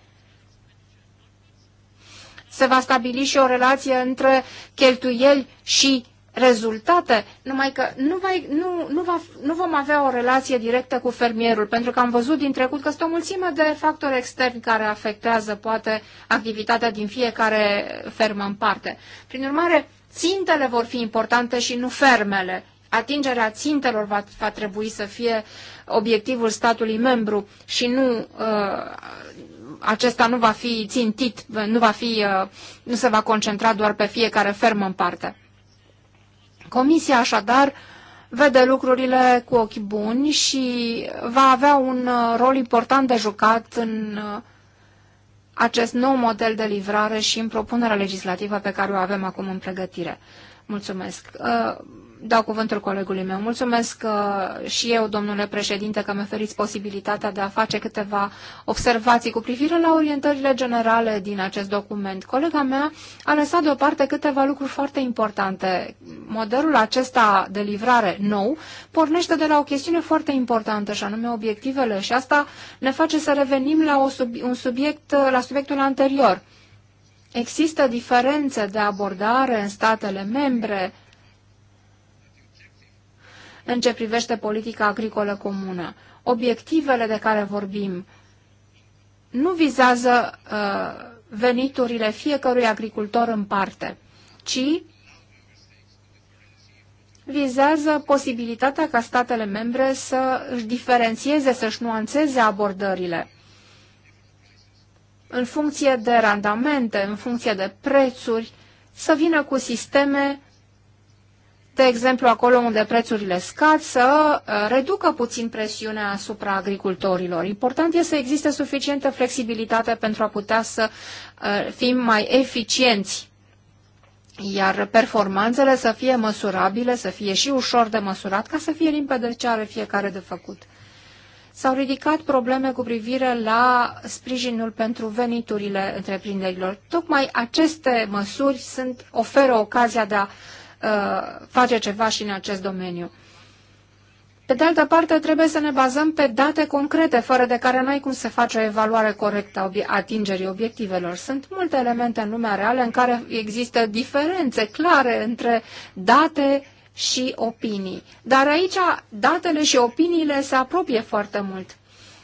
Se va stabili și o relație între cheltuieli și rezultate, numai că nu, mai nu, nu, va, nu vom avea o relație directă cu fermierul, pentru că am văzut din trecut că sunt o mulțime de factori externi care afectează, poate, activitatea din fiecare fermă în parte. Prin urmare, țintele vor fi importante și nu fermele. Atingerea țintelor va, va trebui să fie obiectivul statului membru și nu uh, acesta nu va fi țintit, nu va fi, uh, nu se va concentra doar pe fiecare fermă în parte. Comisia așadar vede lucrurile cu ochi buni și va avea un uh, rol important de jucat în uh, acest nou model de livrare și în propunerea legislativă pe care o avem acum în pregătire. Mulțumesc. Uh, dau cuvântul colegului meu. Mulțumesc uh, și eu, domnule președinte, că mi oferiți posibilitatea de a face câteva observații cu privire la orientările generale din acest document. Colega mea a lăsat deoparte câteva lucruri foarte importante. Modelul acesta de livrare nou pornește de la o chestiune foarte importantă, și anume obiectivele, și asta ne face să revenim la o sub, un subiect, uh, la subiectul anterior. Există diferențe de abordare în statele membre, în ce privește politica agricolă comună. Obiectivele de care vorbim nu vizează uh, veniturile fiecărui agricultor în parte, ci vizează posibilitatea ca statele membre să își diferențieze, să își nuanțeze abordările în funcție de randamente, în funcție de prețuri, să vină cu sisteme de exemplu acolo unde prețurile scad, să uh, reducă puțin presiunea asupra agricultorilor. Important este să existe suficientă flexibilitate pentru a putea să uh, fim mai eficienți iar performanțele să fie măsurabile, să fie și ușor de măsurat, ca să fie limpede ce are fiecare de făcut. S-au ridicat probleme cu privire la sprijinul pentru veniturile întreprinderilor. Tocmai aceste măsuri sunt, oferă ocazia de a Uh, face ceva și în acest domeniu. Pe de altă parte, trebuie să ne bazăm pe date concrete, fără de care n-ai cum să faci o evaluare corectă a atingerii obiectivelor. Sunt multe elemente în lumea reală în care există diferențe clare între date și opinii. Dar aici datele și opiniile se apropie foarte mult.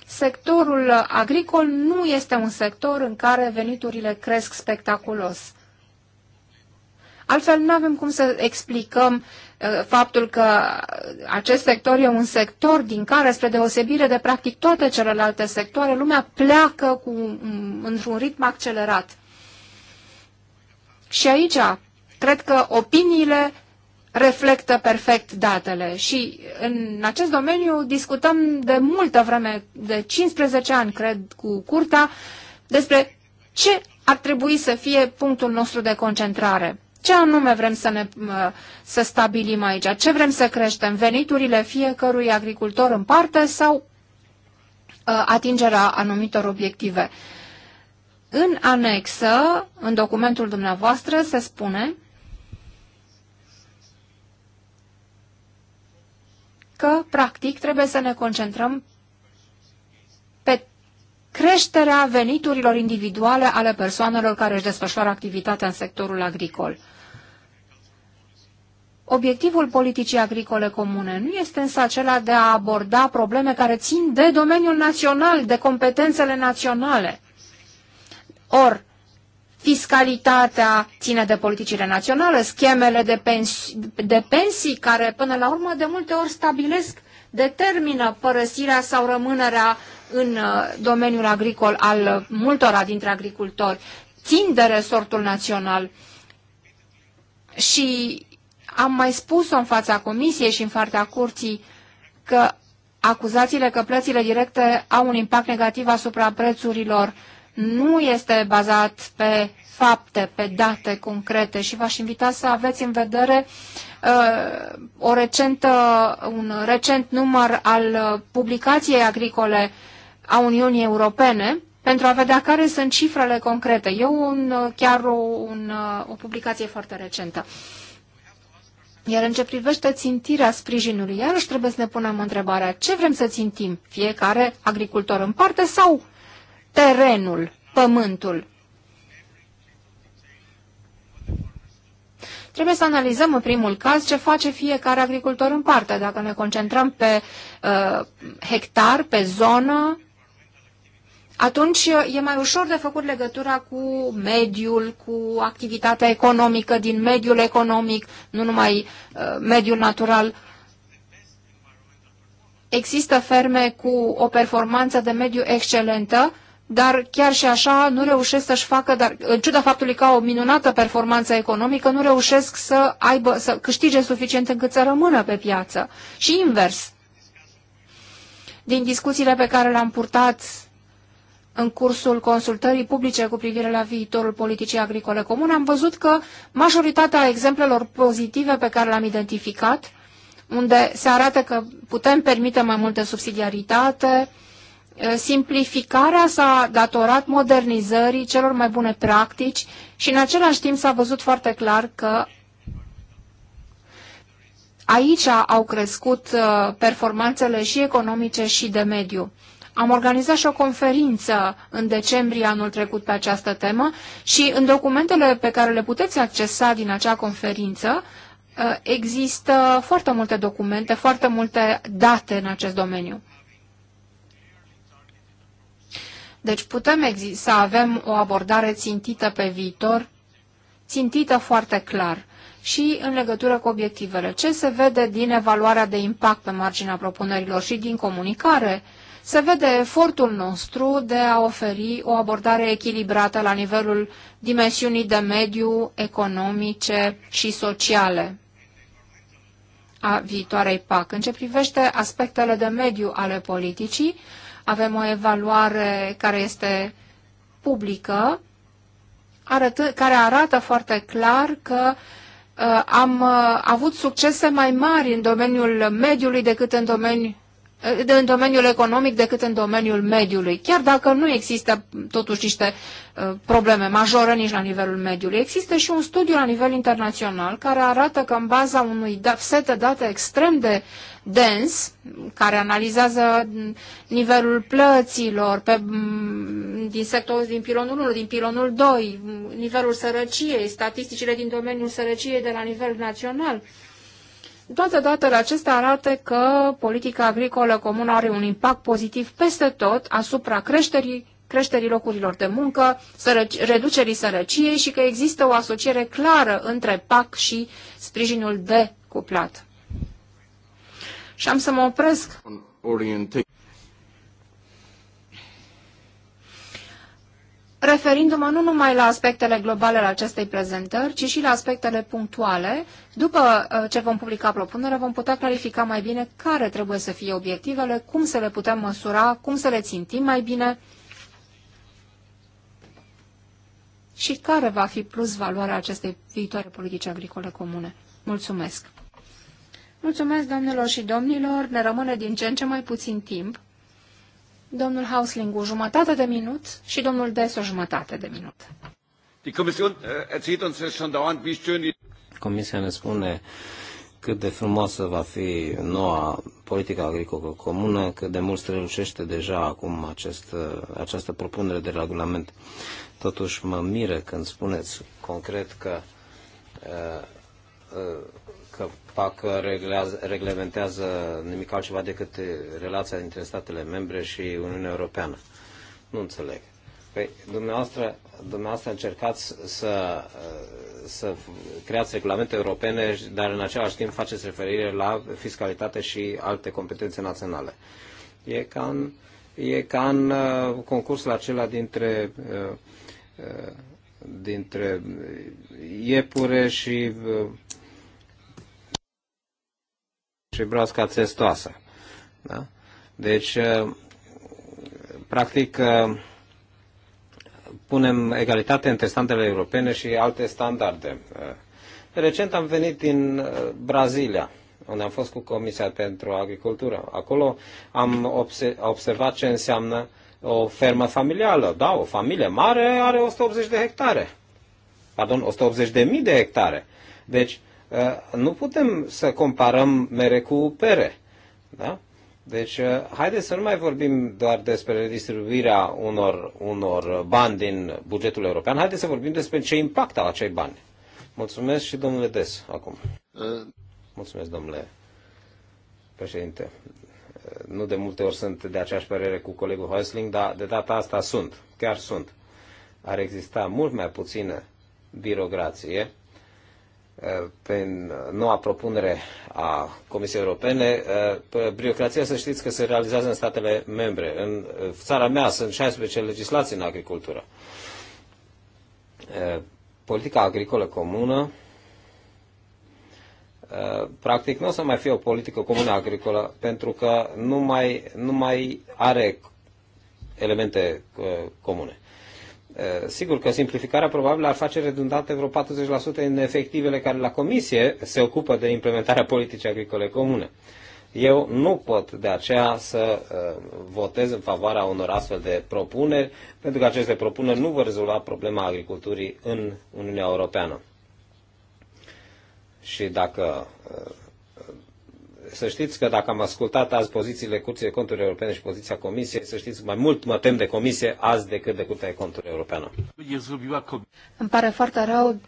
Sectorul agricol nu este un sector în care veniturile cresc spectaculos. Altfel nu avem cum să explicăm uh, faptul că acest sector e un sector din care, spre deosebire de practic toate celelalte sectoare, lumea pleacă cu, într-un ritm accelerat. Și aici, cred că opiniile reflectă perfect datele și în acest domeniu discutăm de multă vreme, de 15 ani, cred, cu curta, despre ce ar trebui să fie punctul nostru de concentrare. Ce anume vrem să, ne, să stabilim aici? Ce vrem să creștem? Veniturile fiecărui agricultor în parte sau ă, atingerea anumitor obiective? În anexă, în documentul dumneavoastră, se spune că, practic, trebuie să ne concentrăm pe creșterea veniturilor individuale ale persoanelor care își desfășoară activitatea în sectorul agricol. Obiectivul politicii agricole comune nu este însă acela de a aborda probleme care țin de domeniul național, de competențele naționale. Or, fiscalitatea ține de politicile naționale, schemele de, pens- de pensii care până la urmă de multe ori stabilesc, determină părăsirea sau rămânerea în uh, domeniul agricol al multora dintre agricultori, țin de resortul național. Și am mai spus-o în fața comisiei și în fața curții că acuzațiile că plățile directe au un impact negativ asupra prețurilor nu este bazat pe fapte, pe date concrete și v-aș invita să aveți în vedere uh, o recentă, un recent număr al uh, publicației agricole a Uniunii Europene pentru a vedea care sunt cifrele concrete. Eu un, uh, chiar o, un, uh, o publicație foarte recentă. Uh, iar în ce privește țintirea sprijinului, iarăși trebuie să ne punem întrebarea ce vrem să țintim, fiecare agricultor în parte sau terenul, pământul. Trebuie să analizăm în primul caz ce face fiecare agricultor în parte. Dacă ne concentrăm pe uh, hectar, pe zonă, atunci e mai ușor de făcut legătura cu mediul, cu activitatea economică din mediul economic, nu numai uh, mediul natural. Există ferme cu o performanță de mediu excelentă, dar chiar și așa nu reușesc să-și facă, dar, în ciuda faptului că au o minunată performanță economică, nu reușesc să, aibă, să câștige suficient încât să rămână pe piață. Și invers. Din discuțiile pe care le-am purtat în cursul consultării publice cu privire la viitorul politicii agricole comune, am văzut că majoritatea exemplelor pozitive pe care le-am identificat, unde se arată că putem permite mai multă subsidiaritate, eh, simplificarea s-a datorat modernizării celor mai bune practici și în același timp s-a văzut foarte clar că aici au crescut eh, performanțele și economice și de mediu. Am organizat și o conferință în decembrie anul trecut pe această temă și în documentele pe care le puteți accesa din acea conferință uh, există foarte multe documente, foarte multe date în acest domeniu. Deci putem să avem o abordare țintită pe viitor, țintită foarte clar și în legătură cu obiectivele. Ce se vede din evaluarea de impact pe marginea propunerilor și din comunicare se vede efortul nostru de a oferi o abordare echilibrată la nivelul dimensiunii de mediu, economice și sociale a viitoarei PAC. În ce privește aspectele de mediu ale politicii, avem o evaluare care este publică, arătă, care arată foarte clar că uh, am uh, avut succese mai mari în domeniul mediului decât în domeniul de, în domeniul economic decât în domeniul mediului, chiar dacă nu există totuși niște uh, probleme majore nici la nivelul mediului. Există și un studiu la nivel internațional care arată că în baza unui da, set de date extrem de dens, care analizează nivelul plăților pe, din sectorul din pilonul 1, din pilonul 2, nivelul sărăciei, statisticile din domeniul sărăciei de la nivel național, uh, toate datele acestea arată că politica agricolă comună are un impact pozitiv peste tot asupra creșterii creșterii locurilor de muncă, sărăci, reducerii sărăciei și că există o asociere clară între PAC și sprijinul de cuplat. Și am să mă opresc referindu-mă nu numai la aspectele globale ale acestei prezentări, ci și la aspectele punctuale. După uh, ce vom publica propunerea, vom putea clarifica mai bine care trebuie să fie obiectivele, cum să le putem măsura, cum să le țintim mai bine și care va fi plus valoarea acestei viitoare politici agricole comune. Mulțumesc! Mulțumesc, domnilor și domnilor! Ne rămâne din ce în ce mai puțin timp domnul Hausling jumătate de minut și domnul Des o jumătate de minut. Äh, Comisia ne spune cât de frumoasă va fi noua politică agricolă comună, cât de mult strălucește deja acum acest, uh, această propunere de regulament. Totuși mă miră când spuneți concret că uh, uh, că PAC reglementează nimic altceva decât relația dintre statele membre și Uniunea Europeană. Nu înțeleg. Păi, dumneavoastră, dumneavoastră încercați să, să creați regulamente europene, dar în același timp faceți referire la fiscalitate și alte competențe naționale. E ca în, e ca în uh, concursul acela dintre, uh, uh, dintre iepure și și broasca țestoasă. Da? Deci, uh, practic, uh, punem egalitate între standardele europene și alte standarde. Uh, recent am venit din Brazilia, unde am fost cu Comisia pentru Agricultură. Acolo am observat ce înseamnă o fermă familială. Da, o familie mare are 180 de hectare. Pardon, 180 de mii de hectare. Deci, Eh, nu putem să comparăm mere cu pere. Da? Deci, eh, haideți să nu mai vorbim doar despre distribuirea unor, unor bani din bugetul european, haideți să vorbim despre ce impact au acei bani. Mulțumesc și domnule Des acum. Eh. Mulțumesc, domnule președinte. Nu de multe ori sunt de aceeași părere cu colegul Häusling, dar de data asta sunt, chiar sunt. Ar exista mult mai puțină birocrație pe noua propunere a Comisiei Europene, eh, birocrația să știți că se realizează în statele membre. În eh, țara mea sunt 16 legislații în agricultură. Eh, politica agricolă comună, practic nu o să mai fie o politică comună agricolă pentru că nu mai, nu mai are elemente comune. Eh, sigur că simplificarea probabil ar face redundante vreo 40% în efectivele care la comisie se ocupă de implementarea politicii agricole comune. Eu nu pot de aceea să eh, votez în favoarea unor astfel de propuneri, pentru că aceste propuneri nu vor rezolva problema agriculturii în Uniunea Europeană. Și dacă eh, să știți că dacă am ascultat azi pozițiile Curții de Conturi Europene și poziția Comisiei, să știți, mai mult mă tem de Comisie azi decât de Curtea de Conturi Europeană. Îmi pare foarte rău,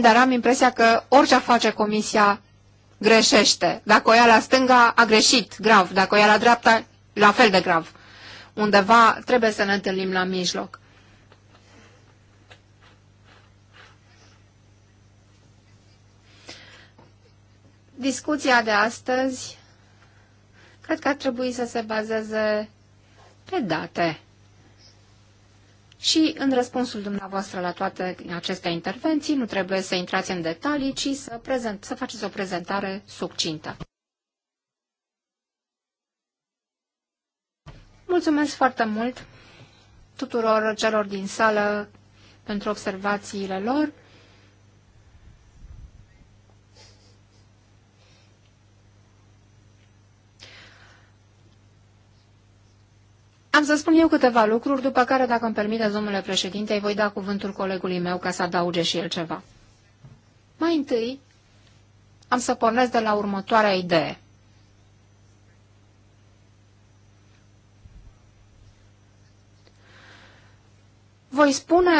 dar am impresia că orice face Comisia greșește. Dacă o ia la stânga, a greșit grav. Dacă o ia la dreapta, la fel de grav. Undeva trebuie să ne întâlnim la mijloc. discuția de astăzi cred că ar trebui să se bazeze pe date. Și în răspunsul dumneavoastră la toate aceste intervenții, nu trebuie să intrați în detalii, ci să, prezent, să faceți o prezentare succintă. Mulțumesc foarte mult tuturor celor din sală pentru observațiile lor. Am să spun eu câteva lucruri, după care, dacă îmi permite, domnule președinte, îi voi da cuvântul colegului meu ca să adauge și el ceva. Mai întâi, am să pornesc de la următoarea idee. Voi spune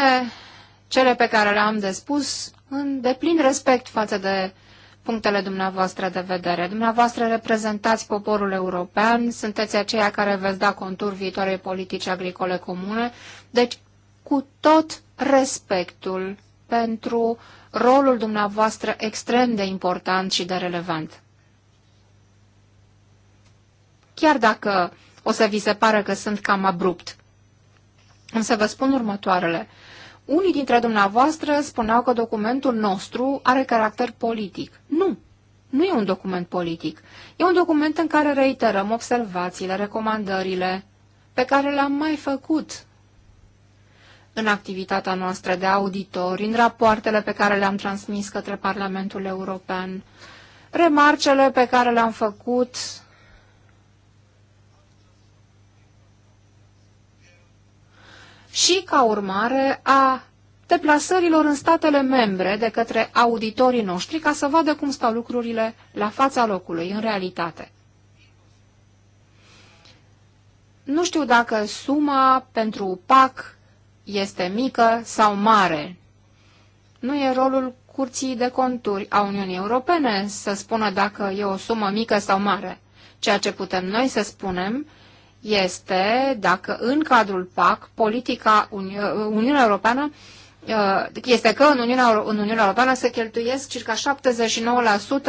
cele pe care le-am de spus în deplin respect față de punctele dumneavoastră de vedere. Dumneavoastră reprezentați poporul european, sunteți aceia care veți da contur viitoarei politici agricole comune, deci cu tot respectul pentru rolul dumneavoastră extrem de important și de relevant. Chiar dacă o să vi se pară că sunt cam abrupt, am să vă spun următoarele. Uh, unii dintre dumneavoastră spuneau că documentul nostru are caracter politic. Nu, nu e un document politic. E un document în care reiterăm observațiile, recomandările pe care le-am mai făcut în activitatea noastră de auditori, în rapoartele pe care le-am transmis către Parlamentul European, remarcele pe care le-am făcut și ca urmare a deplasărilor în statele membre de către auditorii noștri ca să vadă cum stau lucrurile la fața locului, în realitate. Nu știu dacă suma pentru PAC este mică sau mare. Nu e rolul Curții de Conturi a Uniunii Europene să spună dacă e o sumă mică sau mare. Ceea ce putem noi să spunem este dacă în cadrul PAC politica Uni Uniunea Europeană uh, este că în Uniunea, în Uniunea Europeană se cheltuiesc circa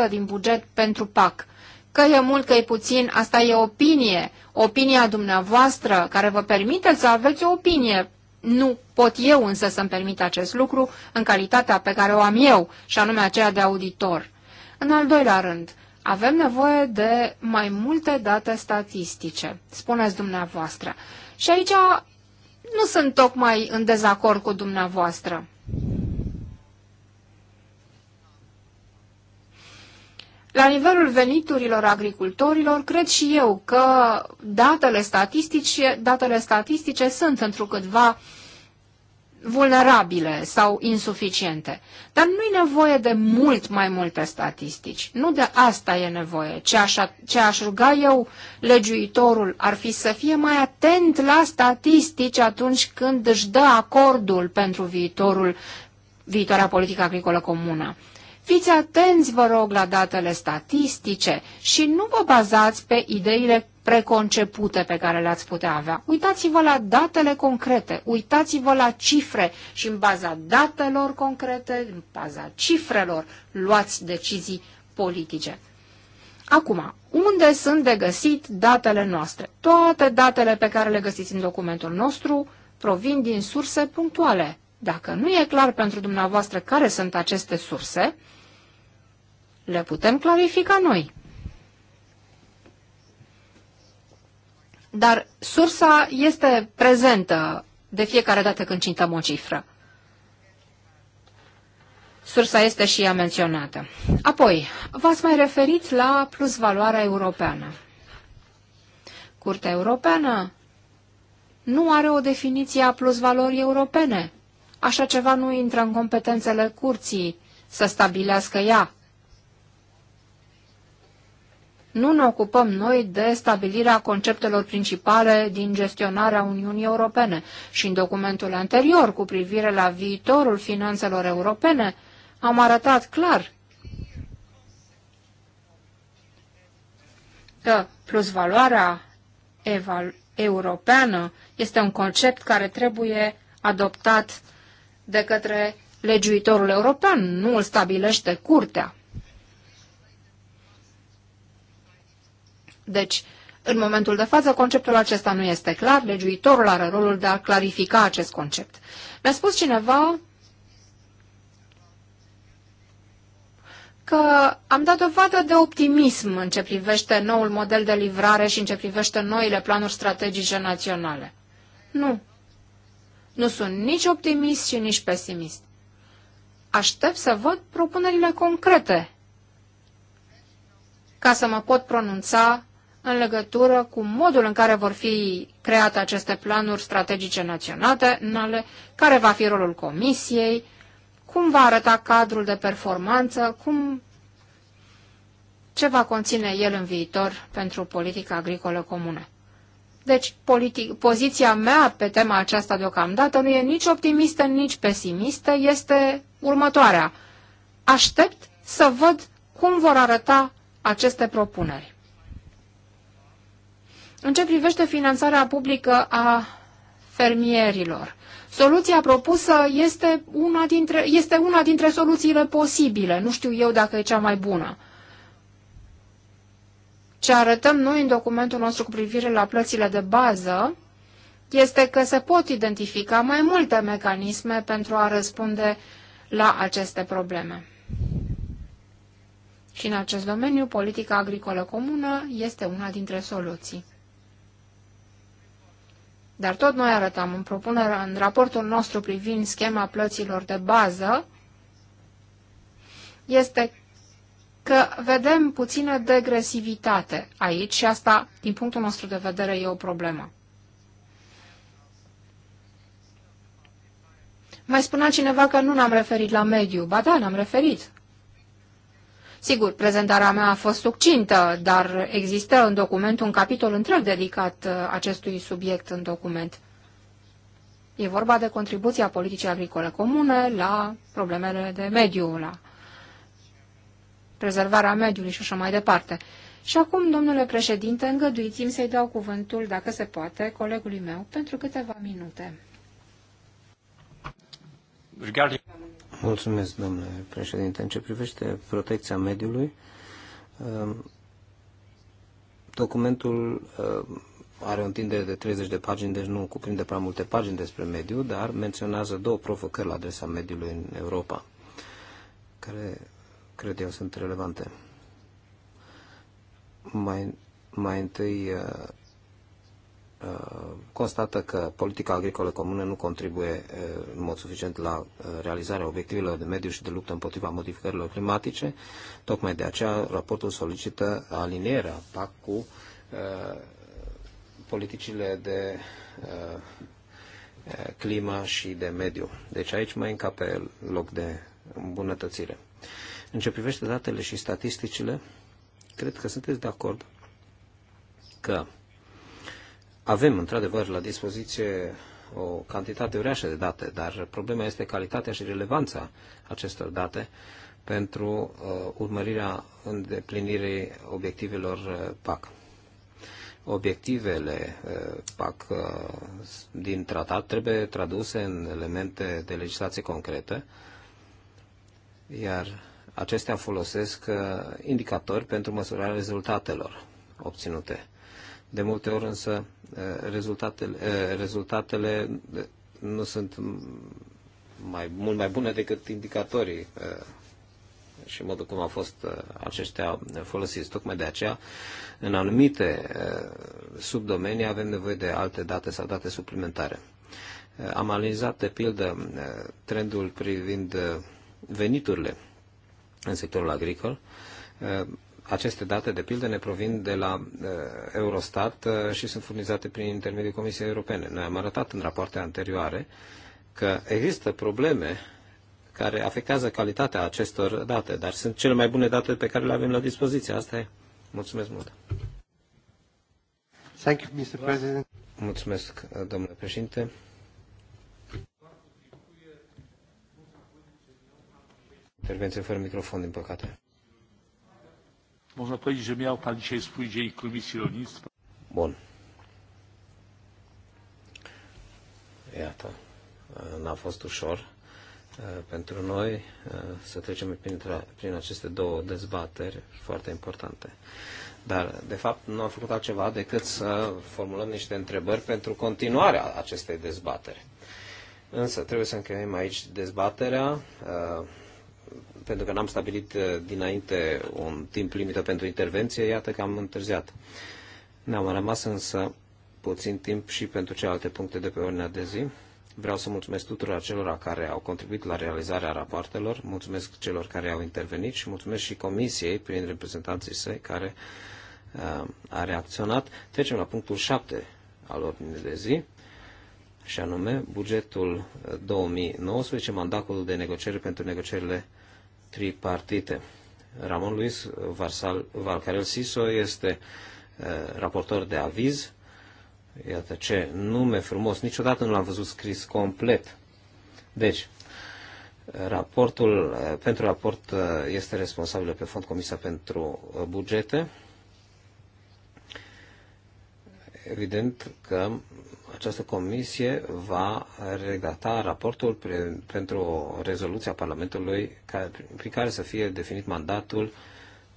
79% din buget pentru PAC. Că e mult, că e puțin, asta e opinie. Opinia dumneavoastră care vă permite să aveți o opinie. Nu pot eu însă să-mi permit acest lucru în calitatea pe care o am eu, și anume aceea de auditor. În al doilea rând, avem nevoie de mai multe date statistice, spuneți dumneavoastră. Și aici nu sunt tocmai în dezacord cu dumneavoastră. La nivelul veniturilor agricultorilor, cred și eu că datele statistice, datele statistice sunt întrucâtva vulnerabile sau insuficiente. Dar nu e nevoie de mult mai multe statistici. Nu de asta e nevoie. Ce aș, ce aș ruga eu, legiuitorul, ar fi să fie mai atent la statistici atunci când își dă acordul pentru viitorul, viitoarea politică agricolă comună. Fiți atenți, vă rog, la datele statistice și nu vă bazați pe ideile preconcepute pe care le-ați putea avea. Uitați-vă la datele concrete, uitați-vă la cifre și în baza datelor concrete, în baza cifrelor, luați decizii politice. Acum, unde sunt de găsit datele noastre? Toate datele pe care le găsiți în documentul nostru provin din surse punctuale. Dacă nu e clar pentru dumneavoastră care sunt aceste surse, le putem clarifica noi. dar sursa este prezentă de fiecare dată când cintăm o cifră. Sursa este și ea menționată. Apoi, v-ați mai referit la plusvaloarea europeană. Curtea Europeană nu are o definiție a plusvalorii europene. Așa ceva nu intră în competențele curții să stabilească ea nu ne ocupăm noi de stabilirea conceptelor principale din gestionarea Uniunii Europene. Și în documentul anterior, cu privire la viitorul finanțelor europene, am arătat clar că plusvaloarea europeană este un concept care trebuie adoptat de către legiuitorul european, nu îl stabilește curtea. Deci, în momentul de față, conceptul acesta nu este clar, legiuitorul are rolul de a clarifica acest concept. Mi-a spus cineva că am dat dovadă de optimism în ce privește noul model de livrare și în ce privește noile planuri strategice naționale. Nu. Nu sunt nici optimist și nici pesimist. Aștept să văd propunerile concrete ca să mă pot pronunța în legătură cu modul în care vor fi create aceste planuri strategice naționale, care va fi rolul comisiei, cum va arăta cadrul de performanță, cum, ce va conține el în viitor pentru politica agricolă comună. Deci, politic, poziția mea pe tema aceasta deocamdată nu e nici optimistă, nici pesimistă, este următoarea. Aștept să văd cum vor arăta aceste propuneri. În ce privește finanțarea publică a fermierilor, soluția propusă este una dintre, este una dintre soluțiile posibile. Nu știu eu dacă e cea mai bună. Ce arătăm noi în documentul nostru cu privire la plățile de bază este că se pot identifica mai multe mecanisme pentru a răspunde la aceste probleme. Și în acest domeniu, politica agricolă comună este una dintre soluții. Dar tot noi arătam în propunere, în raportul nostru privind schema plăților de bază, este că vedem puțină degresivitate aici și asta, din punctul nostru de vedere, e o problemă. Mai spunea cineva că nu ne-am referit la mediu. Ba da, ne-am referit. Sigur, prezentarea mea a fost succintă, dar există în document un capitol întreg dedicat uh, acestui subiect în document. E vorba de contribuția politicii agricole comune la problemele de mediu, la prezervarea mediului și așa mai departe. Și acum, domnule președinte, îngăduiți-mi să-i dau cuvântul, dacă se poate, colegului meu pentru câteva minute. Regarding... Mulțumesc, domnule președinte. În ce privește protecția mediului, um, documentul um, are o întindere de 30 de pagini, deci nu cuprinde prea multe pagini despre mediu, dar menționează două provocări la adresa mediului în Europa, care cred eu sunt relevante. Mai, mai întâi uh, constată că politica agricolă comună nu contribuie uh, în mod suficient la uh, realizarea obiectivelor de mediu și de luptă împotriva modificărilor climatice. Tocmai de aceea, raportul solicită alinierea PAC cu uh, politicile de climă și de mediu. Deci aici mai încape loc de îmbunătățire. În ce privește datele și statisticile, cred că sunteți de acord că avem, într-adevăr, la dispoziție o cantitate uriașă de date, dar problema este calitatea și relevanța acestor date pentru uh, urmărirea îndeplinirii obiectivelor uh, PAC. Obiectivele uh, PAC uh, din tratat trebuie traduse în elemente de legislație concrete, iar acestea folosesc uh, indicatori pentru măsurarea rezultatelor obținute de multe ori însă eh, rezultatele, eh, rezultatele eh, nu sunt mai, mult mai bune decât indicatorii și modul cum au fost aceștia folosiți. Tocmai de aceea, în anumite subdomenii avem nevoie de alte date sau date suplimentare. Am analizat, de pildă, trendul privind veniturile în sectorul agricol aceste date, de pildă, ne provin de la uh, Eurostat uh, și sunt furnizate prin intermediul Comisiei Europene. Noi am arătat în rapoarte anterioare că există probleme care afectează calitatea acestor date, dar sunt cele mai bune date pe care le avem la dispoziție. Asta e. Mulțumesc mult. Thank you, Mr. President. Mulțumesc, domnule președinte. Intervenție fără microfon, din păcate. Można powiedzieć, że miał Pan dzisiaj swój dzień Komisji Rolnictwa. Bun. Iată, n-a fost ușor pentru noi să trecem prin, prin aceste două dezbateri foarte importante. Dar, de fapt, nu am făcut altceva decât să formulăm niște întrebări pentru continuarea acestei dezbateri. Însă, trebuie să încheiem aici dezbaterea pentru că n-am stabilit uh, dinainte un timp limită pentru intervenție, iată că am întârziat. Ne-am rămas însă puțin timp și pentru celelalte puncte de pe ordinea de zi. Vreau să mulțumesc tuturor celor care au contribuit la realizarea rapoartelor, mulțumesc celor care au intervenit și mulțumesc și comisiei prin reprezentanții săi care uh, a reacționat. Trecem la punctul 7 al ordinii de zi și anume bugetul 2019, uh, mandatul de negociere pentru negocierile tripartite. Ramon Luis Varsal, Valcarel Siso este eh, raportor de aviz. Iată ce nume frumos, niciodată nu l-am văzut scris complet. Deci, raportul, eh, pentru raport eh, este responsabil pe fond Comisia pentru Bugete. Evident că această comisie va redacta raportul pre, pentru rezoluția Parlamentului ca, prin care să fie definit mandatul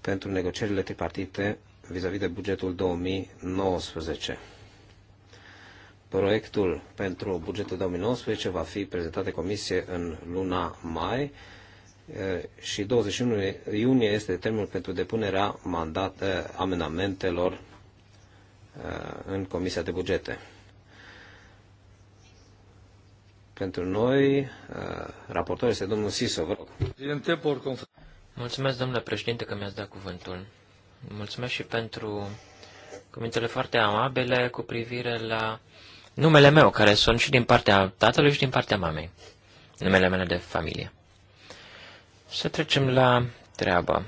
pentru negocierile tripartite vis-a-vis -vis de bugetul 2019. Proiectul pentru bugetul 2019 va fi prezentat de comisie în luna mai și 21 iunie este termenul pentru depunerea mandat, amenamentelor în Comisia de Bugete. Pentru noi, uh, raportor este domnul Siso, vă rog. Mulțumesc, domnule președinte, că mi-ați dat cuvântul. Mulțumesc și pentru cuvintele foarte amabile cu privire la numele meu, care sunt și din partea tatălui și din partea mamei, numele meu de familie. Să trecem la treabă.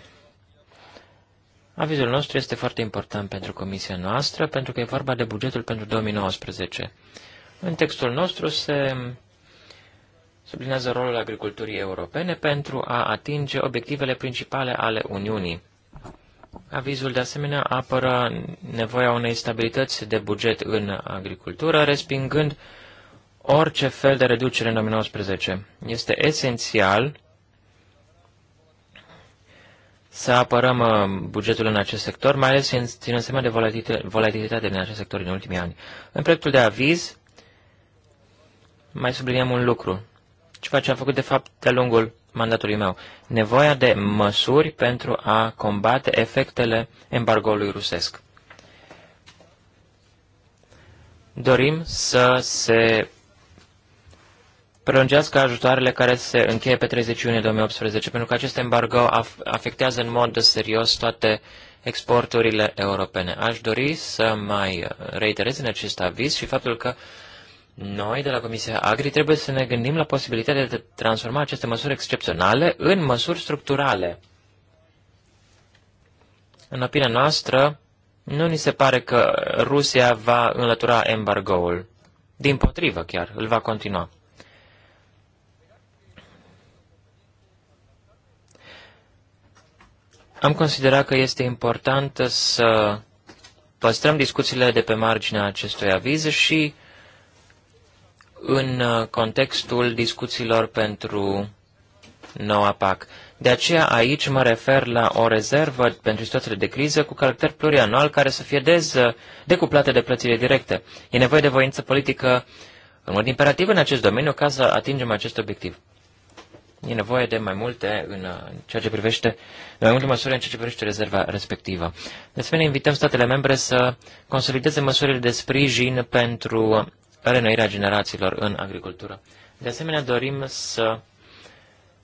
Avizul nostru este foarte important pentru comisia noastră, pentru că e vorba de bugetul pentru 2019. În textul nostru se sublinează rolul agriculturii europene pentru a atinge obiectivele principale ale Uniunii. Avizul de asemenea apără nevoia unei stabilități de buget în agricultură, respingând orice fel de reducere în 2019. Este esențial să apărăm uh, bugetul în acest sector, mai ales ținând seama de volatilitatea din acest sector în ultimii ani. În proiectul de aviz mai subliniem un lucru ceva ce am făcut de fapt de-a lungul mandatului meu. Nevoia de măsuri pentru a combate efectele embargoului rusesc. Dorim să se prelungească ajutoarele care se încheie pe 30 iunie 2018, pentru că acest embargo afectează în mod serios toate exporturile europene. Aș dori să mai reiterez în acest aviz și faptul că uh, noi, de la Comisia Agri, trebuie să ne gândim la posibilitatea de a transforma aceste măsuri excepționale în măsuri structurale. În opinia noastră, nu ni se pare că Rusia va înlătura embargoul. Din potrivă, chiar, îl va continua. Am considerat că este important să păstrăm discuțiile de pe marginea acestui aviz și în uh, contextul discuțiilor pentru noua PAC. De aceea aici mă refer la o rezervă pentru situațiile de criză cu caracter plurianual care să fie dez, uh, decuplate de plățile directe. E nevoie de voință politică în mod imperativ în acest domeniu ca să atingem acest obiectiv. E nevoie de mai multe în uh, ceea ce privește, de mai multe măsuri în ceea ce privește rezerva respectivă. De asemenea, invităm statele membre să consolideze măsurile de sprijin pentru renoirea generațiilor în agricultură. De asemenea, dorim să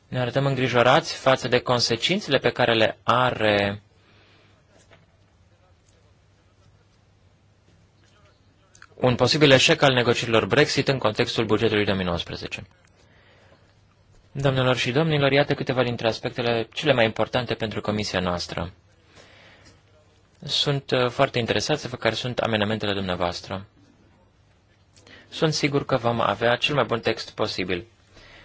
ne arătăm îngrijorați față de consecințele pe care le are un posibil eșec al negocierilor Brexit în contextul bugetului 2019. Domnilor și domnilor, iată câteva dintre aspectele cele mai importante pentru comisia noastră. Sunt uh, foarte interesat să văd care sunt amenamentele dumneavoastră sunt sigur că vom avea cel mai bun text posibil.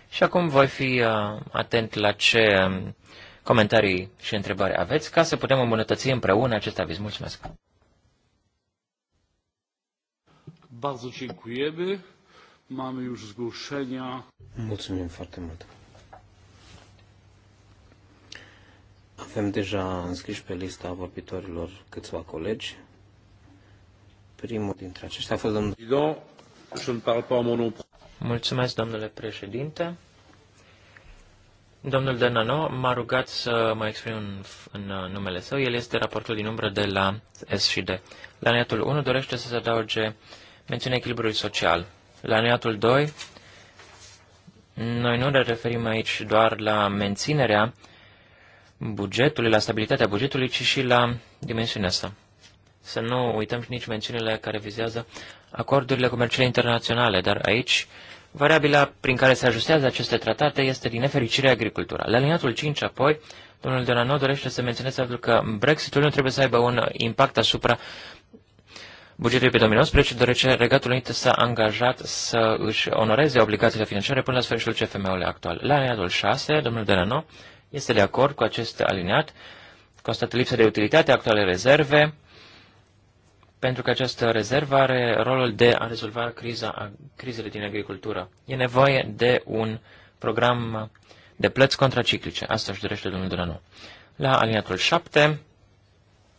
Și acum voi fi uh, atent la ce um, comentarii și întrebări aveți ca să putem îmbunătăți împreună acest aviz. Mulțumesc! Bardzo dziękujemy. Mamy już zgłoszenia. Mulțumim foarte mult. Avem deja înscriși pe lista vorbitorilor câțiva colegi. Primul dintre aceștia a fost domnul... Mulțumesc, domnule președinte. Domnul Denano m-a rugat să mă exprim în, în uh, numele său. El este raportul din umbră de la SD. La neatul 1 dorește să se adauge mențiunea echilibrului social. La neatul 2, noi nu ne referim aici doar la menținerea bugetului, la stabilitatea bugetului, ci și la dimensiunea sa să nu uităm și nici mențiunile care vizează acordurile comerciale internaționale, dar aici variabila prin care se ajustează aceste tratate este din nefericire agricultura. La liniatul 5, apoi, domnul Donano dorește să menționeze faptul că Brexitul nu trebuie să aibă un impact asupra bugetului pe 2019, deoarece Regatul Unit s-a angajat să își onoreze obligațiile financiare până la sfârșitul CFM-ului actual. La aliniatul 6, domnul Delano este de acord cu acest aliniat, constată lipsa de utilitate a actuale rezerve, pentru că această rezervă are rolul de a rezolva criza, a, crizele din agricultură. E nevoie de un program de plăți contraciclice. Asta își dorește domnul Delano. La aliniatul 7,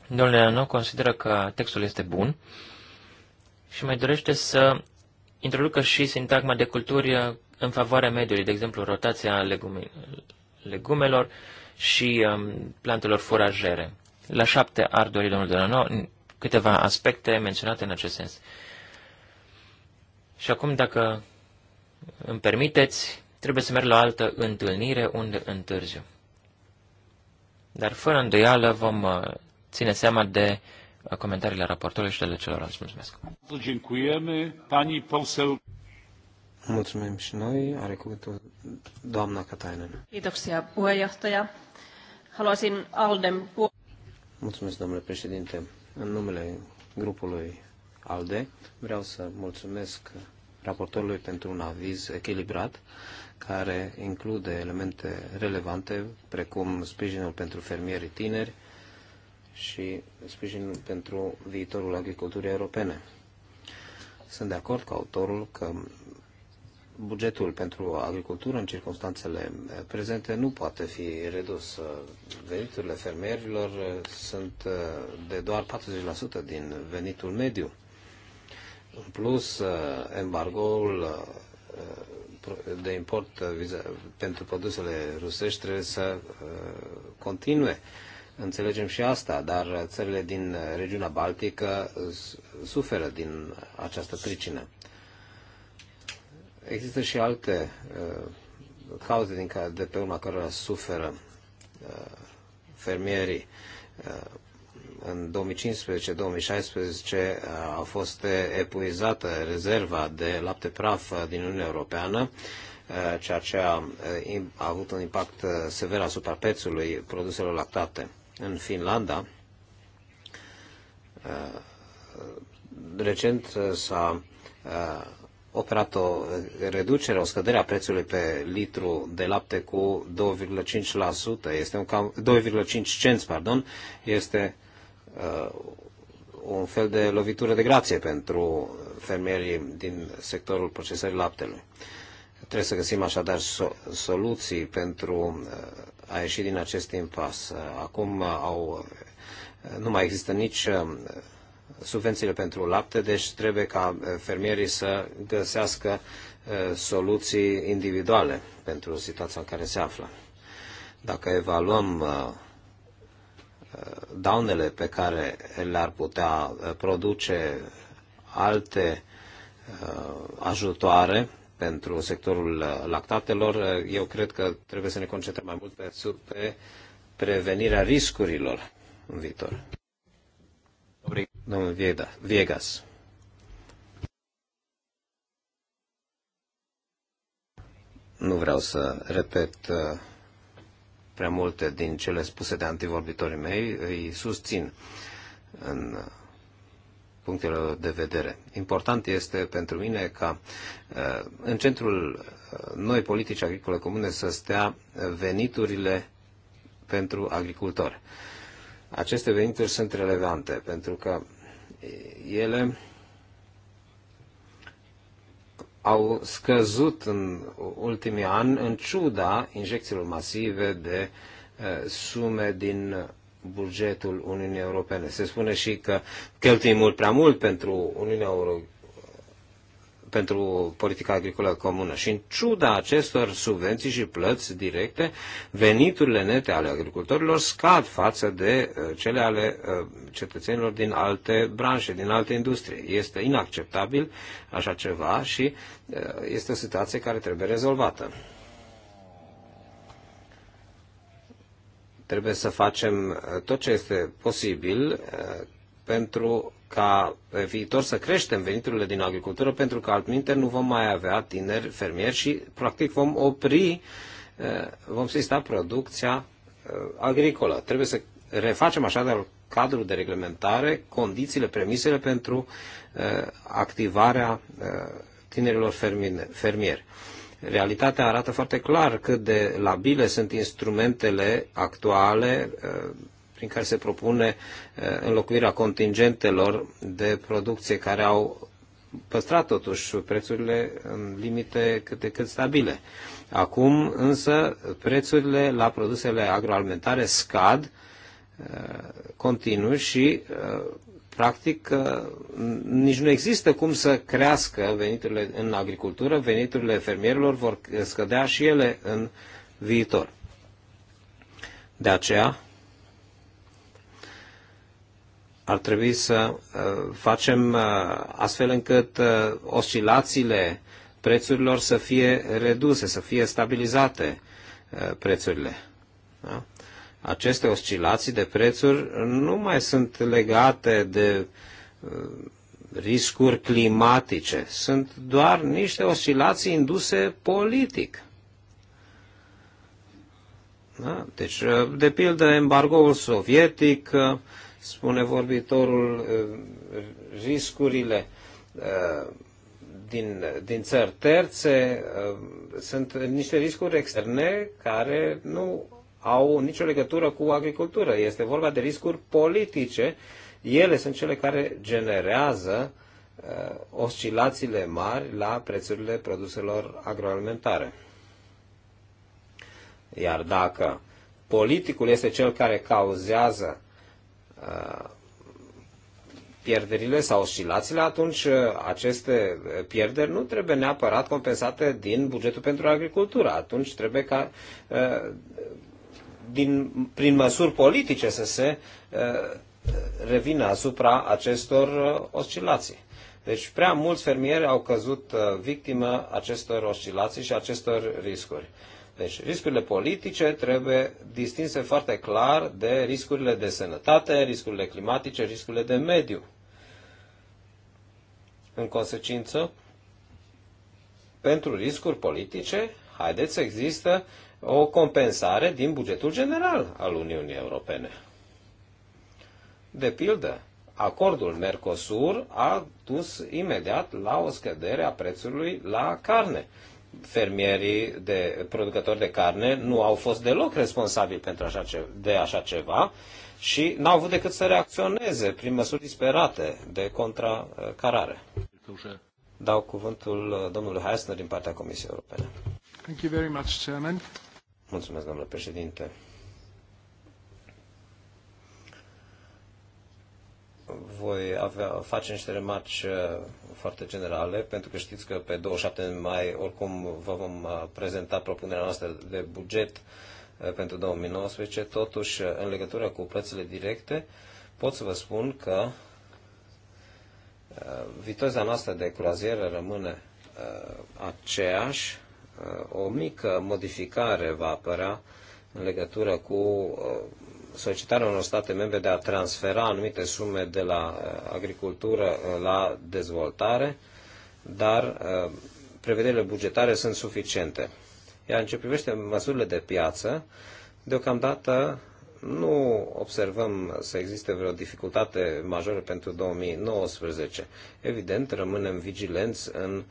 domnul Delano consideră că textul este bun și mai dorește să introducă și sintagma de culturi în favoarea mediului, de exemplu rotația legume, legumelor și um, plantelor furajere. La șapte ar dori domnul Delano câteva aspecte menționate în acest sens. Și acum, dacă îmi permiteți, trebuie să merg la altă întâlnire unde întârziu. Dar fără îndoială vom uh, ține seama de uh, comentariile raportorului și la celorlalți. Mulțumesc. Mulțumim și noi. Are cuvântul doamna Catainen. Mulțumesc, domnule președinte. În numele grupului ALDE vreau să mulțumesc raportorului pentru un aviz echilibrat care include elemente relevante precum sprijinul pentru fermierii tineri și sprijinul pentru viitorul agriculturii europene. Sunt de acord cu autorul că bugetul pentru agricultură în circunstanțele eh, prezente nu poate fi redus. Veniturile fermierilor eh, sunt eh, de doar 40% din venitul mediu. În plus, embargoul de import pentru produsele rusești trebuie să continue. Înțelegem și asta, dar țările din regiunea Baltică suferă din această pricină. Există și alte uh, cauze din care, de pe urma cărora suferă uh, fermierii. Uh, în 2015-2016 uh, a fost epuizată rezerva de lapte praf din Uniunea Europeană, uh, ceea ce a, uh, a avut un impact sever asupra prețului produselor lactate. În Finlanda, recent s-a operat o reducere, o scădere a prețului pe litru de lapte cu 2,5%, este un cam, 2,5 cenți, pardon, este uh, un fel de lovitură de grație pentru fermierii din sectorul procesării laptelui. Trebuie să găsim așadar so- soluții pentru uh, a ieși din acest impas. Acum au, nu mai există nici uh, subvențiile pentru lapte, deci trebuie ca eh, fermierii să găsească eh, soluții individuale pentru situația în care se află. Dacă evaluăm eh, daunele pe care le-ar putea produce alte ajutoare pentru sectorul lactatelor, eu cred că trebuie să ne concentrăm mai mult pe, prevenirea riscurilor în viitor domnul Viegas. Nu vreau să repet uh, prea multe din cele spuse de antivorbitorii mei, îi susțin în uh, punctele de vedere. Important este pentru mine ca uh, în centrul noi politici agricole comune să stea veniturile pentru agricultori aceste venituri sunt relevante, pentru că ele au scăzut în ultimii ani în ciuda injecțiilor masive de uh, sume din bugetul Uniunii Europene. Se spune și că cheltuim mult prea mult pentru Uniunea Europeană pentru politica agricolă comună. Și în ciuda acestor subvenții și plăți directe, veniturile nete ale agricultorilor scad față de uh, cele ale uh, cetățenilor din alte branșe, din alte industrie. Este inacceptabil așa ceva și uh, este o situație care trebuie rezolvată. Trebuie să facem tot ce este posibil pentru ca pe viitor să creștem veniturile din agricultură, pentru că altminte nu vom mai avea tineri fermieri și practic vom opri, eh, vom sista producția eh, agricolă. Trebuie să refacem așa de cadrul de reglementare, condițiile, premisele pentru eh, activarea tinerilor fermieri. Realitatea arată foarte clar cât de labile sunt instrumentele actuale prin care se propune eh, înlocuirea contingentelor de producție care au păstrat totuși prețurile în limite cât de cât stabile. Acum însă prețurile la produsele agroalimentare scad eh, continuu și eh, practic nici nu există cum să crească veniturile în agricultură, veniturile fermierilor vor scădea și ele în viitor. De aceea, ar trebui să uh, facem uh, astfel încât uh, oscilațiile prețurilor să fie reduse, să fie stabilizate prețurile. Da? Aceste oscilații de prețuri nu mai sunt legate de riscuri climatice, sunt doar niște oscilații induse politic. Da? Deci, de pildă, embargoul sovietic, spune vorbitorul, riscurile din, din țări terțe sunt niște riscuri externe care nu au nicio legătură cu agricultură. Este vorba de riscuri politice. Ele sunt cele care generează oscilațiile mari la prețurile produselor agroalimentare. Iar dacă politicul este cel care cauzează pierderile sau oscilațiile, atunci uh, aceste uh, pierderi nu trebuie neapărat compensate din bugetul pentru agricultură. Atunci trebuie ca uh, din, prin măsuri politice să se revină asupra acestor oscilații. Deci prea mulți fermieri au căzut victimă acestor oscilații și acestor riscuri. Deci riscurile politice trebuie distinse foarte clar de riscurile de sănătate, riscurile climatice, riscurile de mediu. În consecință, pentru riscuri politice, haideți să există o compensare din bugetul general al Uniunii Europene. De pildă, acordul Mercosur a dus imediat la o scădere a prețului la carne fermierii de producători de carne nu au fost deloc responsabili pentru așa ce, de așa ceva și n-au avut decât să reacționeze prin măsuri disperate de contracarare. Dau cuvântul domnului Heisner din partea Comisiei Europene. Thank you very much, Chairman. Mulțumesc, domnule președinte. voi avea, face niște remarci uh, foarte generale, pentru că știți că pe 27 mai oricum vă vom uh, prezenta propunerea noastră de buget uh, pentru 2019. Totuși, în legătură cu plățile directe, pot să vă spun că viteza noastră de croazieră rămâne aceeași. O mică modificare va apărea în legătură cu solicitarea unor state membre de a transfera anumite sume de la eh, agricultură eh, la dezvoltare, dar eh, prevederile bugetare sunt suficiente. Iar în ce privește măsurile de piață, deocamdată nu observăm să existe vreo dificultate majoră pentru 2019. Evident, rămânem vigilenți în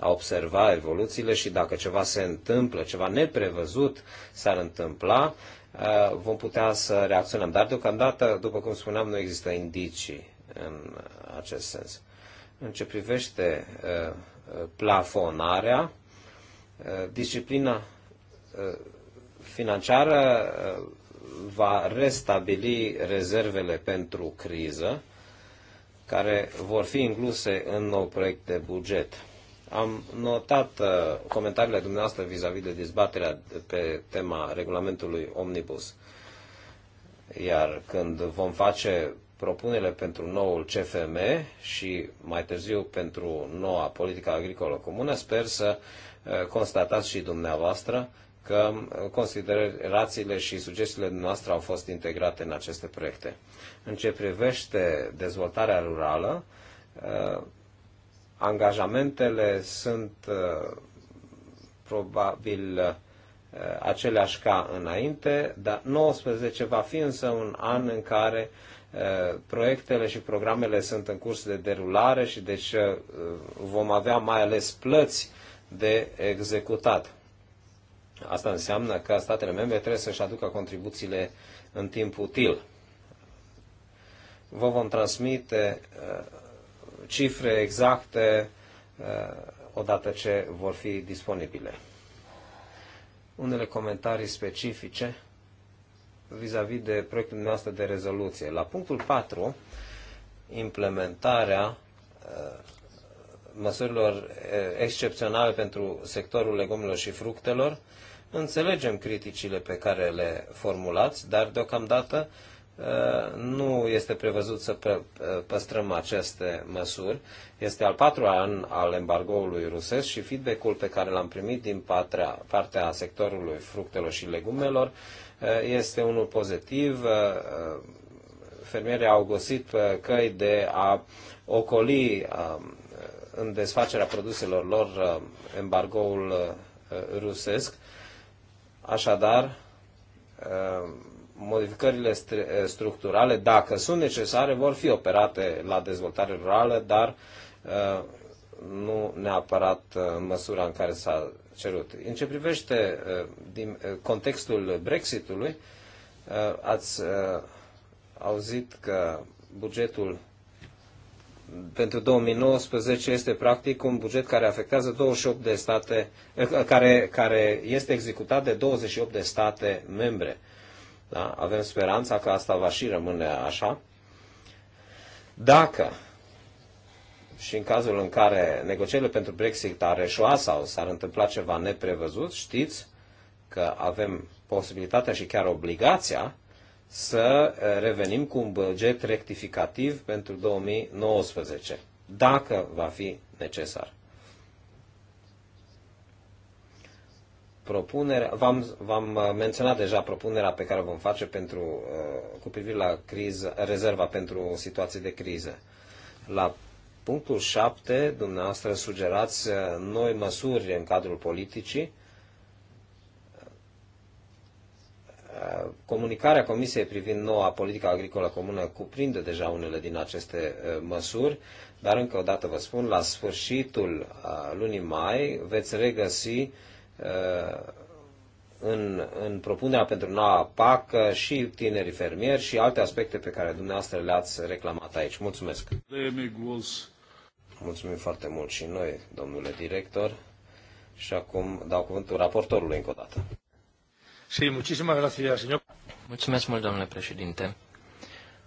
a observa evoluțiile și dacă ceva se întâmplă, ceva neprevăzut s-ar întâmpla, Uh, vom putea să reacționăm. Dar deocamdată, după cum spuneam, nu există indicii în acest sens. În ce privește uh, plafonarea, uh, disciplina financiară va restabili rezervele pentru criză, care vor fi incluse în nou proiect de buget. Am notat uh, comentariile dumneavoastră vis-a-vis -vis de dezbaterea pe tema regulamentului Omnibus. Iar când vom face propunerile pentru noul CFM și mai târziu pentru noua politică agricolă comună, sper să uh, constatați și dumneavoastră că uh, considerațiile și sugestiile noastre au fost integrate în aceste proiecte. În ce privește dezvoltarea rurală, angajamentele sunt uh, probabil uh, aceleași ca înainte, dar 19 va fi însă un an în care uh, proiectele și programele sunt în curs de derulare și deci vom avea mai ales plăți de executat. Asta înseamnă că statele membre trebuie să-și aducă contribuțiile în timp util. Vă vom transmite cifre exacte uh, odată ce vor fi disponibile. Unele comentarii specifice vis-a-vis -vis de proiectul noastră de rezoluție. La punctul 4, implementarea uh, măsurilor uh, excepționale pentru sectorul legumelor și fructelor, înțelegem criticile pe care le formulați, dar deocamdată nu este prevăzut să păstrăm aceste măsuri. Este al patrulea an al embargoului rusesc și feedback-ul pe care l-am primit din partea, partea sectorului fructelor și legumelor este unul pozitiv. Fermierii au găsit căi de a ocoli în desfacerea produselor lor embargoul rusesc. Așadar, modificările structurale, dacă sunt necesare, vor fi operate la dezvoltare rurală, dar uh, nu neapărat uh, în măsura în care s-a cerut. În ce privește uh, din contextul Brexitului, ați auzit că bugetul pentru 2019 este practic un buget care afectează 28 de state, care, care este executat de 28 de state membre. Da? Avem speranța că asta va și rămâne așa. Dacă și în cazul în care negocierile pentru Brexit ar eșua sau s-ar întâmpla ceva neprevăzut, știți că avem posibilitatea și chiar obligația să eh, revenim cu un buget rectificativ pentru 2019, dacă va fi necesar. propunerea, v-am, v-am uh, menționat deja propunerea pe care o vom face pentru, uh, cu privire la criză, rezerva pentru situații de criză. La punctul 7, dumneavoastră sugerați uh, noi măsuri în cadrul politicii. Comunicarea Comisiei privind noua politică agricolă comună cuprinde deja unele din aceste măsuri, dar încă o dată vă spun, la sfârșitul lunii mai veți regăsi Uh, în, în propunerea pentru noua PAC și tinerii fermieri și alte aspecte pe care dumneavoastră le-ați reclamat aici. Mulțumesc! Mulțumim foarte mult și noi, domnule director. Și acum dau cuvântul raportorului încă o dată. Sí, muchísimas gracias, señor. Mulțumesc mult, domnule președinte.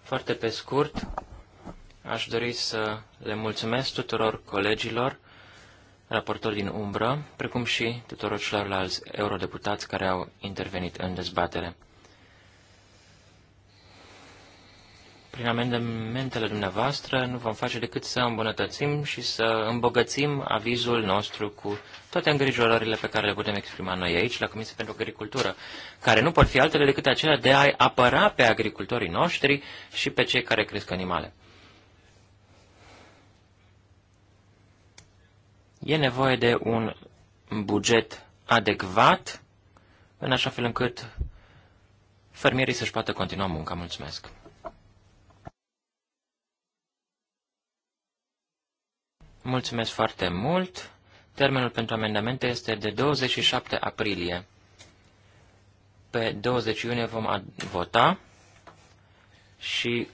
Foarte pe scurt, aș dori să le mulțumesc tuturor colegilor Raportor din umbră, precum și tuturor celorlalți eurodeputați care au intervenit în dezbatere. Prin amendamentele dumneavoastră nu vom face decât să îmbunătățim și să îmbogățim avizul nostru cu toate îngrijorările pe care le putem exprima noi aici, la Comisia pentru Agricultură, care nu pot fi altele decât acelea de a apăra pe agricultorii noștri și pe cei care cresc animale. E nevoie de un buget adecvat, în așa fel încât fermierii să-și poată continua munca. Mulțumesc! Mulțumesc foarte mult! Termenul pentru amendamente este de 27 aprilie. Pe 20 iunie vom vota și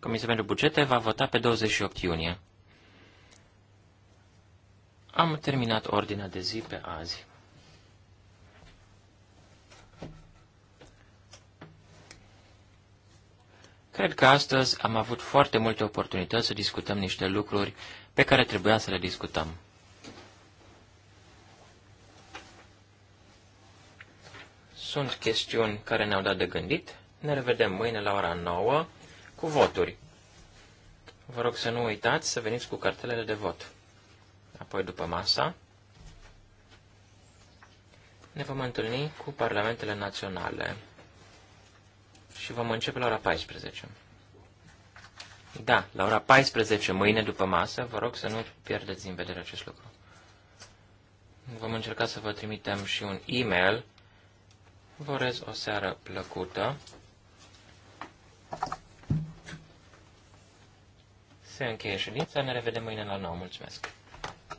Comisia pentru Bugete va vota pe 28 iunie. Am terminat ordinea de zi pe azi. Cred că astăzi am avut foarte multe oportunități să discutăm niște lucruri pe care trebuia să le discutăm. Sunt chestiuni care ne-au dat de gândit. Ne revedem mâine la ora 9 cu voturi. Vă rog să nu uitați să veniți cu cartelele de vot apoi după masa, ne vom întâlni cu parlamentele naționale și vom începe la ora 14. Da, la ora 14, mâine după masă, vă rog să nu pierdeți din vedere acest lucru. Vom încerca să vă trimitem și un e-mail. Vă urez o seară plăcută. Se încheie ședința, ne revedem mâine la nou. Mulțumesc!